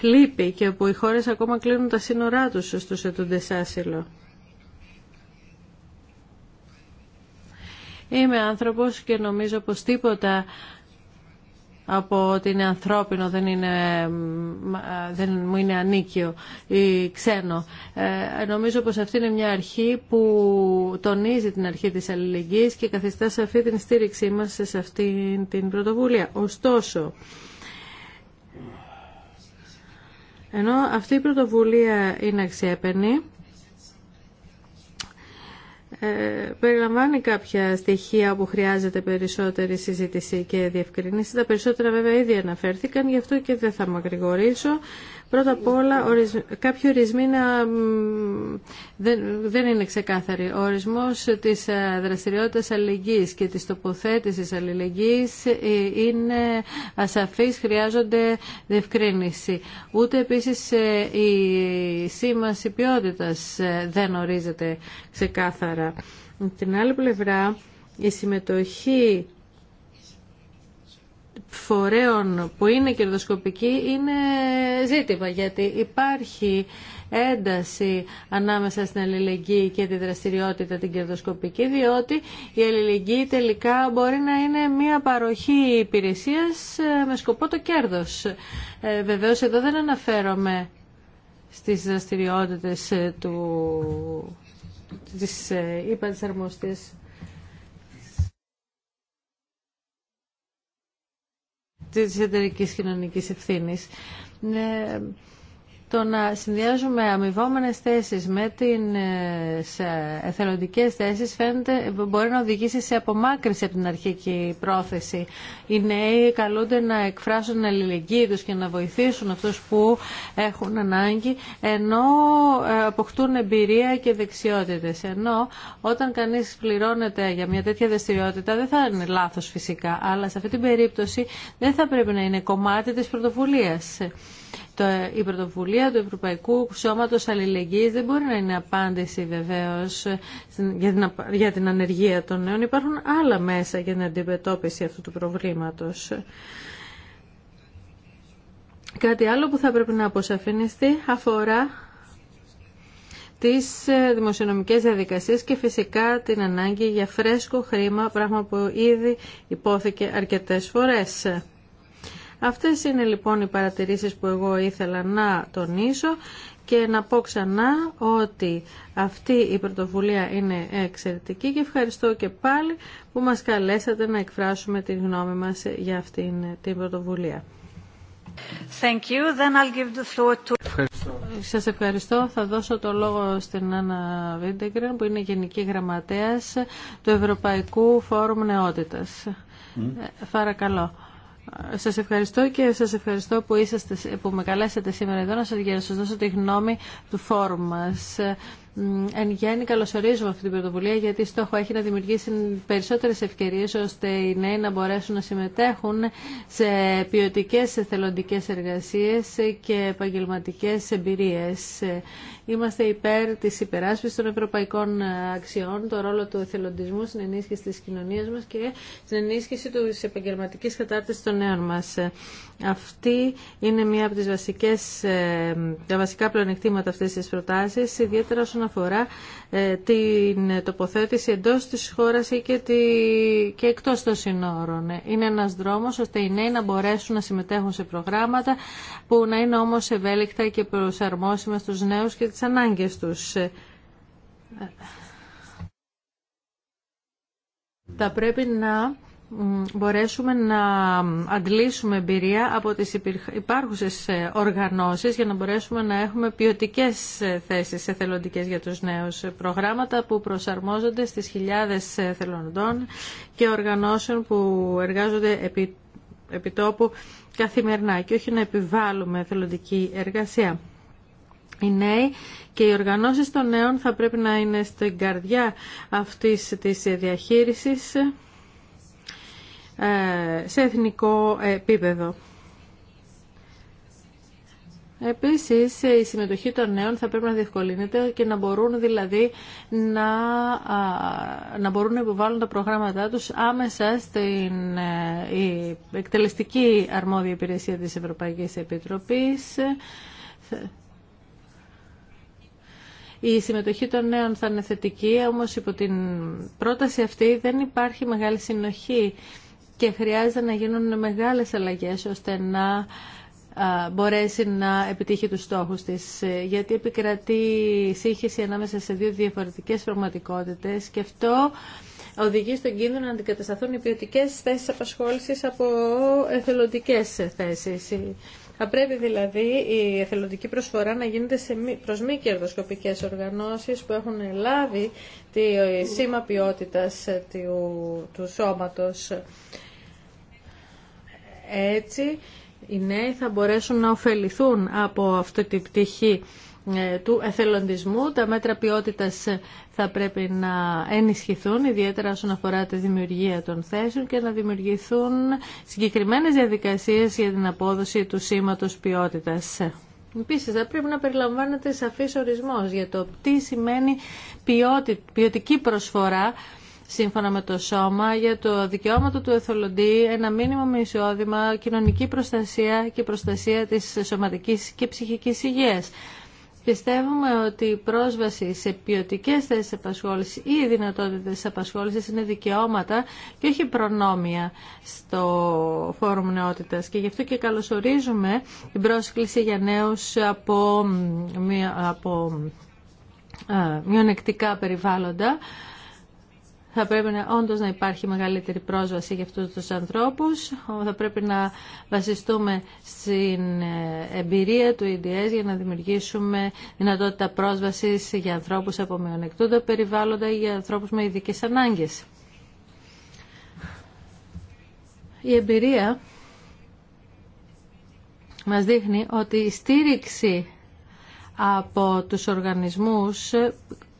λείπει και όπου οι χώρες ακόμα κλείνουν τα σύνορά τους στους ετούντες άσυλο. Είμαι άνθρωπος και νομίζω πως τίποτα από ότι είναι ανθρώπινο, δεν, είναι, δεν μου είναι ανίκιο ή ξένο. Ε, νομίζω πως αυτή είναι μια αρχή που τονίζει την αρχή της αλληλεγγύης και καθιστά σε αυτή την στήριξή μας σε αυτή την πρωτοβουλία. Ωστόσο, ενώ αυτή η πρωτοβουλία είναι αξιέπαινη, ε, περιλαμβάνει κάποια στοιχεία που χρειάζεται περισσότερη συζήτηση και διευκρινήση. Τα περισσότερα βέβαια ήδη αναφέρθηκαν, γι' αυτό και δεν θα μακρηγορήσω. Πρώτα απ' όλα, κάποιοι ορισμοί δεν, είναι ξεκάθαροι. Ο ορισμός της ε, δραστηριότητας αλληλεγγύης και της τοποθέτησης αλληλεγγύης ε, είναι ασαφής, χρειάζονται διευκρίνηση. Ούτε επίσης ε, η σήμαση ποιότητας δεν ορίζεται ξεκάθαρα. Την άλλη πλευρά, η συμμετοχή φορέων που είναι κερδοσκοπικοί είναι ζήτημα γιατί υπάρχει ένταση ανάμεσα στην αλληλεγγύη και τη δραστηριότητα την κερδοσκοπική διότι η αλληλεγγύη τελικά μπορεί να είναι μια παροχή υπηρεσίας ε, με σκοπό το κέρδος. Ε, βεβαίως εδώ δεν αναφέρομαι στις δραστηριότητες ε, του, της ε, της εταιρικής κοινωνικής ευθύνης. Ναι, το να συνδυάζουμε αμοιβόμενες θέσεις με τις ε, εθελοντικές θέσεις φαίνεται, μπορεί να οδηγήσει σε απομάκρυση από την αρχική πρόθεση. Οι νέοι καλούνται να εκφράσουν αλληλεγγύη τους και να βοηθήσουν αυτούς που έχουν ανάγκη ενώ ε, αποκτούν εμπειρία και δεξιότητες. Ενώ όταν κανείς πληρώνεται για μια τέτοια δραστηριότητα δεν θα είναι λάθος φυσικά αλλά σε αυτή την περίπτωση δεν θα πρέπει να είναι κομμάτι της πρωτοβουλίας η πρωτοβουλία του Ευρωπαϊκού Σώματος Αλληλεγγύης δεν μπορεί να είναι απάντηση βεβαίως για την ανεργία των νέων. Υπάρχουν άλλα μέσα για την αντιμετώπιση αυτού του προβλήματος. Κάτι άλλο που θα πρέπει να αποσαφινιστεί αφορά τις ε, δημοσιονομικές διαδικασίες και φυσικά την ανάγκη για φρέσκο χρήμα, πράγμα που ήδη υπόθηκε αρκετές φορές. Αυτές είναι λοιπόν οι παρατηρήσεις που εγώ ήθελα να τονίσω και να πω ξανά ότι αυτή η πρωτοβουλία είναι εξαιρετική και ευχαριστώ και πάλι που μας καλέσατε να εκφράσουμε τη γνώμη μας για αυτήν την πρωτοβουλία. Thank you. Then I'll give ευχαριστώ. Σας ευχαριστώ. Θα δώσω το λόγο στην Άννα Βίντεγκρεν που είναι Γενική Γραμματέας του Ευρωπαϊκού Φόρουμ Νεότητας. Mm. Σας ευχαριστώ και σας ευχαριστώ που, είσαστε, που με καλέσατε σήμερα εδώ να σας, σας δώσω τη γνώμη του φόρου μας εν γέννη καλωσορίζουμε αυτή την πρωτοβουλία γιατί στόχο έχει να δημιουργήσει περισσότερες ευκαιρίες ώστε οι νέοι να μπορέσουν να συμμετέχουν σε ποιοτικές εθελοντικές εργασίες και επαγγελματικέ εμπειρίες. Είμαστε υπέρ της υπεράσπισης των ευρωπαϊκών αξιών, το ρόλο του εθελοντισμού στην ενίσχυση της κοινωνίας μας και στην ενίσχυση της επαγγελματική κατάρτισης των νέων μας. Αυτή είναι μία από τις βασικές, ε, τα βασικά πλεονεκτήματα αυτής της προτάσεις, ιδιαίτερα αφορά ε, την τοποθέτηση εντός της χώρας ή και, τη... εκτός των συνόρων. Είναι ένας δρόμος ώστε οι νέοι να μπορέσουν να συμμετέχουν σε προγράμματα που να είναι όμως ευέλικτα και προσαρμόσιμα στους νέους και τις ανάγκες τους. Ε, θα πρέπει να μπορέσουμε να αντλήσουμε εμπειρία από τις υπάρχουσες ε, οργανώσεις για να μπορέσουμε να έχουμε ποιοτικές ε, θέσεις εθελοντικές για τους νέους προγράμματα που προσαρμόζονται στις χιλιάδες εθελοντών και οργανώσεων που εργάζονται επί, τόπου καθημερινά και όχι να επιβάλλουμε εθελοντική εργασία. Οι νέοι και οι οργανώσεις των νέων θα πρέπει να είναι στην καρδιά αυτής της διαχείρισης ε, σε εθνικό επίπεδο. Επίσης, η συμμετοχή των νέων θα πρέπει να διευκολύνεται και να μπορούν δηλαδή να, να μπορούν να υποβάλουν τα προγράμματά τους άμεσα στην ε, η εκτελεστική αρμόδια υπηρεσία της Ευρωπαϊκής Επιτροπής. Η συμμετοχή των νέων θα είναι θετική, όμως υπό την πρόταση αυτή δεν υπάρχει μεγάλη συνοχή και χρειάζεται να γίνουν μεγάλες αλλαγές ώστε να μπορέσει να επιτύχει τους στόχους της. Ε, γιατί επικρατεί σύγχυση ανάμεσα σε δύο διαφορετικές πραγματικότητες και αυτό οδηγεί στον κίνδυνο να αντικατασταθούν οι ποιοτικέ θέσεις απασχόλησης από εθελοντικές θέσεις. Θα πρέπει δηλαδή η εθελοντική προσφορά να γίνεται σε, προς μη κερδοσκοπικές οργανώσεις που έχουν λάβει τη σήμα ποιότητας του, του σώματος. Έτσι οι νέοι θα μπορέσουν να ωφεληθούν από αυτή την πτυχή ε, του εθελοντισμού. Τα μέτρα ποιότητας ε, θα πρέπει να ενισχυθούν, ιδιαίτερα όσον αφορά τη δημιουργία των θέσεων και να δημιουργηθούν συγκεκριμένες διαδικασίες για την απόδοση του σήματος ποιότητας. Επίση, θα πρέπει να περιλαμβάνεται σαφής ορισμός για το τι σημαίνει ποιοτική προσφορά σύμφωνα με το Σώμα για το δικαιώματο του εθελοντή, ένα μήνυμα με εισόδημα, κοινωνική προστασία και προστασία της σωματικής και ψυχικής υγείας. Πιστεύουμε ότι η πρόσβαση σε ποιοτικέ θέσει απασχόληση ή οι δυνατότητε απασχόληση είναι δικαιώματα και όχι προνόμια στο Φόρουμ Νεότητα. Και γι' αυτό και καλωσορίζουμε την πρόσκληση για νέου από, από μειονεκτικά περιβάλλοντα θα πρέπει να, όντως να υπάρχει μεγαλύτερη πρόσβαση για αυτούς τους ανθρώπους. Θα πρέπει να βασιστούμε στην ε, εμπειρία του EDS για να δημιουργήσουμε δυνατότητα πρόσβασης για ανθρώπους από μειονεκτούντα περιβάλλοντα ή για ανθρώπους με ειδικές ανάγκες. Η εμπειρία μας ειδικέ ότι η στήριξη από τους οργανισμούς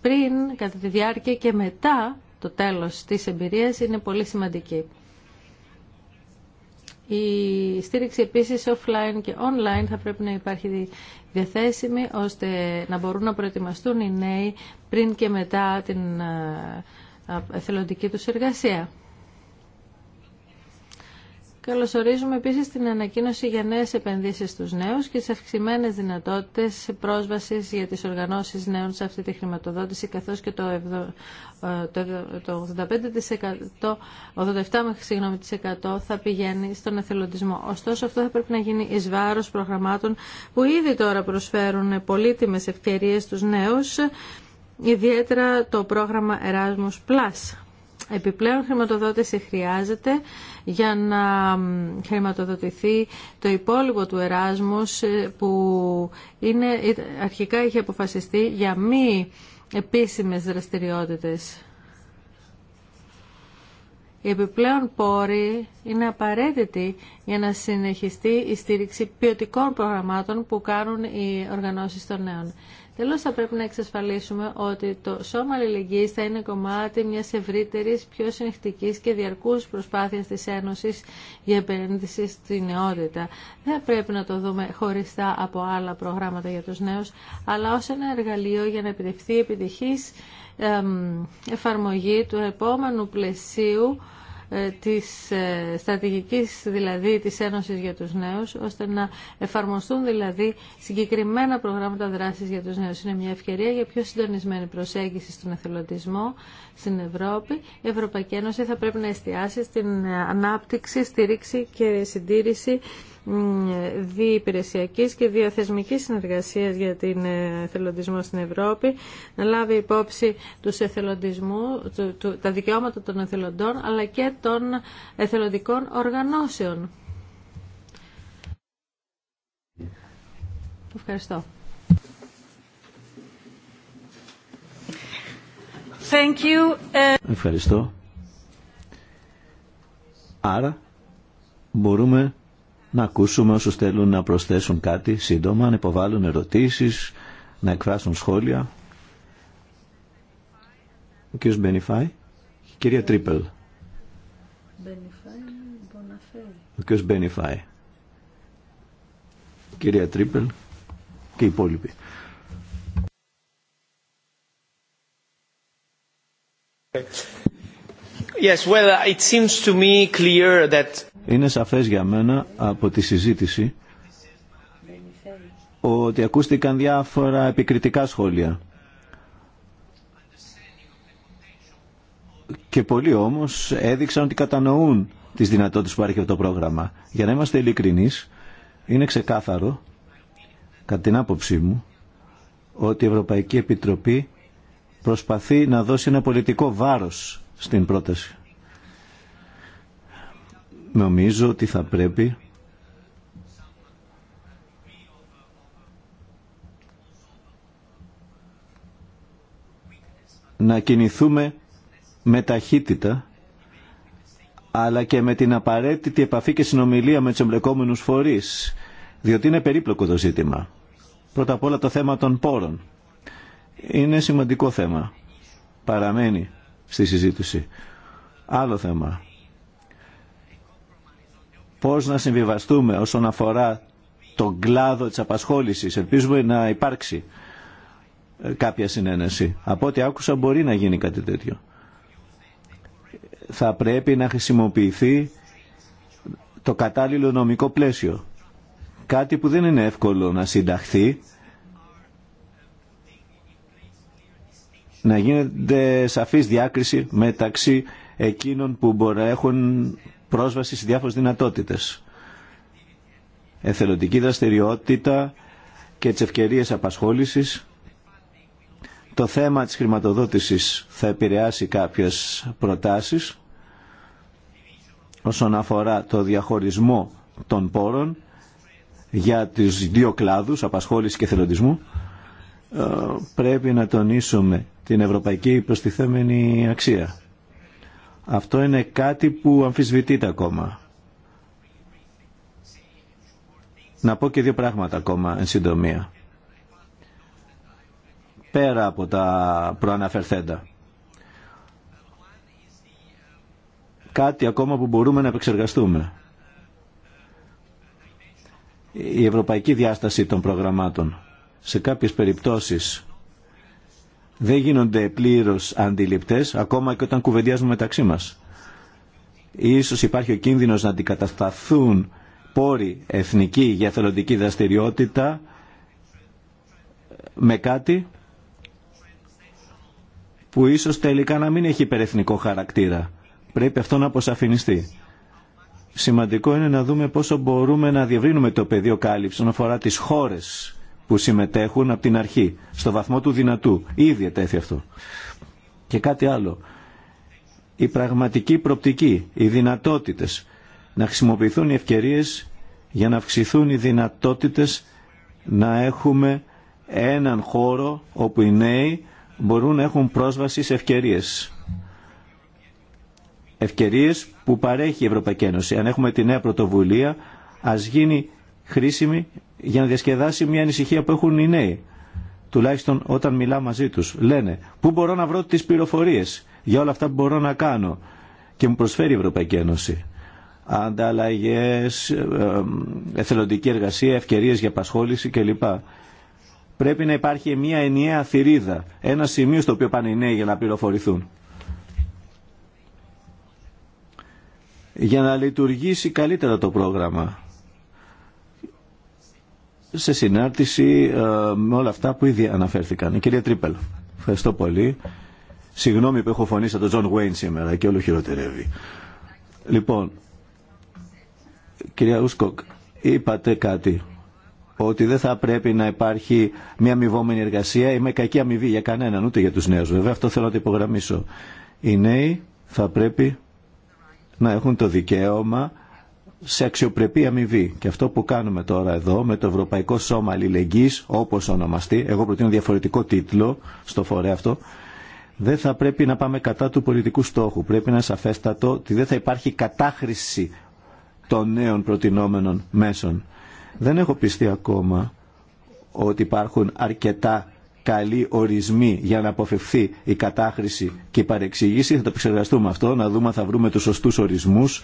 πριν, κατά τη διάρκεια και μετά το τέλος της εμπειρίας είναι πολύ σημαντική. Η στήριξη επίσης offline και online θα πρέπει να υπάρχει διαθέσιμη ώστε να μπορούν να προετοιμαστούν οι νέοι πριν και μετά την ε, ε, εθελοντική τους εργασία. Καλωσορίζουμε επίση την ανακοίνωση για νέε επενδύσει στους νέου και τι αυξημένε δυνατότητε πρόσβαση για τι οργανώσει νέων σε αυτή τη χρηματοδότηση καθώ και το, 85%, 87% ε, θα πηγαίνει στον εθελοντισμό. Ωστόσο αυτό θα πρέπει να γίνει ει βάρο προγραμμάτων που ήδη τώρα προσφέρουν πολύτιμε ευκαιρίε στους νέου, ιδιαίτερα το πρόγραμμα Erasmus+. Επιπλέον χρηματοδότηση χρειάζεται για να χρηματοδοτηθεί το υπόλοιπο του Εράσμους ε, που είναι, ε, αρχικά είχε αποφασιστεί για μη επίσημες δραστηριότητες. Οι επιπλέον πόροι είναι απαραίτητοι για να συνεχιστεί η στήριξη ποιοτικών προγραμμάτων που κάνουν οι οργανώσεις των νέων. Τέλος θα πρέπει να εξασφαλίσουμε ότι το σώμα αλληλεγγύης θα είναι κομμάτι μιας ευρύτερης, πιο συνεχτικής και διαρκούς προσπάθειας της Ένωσης για επένδυση στη νεότητα. Δεν πρέπει να το δούμε χωριστά από άλλα προγράμματα για τους νέους, αλλά ως ένα εργαλείο για να επιτευχθεί επιτυχής εφαρμογή του επόμενου πλαισίου ε, της ε, στρατηγικής δηλαδή της Ένωσης για τους νέους, ώστε να εφαρμοστούν δηλαδή συγκεκριμένα προγράμματα δράσης για τους νέους. Είναι μια ευκαιρία για πιο συντονισμένη προσέγγιση στον εθελοντισμό στην Ευρώπη. Η Ευρωπαϊκή Ένωση θα πρέπει να εστιάσει στην ανάπτυξη, στήριξη και συντήρηση διυπηρεσιακής και διαθεσμικής συνεργασίας για την εθελοντισμό στην Ευρώπη, να λάβει υπόψη τους εθελοντισμού, τα δικαιώματα των εθελοντών, αλλά και των εθελοντικών οργανώσεων. Ευχαριστώ. Thank you. Ευχαριστώ. Άρα μπορούμε να ακούσουμε όσους θέλουν να προσθέσουν κάτι σύντομα, να υποβάλουν ερωτήσεις, να εκφράσουν σχόλια. Ο κ. Μπενιφάη, η κυρία Τρίπελ. Ο κ. Μπενιφάη. Η κυρία Τρίπελ και οι υπόλοιποι. Yes, well, it seems to me clear that είναι σαφές για μένα από τη συζήτηση ότι ακούστηκαν διάφορα επικριτικά σχόλια. Και πολλοί όμως έδειξαν ότι κατανοούν τις δυνατότητες που υπάρχει αυτό το πρόγραμμα. Για να είμαστε ειλικρινεί, είναι ξεκάθαρο, κατά την άποψή μου, ότι η Ευρωπαϊκή Επιτροπή προσπαθεί να δώσει ένα πολιτικό βάρος στην πρόταση. Νομίζω ότι θα πρέπει να κινηθούμε με ταχύτητα αλλά και με την απαραίτητη επαφή και συνομιλία με τους εμπλεκόμενους φορείς διότι είναι περίπλοκο το ζήτημα. Πρώτα απ' όλα το θέμα των πόρων. Είναι σημαντικό θέμα. Παραμένει στη συζήτηση. Άλλο θέμα πώς να συμβιβαστούμε όσον αφορά τον κλάδο της απασχόλησης. Ελπίζουμε να υπάρξει ε, κάποια συνένεση. Από ό,τι άκουσα μπορεί να γίνει κάτι τέτοιο. Θα πρέπει να χρησιμοποιηθεί το κατάλληλο νομικό πλαίσιο. Κάτι που δεν είναι εύκολο να συνταχθεί, να γίνεται σαφής διάκριση μεταξύ εκείνων που μπορεί να έχουν πρόσβαση σε διάφορες δυνατότητες. Εθελοντική δραστηριότητα και τις ευκαιρίες απασχόλησης. Το θέμα της χρηματοδότησης θα επηρεάσει κάποιες προτάσεις όσον αφορά το διαχωρισμό των πόρων για τις δύο κλάδους, απασχόληση και θελοντισμού, ε, πρέπει να τονίσουμε την ευρωπαϊκή προστιθέμενη αξία. Αυτό είναι κάτι που αμφισβητείται ακόμα. Να πω και δύο πράγματα ακόμα εν συντομία. Πέρα από τα προαναφερθέντα. Κάτι ακόμα που μπορούμε να επεξεργαστούμε. Η ευρωπαϊκή διάσταση των προγραμμάτων. Σε κάποιες περιπτώσεις δεν γίνονται πλήρω αντιληπτές ακόμα και όταν κουβεντιάζουμε μεταξύ μα. Ίσως υπάρχει ο κίνδυνος να αντικατασταθούν πόροι εθνική για θελοντική δραστηριότητα με κάτι που ίσως τελικά να μην έχει υπερεθνικό χαρακτήρα. Πρέπει αυτό να αποσαφινιστεί. Σημαντικό είναι να δούμε πόσο μπορούμε να διευρύνουμε το πεδίο κάλυψη όσον αφορά τις χώρες που συμμετέχουν από την αρχή, στο βαθμό του δυνατού. Ήδη ετέθη αυτό. Και κάτι άλλο. Η πραγματική προπτική, οι δυνατότητες. Να χρησιμοποιηθούν οι ευκαιρίες για να αυξηθούν οι δυνατότητες να έχουμε έναν χώρο όπου οι νέοι μπορούν να έχουν πρόσβαση σε ευκαιρίες. Ευκαιρίες που παρέχει η Ευρωπαϊκή Ένωση. Αν έχουμε τη νέα πρωτοβουλία, ας γίνει χρήσιμη για να διασκεδάσει μια ανησυχία που έχουν οι νέοι. Τουλάχιστον όταν μιλά μαζί τους. Λένε, πού μπορώ να βρω τις πληροφορίε για όλα αυτά που μπορώ να κάνω. Και μου προσφέρει η Ευρωπαϊκή Ένωση. Ανταλλαγές, ε, ε, εθελοντική εργασία, ευκαιρίες για απασχόληση κλπ. Πρέπει να υπάρχει μια ενιαία θηρίδα, ένα σημείο στο οποίο πάνε οι νέοι για να πληροφορηθούν. Για να λειτουργήσει καλύτερα το πρόγραμμα σε συνάρτηση ε, με όλα αυτά που ήδη αναφέρθηκαν. Η κυρία Τρίπελ, ευχαριστώ πολύ. Συγγνώμη που έχω φωνήσει τον Τζον Γουέιν σήμερα και όλο χειροτερεύει. Λοιπόν, κυρία Ούσκοκ, είπατε κάτι ότι δεν θα πρέπει να υπάρχει μια αμοιβόμενη εργασία ή με κακή αμοιβή για κανέναν, ούτε για τους νέους. Βέβαια, αυτό θέλω να το υπογραμμίσω. Οι νέοι θα πρέπει να έχουν το δικαίωμα σε αξιοπρεπή αμοιβή. Και αυτό που κάνουμε τώρα εδώ με το Ευρωπαϊκό Σώμα Αλληλεγγύη, όπω ονομαστεί, εγώ προτείνω διαφορετικό τίτλο στο φορέα αυτό, δεν θα πρέπει να πάμε κατά του πολιτικού στόχου. Πρέπει να είναι σαφέστατο ότι δεν θα υπάρχει κατάχρηση των νέων προτινόμενων μέσων. Δεν έχω πιστεί ακόμα ότι υπάρχουν αρκετά καλοί ορισμοί για να αποφευθεί η κατάχρηση και η παρεξήγηση. Θα το επεξεργαστούμε αυτό, να δούμε αν θα βρούμε τους σωστούς ορισμούς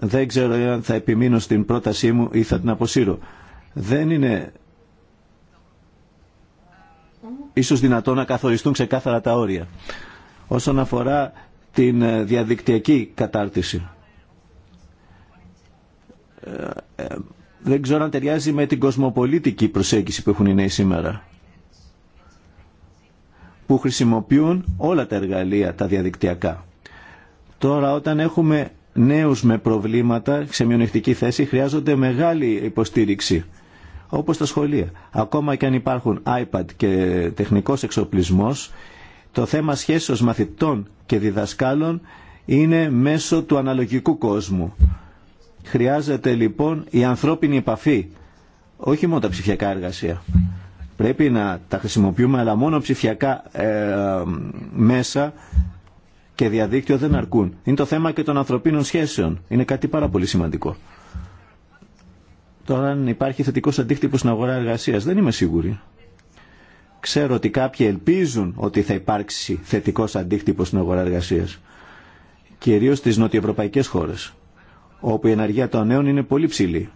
δεν ξέρω αν θα επιμείνω στην πρότασή μου ή θα την αποσύρω. Δεν είναι ίσως δυνατό να καθοριστούν ξεκάθαρα τα όρια όσον αφορά την ε, διαδικτυακή κατάρτιση. Ε, ε, δεν ξέρω αν ταιριάζει με την κοσμοπολίτικη προσέγγιση που έχουν οι νέοι σήμερα που χρησιμοποιούν όλα τα εργαλεία τα διαδικτυακά. Τώρα όταν έχουμε νέους με προβλήματα σε μειονεκτική θέση χρειάζονται μεγάλη υποστήριξη όπως τα σχολεία. Ακόμα και αν υπάρχουν iPad και τεχνικός εξοπλισμός, το θέμα σχέσεως μαθητών και διδασκάλων είναι μέσω του αναλογικού κόσμου. Χρειάζεται λοιπόν η ανθρώπινη επαφή, όχι μόνο τα ψηφιακά εργασία. Πρέπει να τα χρησιμοποιούμε, αλλά μόνο ψηφιακά ε, ε, μέσα και διαδίκτυο δεν αρκούν. Είναι το θέμα και των ανθρωπίνων σχέσεων. Είναι κάτι πάρα πολύ σημαντικό. Τώρα αν υπάρχει θετικός αντίκτυπος στην αγορά εργασίας, δεν είμαι σίγουρη. Ξέρω ότι κάποιοι ελπίζουν ότι θα υπάρξει θετικός αντίκτυπος στην αγορά εργασίας. Κυρίως στις νοτιοευρωπαϊκές χώρες, όπου η εναργία των νέων είναι πολύ ψηλή.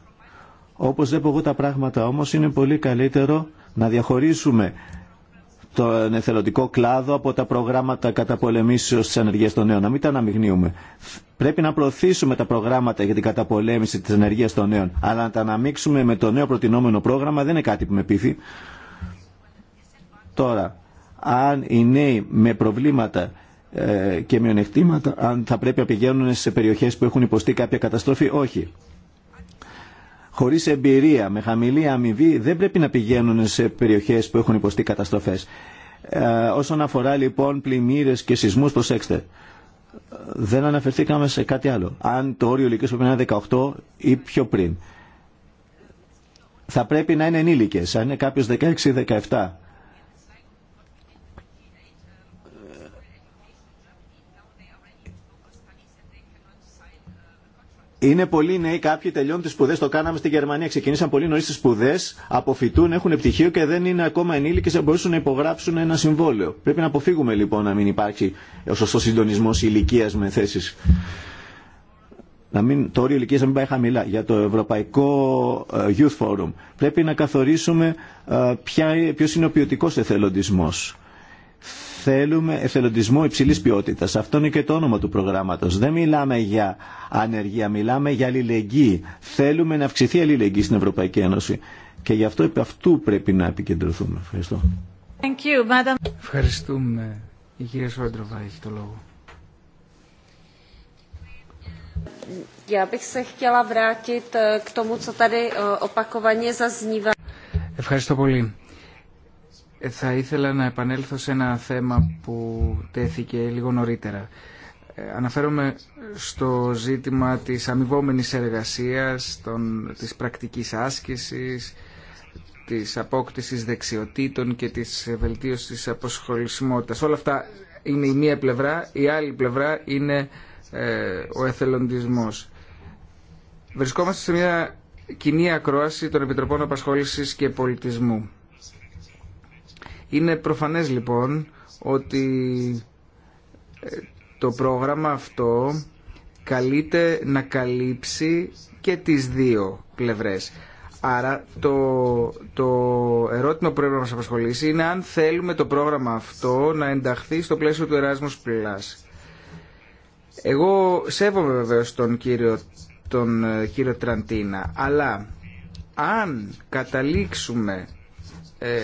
Όπως βλέπω εγώ τα πράγματα όμως είναι πολύ καλύτερο να διαχωρίσουμε τον εθελοντικό κλάδο από τα προγράμματα καταπολεμήσεως της ανεργίας των νέων. Να μην τα αναμειγνύουμε. Πρέπει να προωθήσουμε τα προγράμματα για την καταπολέμηση της ανεργίας των νέων. Αλλά να τα αναμίξουμε με το νέο προτινόμενο πρόγραμμα δεν είναι κάτι που με πείθει. Τώρα, αν οι νέοι με προβλήματα ε, και μειονεκτήματα, αν θα πρέπει να πηγαίνουν σε περιοχές που έχουν υποστεί κάποια καταστροφή, όχι χωρίς εμπειρία, με χαμηλή αμοιβή, δεν πρέπει να πηγαίνουν σε περιοχές που έχουν υποστεί καταστροφές. Ε, όσον αφορά λοιπόν πλημμύρες και σεισμούς, προσέξτε, δεν αναφερθήκαμε σε κάτι άλλο. Αν το όριο ηλικία πρέπει να είναι 18 ή πιο πριν. Θα πρέπει να είναι ενήλικέ. αν είναι κάποιο 16 ή 17 Είναι πολλοί νέοι, κάποιοι τελειώνουν τι σπουδέ, το κάναμε στη Γερμανία, ξεκινήσαν πολύ νωρί τι σπουδέ, αποφυτούν, έχουν πτυχίο και δεν είναι ακόμα ενήλικε, δεν μπορούσαν να υπογράψουν ένα συμβόλαιο. Πρέπει να αποφύγουμε λοιπόν να μην υπάρχει ο σωστό συντονισμό ηλικία με θέσει. Να μην, το όριο ηλικία να μην πάει χαμηλά. Για το Ευρωπαϊκό ε, Youth Forum πρέπει να καθορίσουμε ε, ποιο είναι ο ποιοτικό εθελοντισμό Θέλουμε εθελοντισμό υψηλής ποιότητας. Αυτό είναι και το όνομα του προγράμματος. Δεν μιλάμε για ανεργία, μιλάμε για αλληλεγγύη. Θέλουμε να αυξηθεί η αλληλεγγύη στην Ευρωπαϊκή Ένωση. Και γι' αυτό αυτού πρέπει να επικεντρωθούμε. Ευχαριστώ. Ευχαριστούμε. Η κυρία Σόντροβα έχει το λόγο. Ευχαριστώ πολύ. Ε, θα ήθελα να επανέλθω σε ένα θέμα που τέθηκε λίγο νωρίτερα. Ε, αναφέρομαι στο ζήτημα της αμοιβόμενης εργασίας, των, της πρακτικής άσκησης, της απόκτησης δεξιοτήτων και της βελτίωσης της αποσχολησιμότητας. Όλα αυτά είναι η μία πλευρά, η άλλη πλευρά είναι ε, ο εθελοντισμός. Βρισκόμαστε σε μια κοινή ακρόαση των Επιτροπών Απασχόλησης και Πολιτισμού. Είναι προφανές λοιπόν ότι ε, το πρόγραμμα αυτό καλείται να καλύψει και τις δύο πλευρές. Άρα το, το ερώτημα που πρέπει να μας απασχολήσει είναι αν θέλουμε το πρόγραμμα αυτό να ενταχθεί στο πλαίσιο του Erasmus Plus. Εγώ σέβομαι βεβαίως τον κύριο, τον ε, κύριο Τραντίνα, αλλά αν καταλήξουμε ε,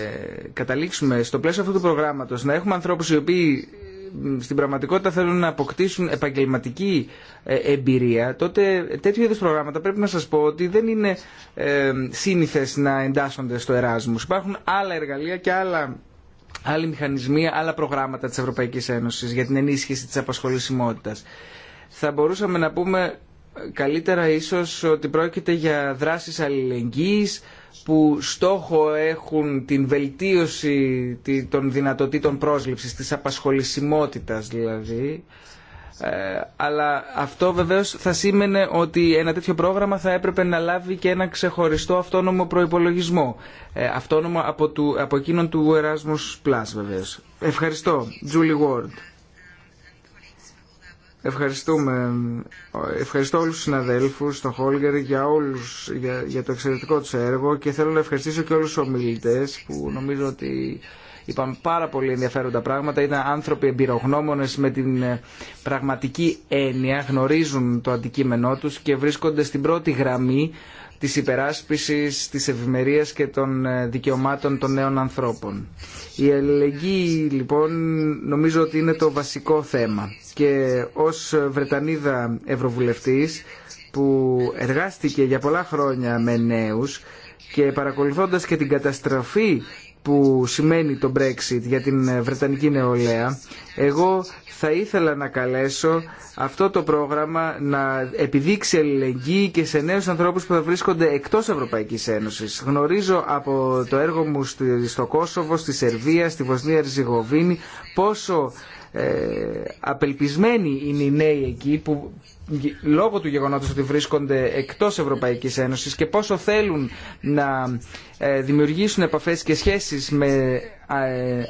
καταλήξουμε στο πλαίσιο αυτού του προγράμματο να έχουμε ανθρώπου οι οποίοι στην πραγματικότητα θέλουν να αποκτήσουν επαγγελματική ε, εμπειρία, τότε τέτοιου είδου προγράμματα πρέπει να σα πω ότι δεν είναι ε, σύνηθε να εντάσσονται στο Εράσμου. Υπάρχουν άλλα εργαλεία και άλλα, άλλοι μηχανισμοί, άλλα προγράμματα της Ευρωπαϊκής Ένωσης για την ενίσχυση της απασχολησιμότητας Θα μπορούσαμε να πούμε ε, καλύτερα ίσως ότι πρόκειται για δράσεις αλληλεγγύης, που στόχο έχουν την βελτίωση των δυνατοτήτων πρόσληψης, της απασχολησιμότητας δηλαδή, ε, αλλά αυτό βεβαίως θα σήμαινε ότι ένα τέτοιο πρόγραμμα θα έπρεπε να λάβει και ένα ξεχωριστό αυτόνομο προϋπολογισμό. Ε, αυτόνομο από, του, από εκείνον του Erasmus Plus βεβαίως. Ευχαριστώ. Julie Ward. Ευχαριστούμε. Ευχαριστώ όλους τους συναδέλφους, το Χόλγερ, για, όλους, για, για το εξαιρετικό τους έργο και θέλω να ευχαριστήσω και όλους τους ομιλητές που νομίζω ότι είπαν πάρα πολύ ενδιαφέροντα πράγματα. Ήταν άνθρωποι εμπειρογνώμονες με την ε, πραγματική έννοια, γνωρίζουν το αντικείμενό τους και βρίσκονται στην πρώτη γραμμή της υπεράσπισης, της ευημερίας και των ε, δικαιωμάτων των νέων ανθρώπων. Η αλληλεγγύη λοιπόν νομίζω ότι είναι το βασικό θέμα και ως Βρετανίδα Ευρωβουλευτής που εργάστηκε για πολλά χρόνια με νέους και παρακολουθώντας και την καταστροφή που σημαίνει το Brexit για την ε, Βρετανική νεολαία, εγώ θα ήθελα να καλέσω αυτό το πρόγραμμα να επιδείξει αλληλεγγύη και σε νέους ανθρώπους που θα βρίσκονται εκτός Ευρωπαϊκής Ένωσης. Γνωρίζω από το έργο μου στο Κόσοβο, στη Σερβία, στη Βοσνία Ριζιγοβίνη πόσο ε, απελπισμένοι είναι οι νέοι εκεί που λόγω του γεγονότος ότι βρίσκονται εκτός Ευρωπαϊκής Ένωσης και πόσο θέλουν να ε, δημιουργήσουν επαφές και σχέσεις με ε,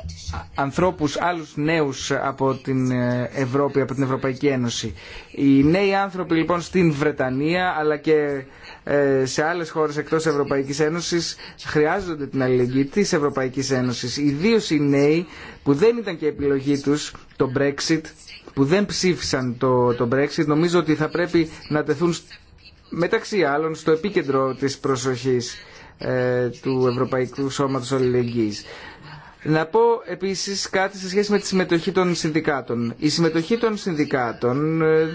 ανθρώπους άλλους νέους από την ε, Ευρώπη, από την Ευρωπαϊκή Ένωση. Οι νέοι άνθρωποι λοιπόν στην Βρετανία αλλά και ε, σε άλλες χώρες εκτός Ευρωπαϊκής Ένωσης χρειάζονται την αλληλεγγύη της Ευρωπαϊκής Ένωσης. Ιδίως οι νέοι που δεν ήταν και επιλογή τους το Brexit, που δεν ψήφισαν το, το Brexit, νομίζω ότι θα πρέπει να τεθούν μεταξύ άλλων στο επίκεντρο της προσοχής του Ευρωπαϊκού Σώματος Αλληλεγγύης. Να πω επίση κάτι σε σχέση με τη συμμετοχή των συνδικάτων. Η συμμετοχή των συνδικάτων ε,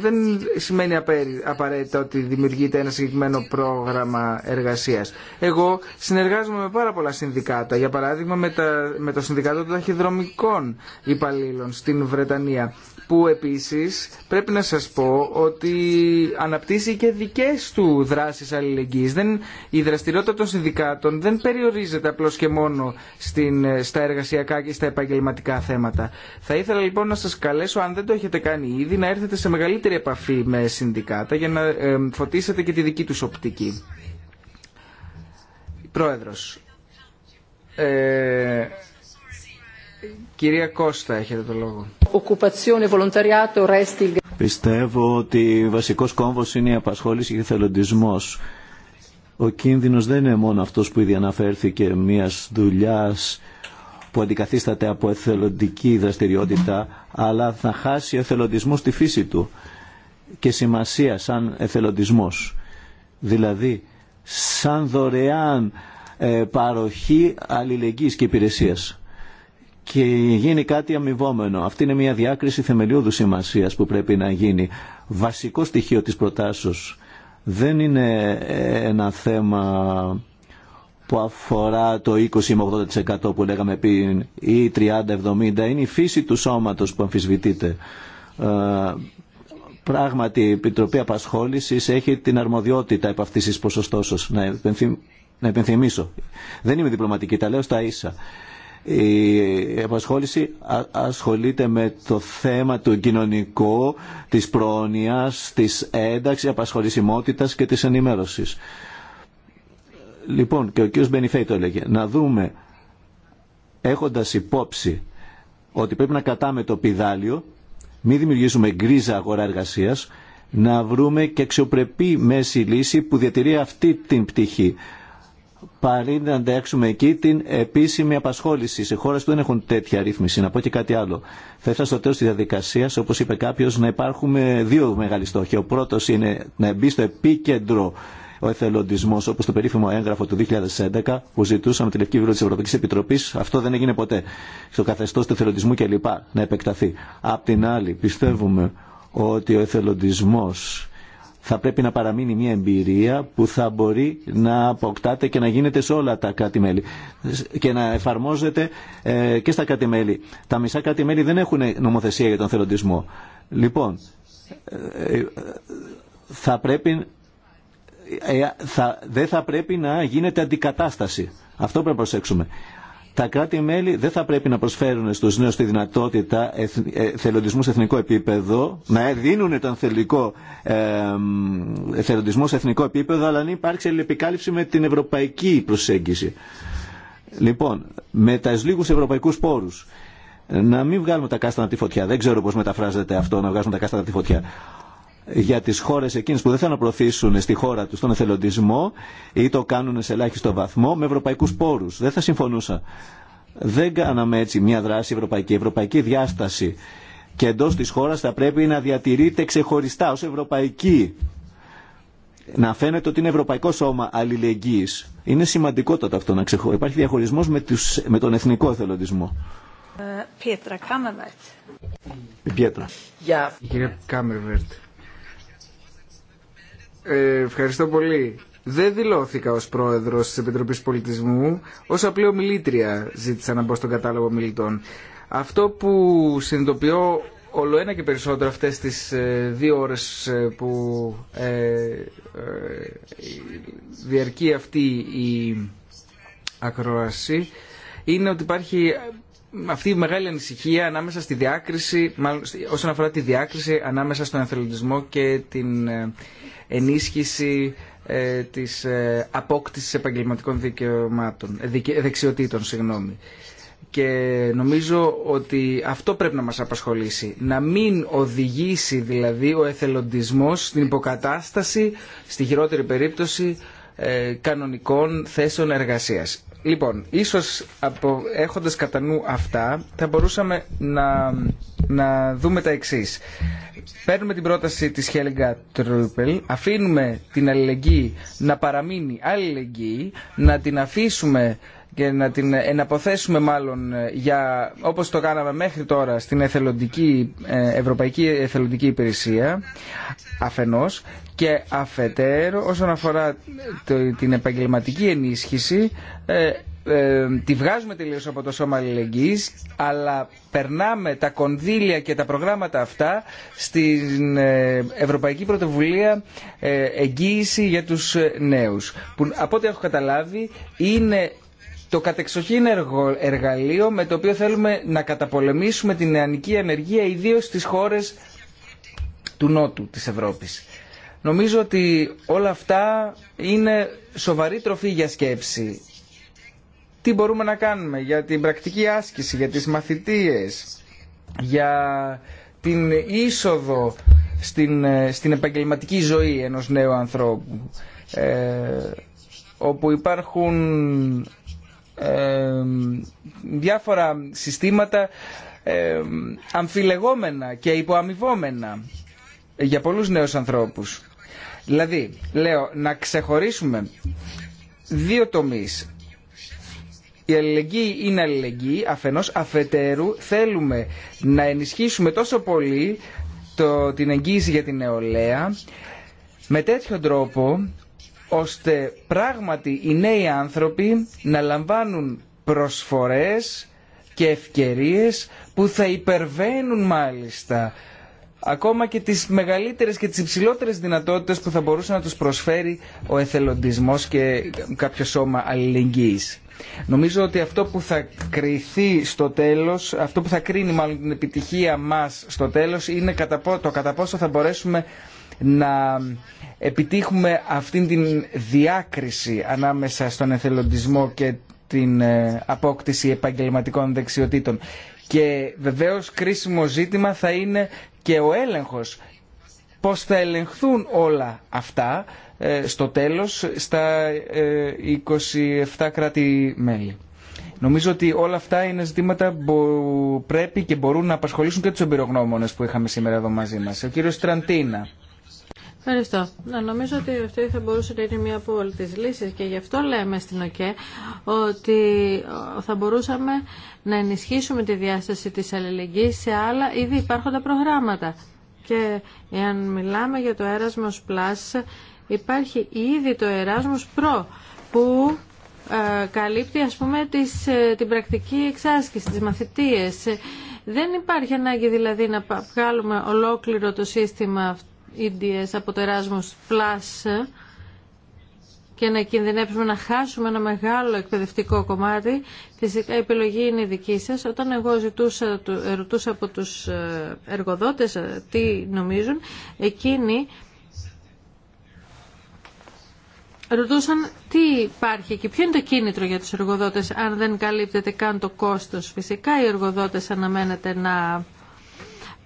δεν, σημαίνει απαραίτητα ότι δημιουργείται ένα συγκεκριμένο πρόγραμμα εργασίας. Εγώ συνεργάζομαι με πάρα πολλά συνδικάτα, για παράδειγμα με, με το Συνδικάτο των Ταχυδρομικών Υπαλλήλων στην Βρετανία που επίσης πρέπει να σας πω ότι αναπτύσσει και δικές του δράσεις αλληλεγγύης. Δεν, η δραστηριότητα των συνδικάτων δεν περιορίζεται απλώς και μόνο στην, στα εργασιακά και στα επαγγελματικά θέματα. Θα ήθελα λοιπόν να σας καλέσω, αν δεν το έχετε κάνει ήδη, να έρθετε σε μεγαλύτερη επαφή με συνδικάτα για να φωτίσετε και τη δική τους οπτική. Πρόεδρος, ε, Κυρία Κώστα, έχετε το λόγο. Πιστεύω ότι βασικός κόμβος είναι η απασχόληση και θελοντισμός. Ο κίνδυνος δεν είναι μόνο αυτός που ήδη αναφέρθηκε μιας δουλειάς που αντικαθίσταται από εθελοντική δραστηριότητα, αλλά θα χάσει ο εθελοντισμός τη φύση του και σημασία σαν εθελοντισμός. Δηλαδή, σαν δωρεάν ε, παροχή αλληλεγγύης και υπηρεσίας και γίνει κάτι αμοιβόμενο. Αυτή είναι μια διάκριση θεμελιώδου σημασία που πρέπει να γίνει. Βασικό στοιχείο της προτάσεως δεν είναι ε, ένα θέμα που αφορά το 20 με 80% που λέγαμε πριν ή 30-70% είναι η φύση του σώματος που αμφισβητείται. Ε, πράγματι, η Επιτροπή Απασχόλησης έχει την αρμοδιότητα επ' αυτής της Να υπενθυμίσω. Δεν είμαι διπλωματική, τα λέω στα ίσα. Η απασχόληση ασχολείται με το θέμα του κοινωνικού, της πρόνοιας, της ένταξης, απασχολησιμότητας και της ενημέρωσης. Λοιπόν, και ο κ. Μπενιφέη το έλεγε, να δούμε έχοντας υπόψη ότι πρέπει να κατάμε το πιδάλιο, μην δημιουργήσουμε γκρίζα αγορά εργασίας, να βρούμε και αξιοπρεπή μέση λύση που διατηρεί αυτή την πτυχή παρήνει να αντέξουμε εκεί την επίσημη απασχόληση σε χώρε που δεν έχουν τέτοια ρύθμιση. Να πω και κάτι άλλο. Θα ήθελα στο τέλο τη διαδικασία, όπω είπε κάποιο, να υπάρχουν δύο μεγάλοι στόχοι. Ο πρώτο είναι να μπει στο επίκεντρο ο εθελοντισμό, όπω το περίφημο έγγραφο του 2011 που ζητούσαμε τη Λευκή Βουλή τη Ευρωπαϊκή Επιτροπή. Αυτό δεν έγινε ποτέ. Στο καθεστώ του εθελοντισμού κλπ. να επεκταθεί. Απ' την άλλη, πιστεύουμε ότι ο εθελοντισμός θα πρέπει να παραμείνει μια εμπειρία που θα μπορεί να αποκτάτε και να γίνεται σε όλα τα κάτι μελη και να εφαρμόζεται ε, και στα κάτι μελη Τα μισα κάτι κράτη-μέλη δεν έχουν νομοθεσία για τον θελοντισμό. Λοιπόν, ε, ε, θα πρέπει, θα, δεν θα πρέπει να γίνεται αντικατάσταση. Αυτό πρέπει να προσέξουμε. Τα κράτη-μέλη δεν θα πρέπει να προσφέρουν στου νέου τη δυνατότητα ε, θελοντισμού σε εθνικό επίπεδο, να δίνουν τον θελικό θελοντισμό σε εθνικό επίπεδο, αλλά να υπάρξει αλληλεπικάλυψη με την ευρωπαϊκή προσέγγιση. Λοιπόν, με τα λίγου ευρωπαϊκούς πόρους, να μην βγάλουμε τα κάστανα από τη φωτιά. Δεν ξέρω πώ μεταφράζεται αυτό, να βγάζουμε τα κάστανα από τη φωτιά για τις χώρες εκείνες που δεν θέλουν να προωθήσουν στη χώρα τους τον εθελοντισμό ή το κάνουν σε ελάχιστο βαθμό με ευρωπαϊκούς πόρους. Δεν θα συμφωνούσα. Δεν κάναμε έτσι μια δράση ευρωπαϊκή, ευρωπαϊκή διάσταση και εντός της χώρας θα πρέπει να διατηρείται ξεχωριστά ως ευρωπαϊκή. Να φαίνεται ότι είναι ευρωπαϊκό σώμα αλληλεγγύης. Είναι σημαντικότατο αυτό να ξεχωρίσει. Υπάρχει διαχωρισμός με, τους, με τον εθνικό εθελοντισμό. Ε, Πέτρα Κάμερβερτ. Κάμερβερτ. Ε, ευχαριστώ πολύ. Δεν δηλώθηκα ως πρόεδρος της Επιτροπής Πολιτισμού, ως απλή ομιλήτρια ζήτησα να μπω στον κατάλογο ομιλητών. Αυτό που συνειδητοποιώ όλο ένα και περισσότερο αυτές τις ε, δύο ώρες ε, που διαρκεί αυτή η ακρόαση είναι ότι υπάρχει αυτή η μεγάλη ανησυχία ανάμεσα στη διάκριση, μάλλον, όσον αφορά τη διάκριση ανάμεσα στον εθελοντισμό και την ε, ενίσχυση ε, της ε, απόκτησης επαγγελματικών δικαιωμάτων, δεξιοτήτων. Συγγνώμη. Και νομίζω ότι αυτό πρέπει να μας απασχολήσει. Να μην οδηγήσει δηλαδή ο εθελοντισμός στην υποκατάσταση, στη χειρότερη περίπτωση, κανονικών θέσεων εργασίας. Λοιπόν, ίσως από, έχοντας κατά νου αυτά θα μπορούσαμε να, να δούμε τα εξή. Παίρνουμε την πρόταση της Χέλγκα Τρούπελ, αφήνουμε την αλληλεγγύη να παραμείνει αλληλεγγύη, να την αφήσουμε και να την εναποθέσουμε μάλλον ε, για, όπως το κάναμε μέχρι τώρα στην εθελοντική, ε, Ευρωπαϊκή Εθελοντική Υπηρεσία αφενός και αφετέρου όσον αφορά την επαγγελματική ενίσχυση ε, τη βγάζουμε τελείως από το σώμα αλληλεγγύης αλλά περνάμε τα κονδύλια και τα προγράμματα αυτά στην Ευρωπαϊκή Πρωτοβουλία Εγγύηση για τους Νέους που από ό,τι έχω καταλάβει είναι το κατεξοχήν εργαλείο με το οποίο θέλουμε να καταπολεμήσουμε την νεανική ανεργία ιδίως στις χώρες του Νότου της Ευρώπης. Νομίζω ότι όλα αυτά είναι σοβαρή τροφή για σκέψη. Τι μπορούμε να κάνουμε για την πρακτική άσκηση, για τις μαθητείες, για την είσοδο στην, ε, στην επαγγελματική ζωή ενός νέου ανθρώπου, ε, όπου υπάρχουν ε, διάφορα συστήματα ε, αμφιλεγόμενα και υποαμοιβόμενα για πολλούς νέους ανθρώπους. Δηλαδή, λέω, να ξεχωρίσουμε δύο τομείς. Η αλληλεγγύη είναι αλληλεγγύη, αφενός αφετέρου θέλουμε να ενισχύσουμε τόσο πολύ το, την εγγύηση για την νεολαία με τέτοιο τρόπο ώστε πράγματι οι νέοι άνθρωποι να λαμβάνουν προσφορές και ευκαιρίες που θα υπερβαίνουν μάλιστα ακόμα και τις μεγαλύτερες και τις υψηλότερες δυνατότητες που θα μπορούσε να τους προσφέρει ο εθελοντισμός και κάποιο σώμα αλληλεγγύης. Νομίζω ότι αυτό που θα κριθεί στο τέλος, αυτό που θα κρίνει μάλλον την επιτυχία μας στο τέλος είναι το κατά πόσο θα μπορέσουμε να επιτύχουμε αυτήν την διάκριση ανάμεσα στον εθελοντισμό και την ε, απόκτηση επαγγελματικών δεξιοτήτων. Και βεβαίως κρίσιμο ζήτημα θα είναι και ο έλεγχος. Πώς θα ελεγχθούν όλα αυτά ε, στο τέλος στα 27 ε, κράτη-μέλη. Νομίζω ότι όλα αυτά είναι ζητήματα που πρέπει και μπορούν να απασχολήσουν και τους εμπειρογνώμονες που είχαμε σήμερα εδώ μαζί μας. Ο κύριος Τραντίνα. Ευχαριστώ. Νομίζω ότι αυτή θα μπορούσε να είναι μια από όλε τι λύσει και γι' αυτό λέμε στην ΟΚΕ ότι θα μπορούσαμε να ενισχύσουμε τη διάσταση της αλληλεγγύης σε άλλα ήδη υπάρχοντα προγράμματα. Και εάν μιλάμε για το Erasmus Plus, υπάρχει ήδη το Erasmus Pro που ε, καλύπτει ας πούμε τις, ε, την πρακτική εξάσκηση, τις μαθητείες. Δεν υπάρχει ανάγκη δηλαδή να βγάλουμε ολόκληρο το σύστημα αυτό EDS από το Erasmus Plus και να κινδυνεύσουμε να χάσουμε ένα μεγάλο εκπαιδευτικό κομμάτι. Φυσικά η επιλογή είναι δική σας. Όταν εγώ ζητούσα, ε, ρωτούσα από τους ε, εργοδότες ε, τι νομίζουν, εκείνοι ρωτούσαν τι υπάρχει και ποιο είναι το κίνητρο για τους εργοδότες αν δεν καλύπτεται καν το κόστος. Φυσικά οι εργοδότες αναμένεται να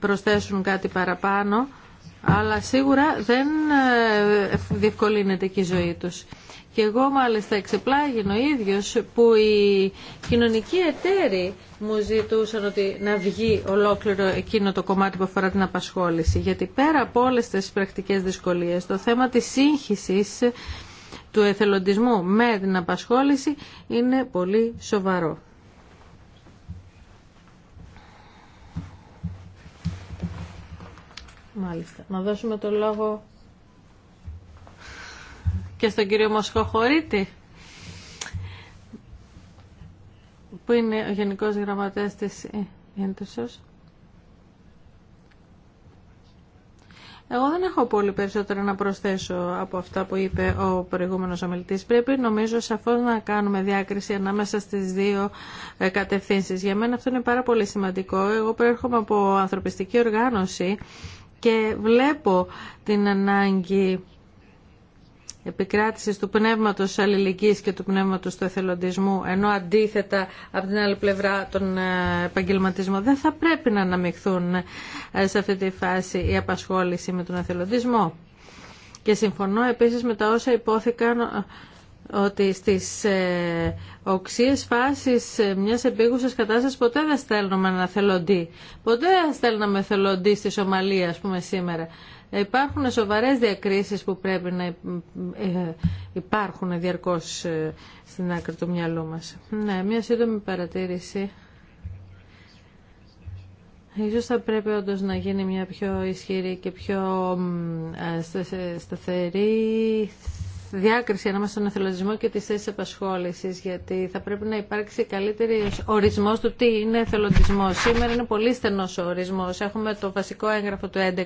προσθέσουν κάτι παραπάνω αλλά σίγουρα δεν ε, διευκολύνεται και η ζωή τους. Και εγώ μάλιστα εξεπλάγινο ο ίδιος που οι κοινωνικοί εταίροι μου ζητούσαν ότι να βγει ολόκληρο εκείνο το κομμάτι που αφορά την απασχόληση. Γιατί πέρα από όλες τις πρακτικές δυσκολίες, το θέμα της σύγχυσης του εθελοντισμού με την απασχόληση είναι πολύ σοβαρό. Μάλιστα. Να δώσουμε το λόγο και στον κύριο Μοσχοχωρίτη, που είναι ο Γενικός Γραμματέας της Ίντουσος. Εγώ δεν έχω πολύ περισσότερο να προσθέσω από αυτά που είπε ο προηγούμενος ομιλητής. Πρέπει νομίζω σαφώς να κάνουμε διάκριση ανάμεσα στις δύο ε, κατευθύνσεις. Για μένα αυτό είναι πάρα πολύ σημαντικό. Εγώ προέρχομαι από ανθρωπιστική οργάνωση και βλέπω την ανάγκη επικράτησης του πνεύματος αλληλεγγύης και του πνεύματος του εθελοντισμού, ενώ αντίθετα από την άλλη πλευρά τον ε, επαγγελματισμό δεν θα πρέπει να αναμειχθούν ε, σε αυτή τη φάση η απασχόληση με τον εθελοντισμό. Και συμφωνώ επίσης με τα όσα υπόθηκαν ε, ότι στις ε, οξύες φάσεις ε, μιας επίγουσας κατάστασης ποτέ δεν στέλνουμε ένα θελοντή. Ποτέ δεν στέλναμε θελοντή στη Σομαλία, ας πούμε, σήμερα. Υπάρχουν σοβαρές διακρίσεις που πρέπει να ε, υπάρχουν διαρκώς ε, στην άκρη του μυαλού μας. Ναι, μια σύντομη παρατήρηση. Ίσως θα πρέπει όντω να γίνει μια πιο ισχυρή και πιο σταθερή διάκριση ανάμεσα στον εθελοντισμό και τις θέσεις απασχόλησης γιατί θα πρέπει να υπάρξει καλύτερη ορισμός του τι είναι εθελοντισμός. Σήμερα είναι πολύ στενός ο ορισμός. Έχουμε το βασικό έγγραφο του 11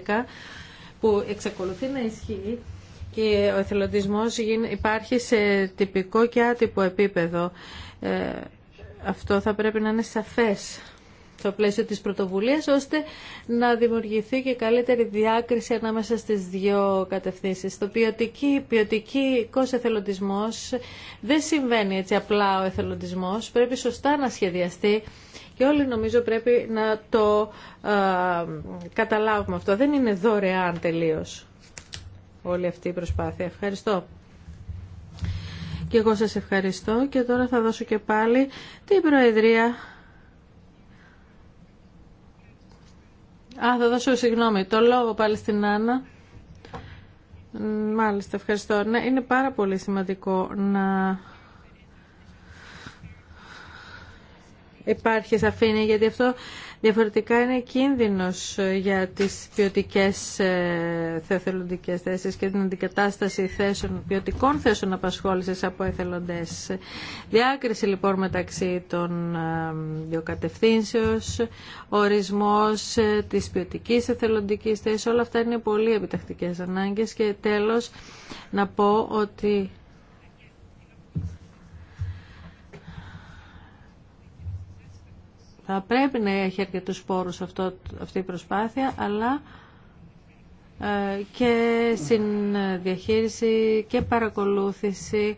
που εξακολουθεί να ισχύει και ο εθελοντισμός υπάρχει σε τυπικό και άτυπο επίπεδο. Ε, αυτό θα πρέπει να είναι σαφές στο πλαίσιο της πρωτοβουλίας, ώστε να δημιουργηθεί και καλύτερη διάκριση ανάμεσα στις δύο κατευθύνσεις. Το ποιοτική, ποιοτικός εθελοντισμός δεν συμβαίνει έτσι απλά ο εθελοντισμός, πρέπει σωστά να σχεδιαστεί και όλοι νομίζω πρέπει να το καταλάβουμε αυτό. Δεν είναι δωρεάν τελείως όλη αυτή η προσπάθεια. Ευχαριστώ. Και εγώ σας ευχαριστώ και τώρα θα δώσω και πάλι την Προεδρία Α, θα δώσω συγγνώμη. Το λόγο πάλι στην Άννα. Μάλιστα, ευχαριστώ. Ναι, είναι πάρα πολύ σημαντικό να υπάρχει σαφήνεια γιατί αυτό διαφορετικά είναι κίνδυνος ε, για τις ποιοτικέ ε, θελοντικές θέσεις και την αντικατάσταση θέσεων, ποιοτικών θέσεων απασχόλησης από εθελοντές. Διάκριση λοιπόν μεταξύ των ε, δύο ορισμός της ποιοτική εθελοντικής θέσης, όλα αυτά είναι πολύ επιτακτικές ανάγκες και τέλος να πω ότι Θα πρέπει να έχει αρκετούς σπόρους αυτό, αυτή η προσπάθεια, αλλά ε, και στην διαχείριση και παρακολούθηση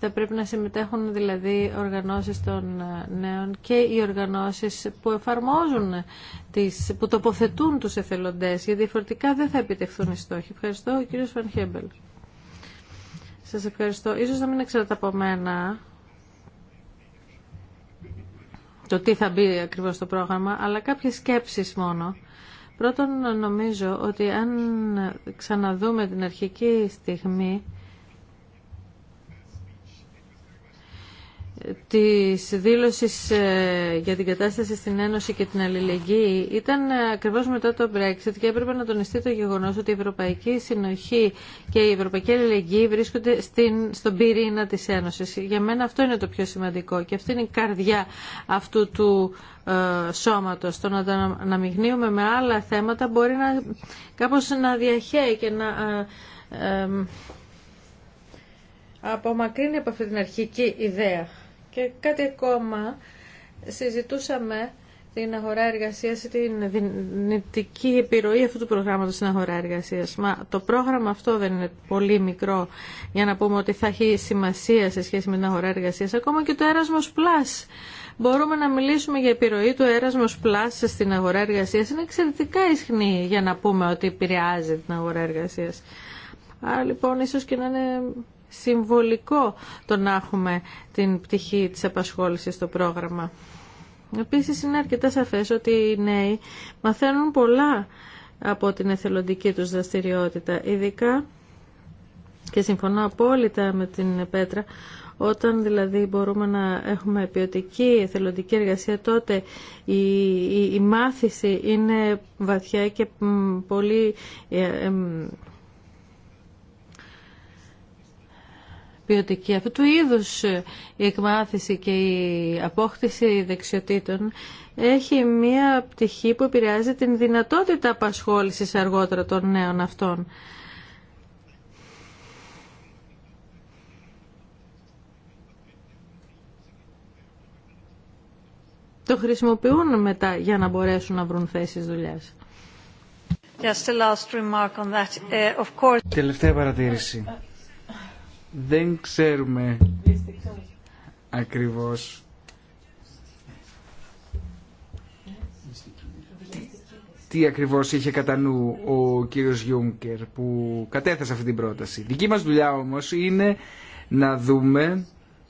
θα πρέπει να συμμετέχουν δηλαδή οργανώσεις των ε, νέων και οι οργανώσεις που εφαρμόζουν, τις, που τοποθετούν τους εθελοντές, γιατί διαφορετικά δεν θα επιτευχθούν οι στόχοι. Ευχαριστώ, κύριος Φανχέμπελ. Σας ευχαριστώ. Ίσως να μην εξαρτάται από μένα, το τι θα μπει ακριβώς στο πρόγραμμα, αλλά κάποιες σκέψεις μόνο. Πρώτον, νομίζω ότι αν ξαναδούμε την αρχική στιγμή, της δήλωσης ε, για την κατάσταση στην Ένωση και την αλληλεγγύη ήταν ακριβώς μετά το Brexit και έπρεπε να τονιστεί το γεγονός ότι η Ευρωπαϊκή Συνοχή και η Ευρωπαϊκή Αλληλεγγύη βρίσκονται στην, στον πυρήνα της Ένωσης. Για μένα αυτό είναι το πιο σημαντικό και αυτή είναι η καρδιά αυτού του ε, σώματος. Το να τα αναμειγνύουμε με άλλα θέματα μπορεί να κάπως να διαχέει και να... Ε, ε απομακρύνει από αυτή την αρχική ιδέα. Και κάτι ακόμα, συζητούσαμε την αγορά εργασία ή την δυνητική επιρροή αυτού του προγράμματος στην αγορά εργασία. Μα το πρόγραμμα αυτό δεν είναι πολύ μικρό για να πούμε ότι θα έχει σημασία σε σχέση με την αγορά εργασία, Ακόμα και το Erasmus Plus. Μπορούμε να μιλήσουμε για επιρροή του Erasmus Plus στην αγορά εργασία. Είναι εξαιρετικά ισχνή για να πούμε ότι επηρεάζει την αγορά εργασία. Άρα λοιπόν ίσω και να είναι συμβολικό το να έχουμε την πτυχή της απασχόλησης στο πρόγραμμα. Επίσης είναι αρκετά σαφές ότι οι νέοι μαθαίνουν πολλά από την εθελοντική τους δραστηριότητα, ειδικά και συμφωνώ απόλυτα με την Πέτρα, όταν δηλαδή μπορούμε να έχουμε ποιοτική εθελοντική εργασία, τότε η, μάθηση είναι βαθιά και πολύ ε, ε, ποιοτική. Αυτού του είδους η εκμάθηση και η απόκτηση δεξιοτήτων έχει μία πτυχή που επηρεάζει την δυνατότητα απασχόλησης αργότερα των νέων αυτών. Το χρησιμοποιούν μετά για να μπορέσουν να βρουν θέσεις δουλειάς. Ε, Τελευταία παρατήρηση δεν ξέρουμε ακριβώς τι ακριβώς είχε κατά νου ο κύριος Γιούγκερ που κατέθεσε αυτή την πρόταση. Δική μας δουλειά όμως είναι να δούμε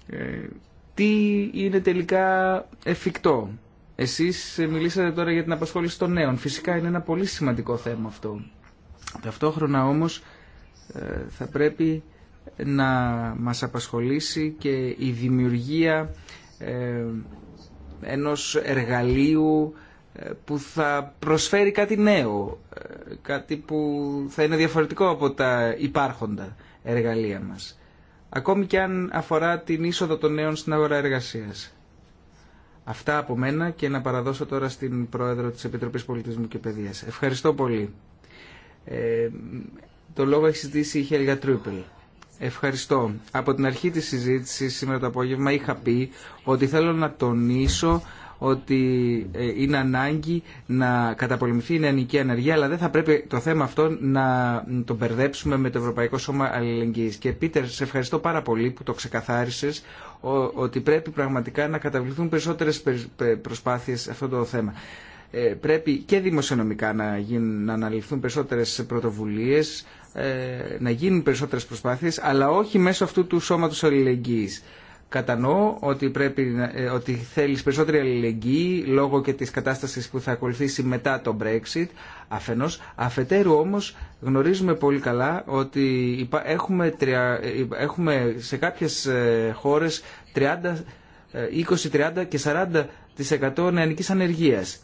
ε, τι είναι τελικά εφικτό. Εσείς μιλήσατε τώρα για την απασχόληση των νέων. Φυσικά είναι ένα πολύ σημαντικό θέμα αυτό. Ταυτόχρονα όμως ε, θα πρέπει να μας απασχολήσει και η δημιουργία ε, ενός εργαλείου ε, που θα προσφέρει κάτι νέο, ε, κάτι που θα είναι διαφορετικό από τα υπάρχοντα εργαλεία μας. Ακόμη και αν αφορά την είσοδο των νέων στην αγορά εργασίας. Αυτά από μένα και να παραδώσω τώρα στην Πρόεδρο της Επιτροπής Πολιτισμού και Παιδείας. Ευχαριστώ πολύ. το λόγο έχει ζητήσει η Χέλγα Τρίπελ. Ευχαριστώ. Από την αρχή της συζήτησης σήμερα το απόγευμα είχα πει ότι θέλω να τονίσω ότι ε, είναι ανάγκη να καταπολεμηθεί η νεανική ανεργία, αλλά δεν θα πρέπει το θέμα αυτό να το μπερδέψουμε με το Ευρωπαϊκό Σώμα Αλληλεγγύης. Και Πίτερ, σε ευχαριστώ πάρα πολύ που το ξεκαθάρισες ότι πρέπει πραγματικά να καταβληθούν περισσότερες προσπάθειες σε αυτό το θέμα. Ε, πρέπει και δημοσιονομικά να, γίνουν, να αναλυθούν περισσότερες πρωτοβουλίες, ε, να γίνουν περισσότερες προσπάθειες, αλλά όχι μέσω αυτού του σώματος αλληλεγγύης. Κατανοώ ότι, πρέπει, ε, ότι θέλεις περισσότερη αλληλεγγύη λόγω και της κατάστασης που θα ακολουθήσει μετά το Brexit αφενός. Αφετέρου όμως γνωρίζουμε πολύ καλά ότι έχουμε, έχουμε σε κάποιες χώρες 30, 20, 30 και 40% νεανικής ανεργίας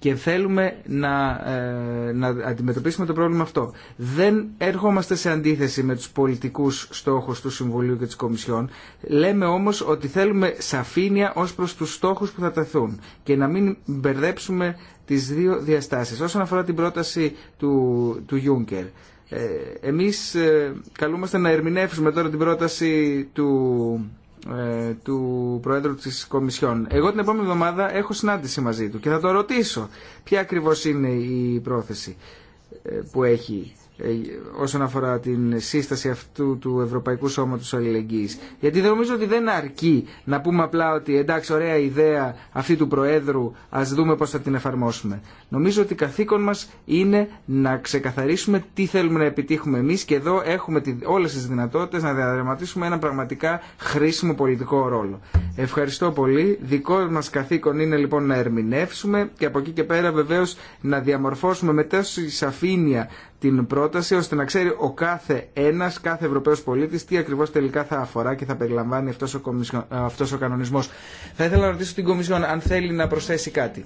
και θέλουμε να, ε, να αντιμετωπίσουμε το πρόβλημα αυτό. Δεν ερχόμαστε σε αντίθεση με τους πολιτικούς στόχους του Συμβουλίου και της Κομισιόν. Λέμε όμως ότι θέλουμε σαφήνεια ως προς τους στόχους που θα τεθούν και να μην μπερδέψουμε τις δύο διαστάσεις. Όσον αφορά την πρόταση του, του Juncker, ε, εμείς ε, καλούμαστε να ερμηνεύσουμε τώρα την πρόταση του ε, του Προέδρου της Κομισιόν. Εγώ την επόμενη εβδομάδα έχω συνάντηση μαζί του και θα το ρωτήσω ποια ακριβώς είναι η πρόθεση ε, που έχει ε, όσον αφορά την σύσταση αυτού του Ευρωπαϊκού Σώματος Αλληλεγγύης. Γιατί δεν νομίζω ότι δεν αρκεί να πούμε απλά ότι εντάξει ωραία ιδέα αυτή του Προέδρου, ας δούμε πώς θα την εφαρμόσουμε. Νομίζω ότι καθήκον μας είναι να ξεκαθαρίσουμε τι θέλουμε να επιτύχουμε εμείς και εδώ έχουμε όλες τις δυνατότητες να διαδραματίσουμε ένα πραγματικά χρήσιμο πολιτικό ρόλο. Ευχαριστώ πολύ. Δικό μας καθήκον είναι λοιπόν να ερμηνεύσουμε και από εκεί και πέρα βεβαίως να διαμορφώσουμε με τόση σαφήνεια την πρόταση ώστε να ξέρει ο κάθε ένας, κάθε Ευρωπαίος πολίτης τι ακριβώς τελικά θα αφορά και θα περιλαμβάνει αυτός ο, ε, αυτός ο κανονισμός. Θα ήθελα να ρωτήσω την Κομισιόν αν θέλει να προσθέσει κάτι.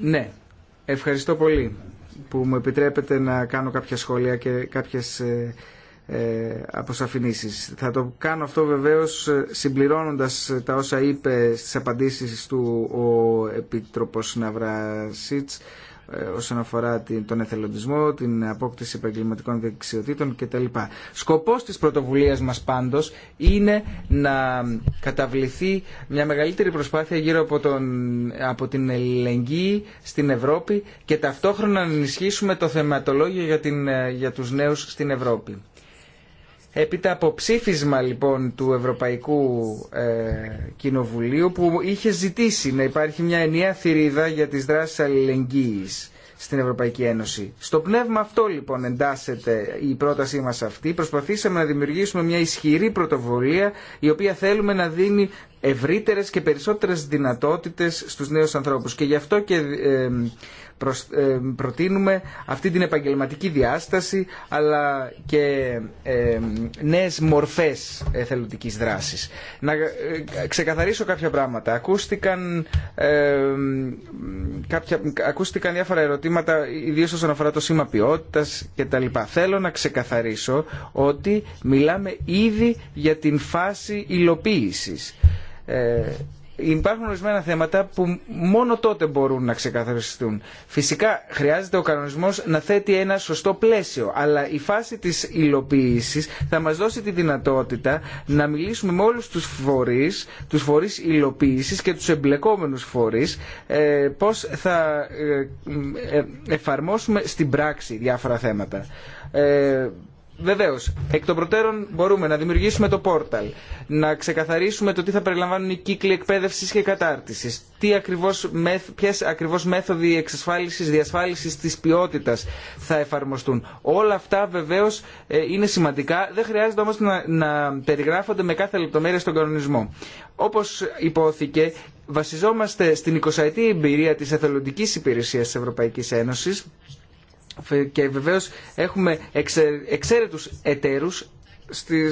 Ναι, ευχαριστώ πολύ που μου επιτρέπετε να κάνω κάποια σχόλια και κάποιες ε, ε Θα το κάνω αυτό βεβαίως ε, συμπληρώνοντας τα όσα είπε στις απαντήσεις του ο Επίτροπος Ναυρασίτς ε, όσον αφορά τον εθελοντισμό, την απόκτηση επαγγελματικών δεξιοτήτων κτλ. Σκοπός της πρωτοβουλίας μας πάντως είναι να καταβληθεί μια μεγαλύτερη προσπάθεια γύρω από, τον, από την ελληνική στην Ευρώπη και ταυτόχρονα να ενισχύσουμε το θεματολόγιο για, την, για τους νέους στην Ευρώπη. Έπειτα από ψήφισμα λοιπόν του Ευρωπαϊκού ε, Κοινοβουλίου που είχε ζητήσει να υπάρχει μια ενιαία θηρίδα για τις δράσεις αλληλεγγύης στην Ευρωπαϊκή Ένωση. Στο πνεύμα αυτό λοιπόν εντάσσεται η πρότασή μας αυτή. Προσπαθήσαμε να δημιουργήσουμε μια ισχυρή πρωτοβουλία η οποία θέλουμε να δίνει ευρύτερες και περισσότερες δυνατότητες στους νέους ανθρώπους. Και γι' αυτό και ε, ε, προτείνουμε αυτή την επαγγελματική διάσταση αλλά και ε, νέες μορφές εθελοντικής δράσης. Να ε, ξεκαθαρίσω κάποια πράγματα. Ακούστηκαν, κάποια, ακούστηκαν διάφορα ερωτήματα ιδίως όσον αφορά το σήμα ποιότητας και τα λοιπά. Θέλω να ξεκαθαρίσω ότι μιλάμε ήδη για την φάση υλοποίησης υπάρχουν ορισμένα θέματα που μόνο τότε μπορούν να ξεκαθαριστούν. Φυσικά χρειάζεται ο κανονισμός να θέτει ένα σωστό πλαίσιο, αλλά η φάση της υλοποίησης θα μας δώσει τη δυνατότητα να μιλήσουμε με όλους τους φορείς, τους φορείς υλοποίησης και τους εμπλεκόμενους φορείς, ε, πώς θα ε, ε, ε, εφαρμόσουμε στην πράξη διάφορα θέματα. Βεβαίω, εκ των προτέρων μπορούμε να δημιουργήσουμε το πόρταλ, να ξεκαθαρίσουμε το τι θα περιλαμβάνουν οι κύκλοι εκπαίδευση και κατάρτιση, ποιε ακριβώ μέθοδοι εξασφάλιση, διασφάλιση τη ποιότητα θα εφαρμοστούν. Όλα αυτά βεβαίω ε, είναι σημαντικά, δεν χρειάζεται όμω να, περιγράφονται με κάθε λεπτομέρεια στον κανονισμό. Όπω υπόθηκε, βασιζόμαστε στην 20η εμπειρία τη εθελοντική υπηρεσία τη Ευρωπαϊκή Ένωση και βεβαίως έχουμε εξαίρετου εταίρου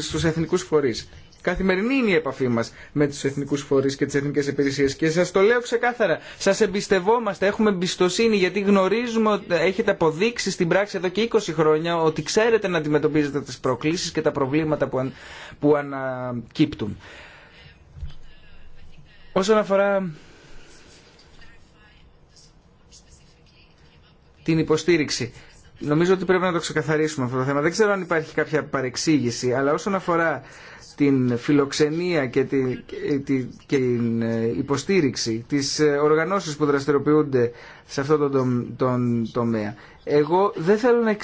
στου εθνικούς φορείς. Καθημερινή είναι η επαφή μα με του εθνικού φορεί και τι εθνικέ υπηρεσίε. Και σα το λέω ξεκάθαρα. Σα εμπιστευόμαστε, έχουμε εμπιστοσύνη, γιατί γνωρίζουμε ότι έχετε αποδείξει στην πράξη εδώ και 20 χρόνια ότι ξέρετε να αντιμετωπίζετε τι προκλήσει και τα προβλήματα που, που ανακύπτουν. Όσον αφορά την υποστήριξη. Νομίζω ότι πρέπει να το ξεκαθαρίσουμε αυτό το θέμα. Δεν ξέρω αν υπάρχει κάποια παρεξήγηση, αλλά όσον αφορά την φιλοξενία και την, και την ε, υποστήριξη της ε, οργανώσεις που δραστηριοποιούνται σε αυτό τον, τον, τομέα. Εγώ δεν θέλω να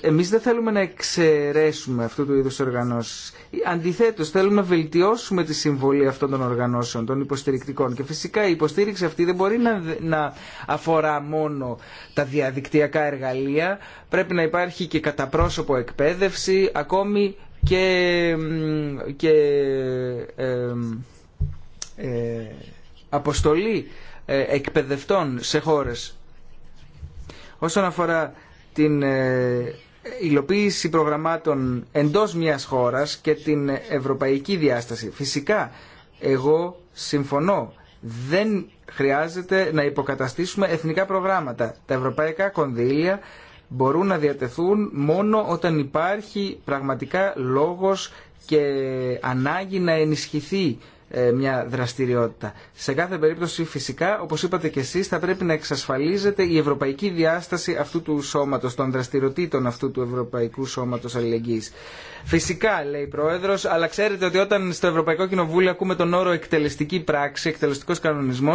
εμείς δεν θέλουμε να εξαιρέσουμε αυτού του είδους οργανώσεις. Αντιθέτως θέλουμε να βελτιώσουμε τη συμβολή αυτών των οργανώσεων, των υποστηρικτικών. Και φυσικά η υποστήριξη αυτή δεν μπορεί να, να αφορά μόνο τα διαδικτυακά εργαλεία. Πρέπει να υπάρχει και καταπρόσωπο εκπαίδευση, ακόμη και, και ε, αποστολή ε, εκπαιδευτών σε χώρες. Όσον αφορά την ε, υλοποίηση προγραμμάτων εντός μιας χώρας και την ευρωπαϊκή διάσταση. Φυσικά, εγώ συμφωνώ. Δεν χρειάζεται να υποκαταστήσουμε εθνικά προγράμματα. Τα ευρωπαϊκά κονδύλια μπορούν να διατεθούν μόνο όταν υπάρχει πραγματικά λόγος και ανάγκη να ενισχυθεί ε, μια δραστηριότητα. Σε κάθε περίπτωση φυσικά, όπως είπατε και εσείς, θα πρέπει να εξασφαλίζεται η ευρωπαϊκή διάσταση αυτού του σώματος, των δραστηριοτήτων αυτού του Ευρωπαϊκού Σώματος Αλληλεγγύης. Φυσικά, λέει η Πρόεδρο, αλλά ξέρετε ότι όταν στο Ευρωπαϊκό Κοινοβούλιο ακούμε τον όρο εκτελεστική πράξη, εκτελεστικό κανονισμό,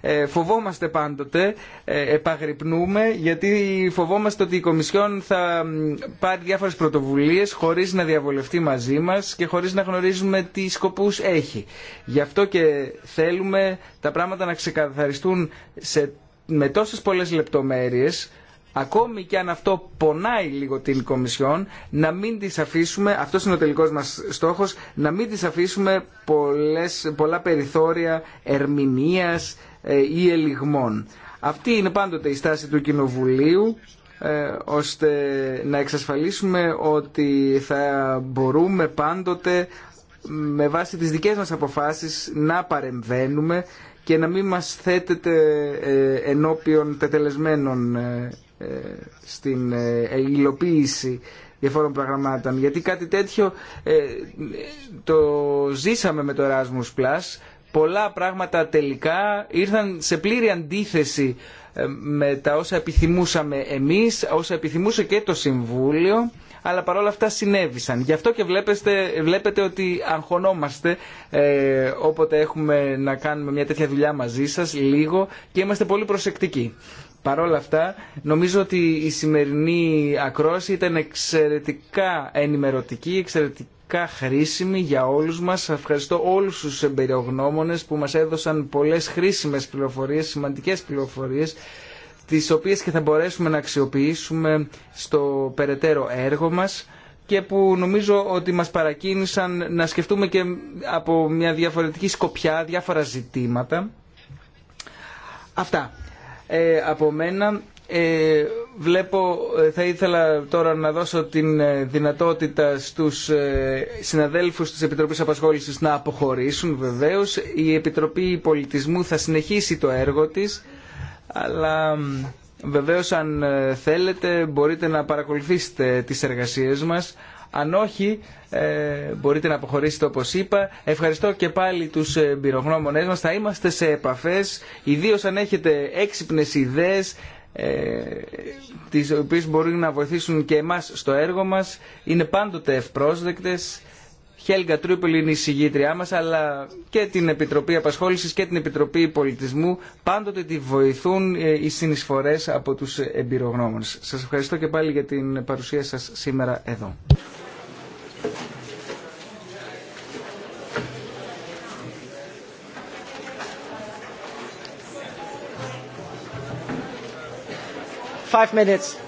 ε, φοβόμαστε πάντοτε, ε, επαγρυπνούμε, γιατί φοβόμαστε ότι η Κομισιόν θα πάρει διάφορε πρωτοβουλίε χωρί να διαβολευτεί μαζί μα και χωρί να γνωρίζουμε τι σκοπού έχει. Γι' αυτό και θέλουμε τα πράγματα να ξεκαθαριστούν σε, με τόσε πολλέ λεπτομέρειε ακόμη και αν αυτό πονάει λίγο την Κομισιόν, να μην τις αφήσουμε, αυτός είναι ο τελικός μας στόχος, να μην τις αφήσουμε πολλές, πολλά περιθώρια ερμηνείας ε, ή ελιγμών. Αυτή είναι πάντοτε η στάση του Κοινοβουλίου ε, ώστε να εξασφαλίσουμε ότι θα μπορούμε πάντοτε με βάση τις δικές μας αποφάσεις να παρεμβαίνουμε και να μην μας θέτεται ε, ενώπιον τετελεσμένων στην ε, ε, υλοποίηση διαφόρων προγραμμάτων. Γιατί κάτι τέτοιο ε, το ζήσαμε με το Erasmus Plus. Πολλά πράγματα τελικά ήρθαν σε πλήρη αντίθεση με τα όσα επιθυμούσαμε εμείς, όσα επιθυμούσε και το Συμβούλιο, αλλά παρόλα αυτά συνέβησαν. Γι' αυτό και βλέπετε, βλέπετε ότι αγχωνόμαστε όποτε έχουμε να κάνουμε μια τέτοια δουλειά μαζί σας, λίγο, και είμαστε πολύ προσεκτικοί. Παρ' όλα αυτά, νομίζω ότι η σημερινή ακρόαση ήταν εξαιρετικά ενημερωτική, εξαιρετικά χρήσιμη για όλους μας. Ευχαριστώ όλους τους εμπεριογνώμονες που μας έδωσαν πολλές χρήσιμες πληροφορίες, σημαντικές πληροφορίες, τις οποίες και θα μπορέσουμε να αξιοποιήσουμε στο περαιτέρω έργο μας και που νομίζω ότι μας παρακίνησαν να σκεφτούμε και από μια διαφορετική σκοπιά διάφορα ζητήματα. Αυτά ε, από μένα. Ε, βλέπω, ε, θα ήθελα τώρα να δώσω την ε, δυνατότητα στους συναδέλφους της Επιτροπής Απασχόλησης να αποχωρήσουν βεβαίως. Η Επιτροπή Πολιτισμού θα συνεχίσει το έργο της, αλλά βεβαίως αν θέλετε μπορείτε να παρακολουθήσετε τις εργασίες μας αν όχι, ε, μπορείτε να αποχωρήσετε όπω είπα. Ευχαριστώ και πάλι τους εμπειρογνώμονέ μα. Θα είμαστε σε επαφές, ιδίω αν έχετε έξυπνε ιδέε ε, τις οποίες μπορούν να βοηθήσουν και εμάς στο έργο μας. Είναι πάντοτε ευπρόσδεκτες. Χέλγα Τρούπελ είναι η συγγήτριά μας, αλλά και την Επιτροπή Απασχόλησης και την Επιτροπή Πολιτισμού πάντοτε τη βοηθούν ε, οι συνεισφορές από τους εμπειρογνώμονες. Σας ευχαριστώ και πάλι για την παρουσία σας σήμερα εδώ. Five minutes.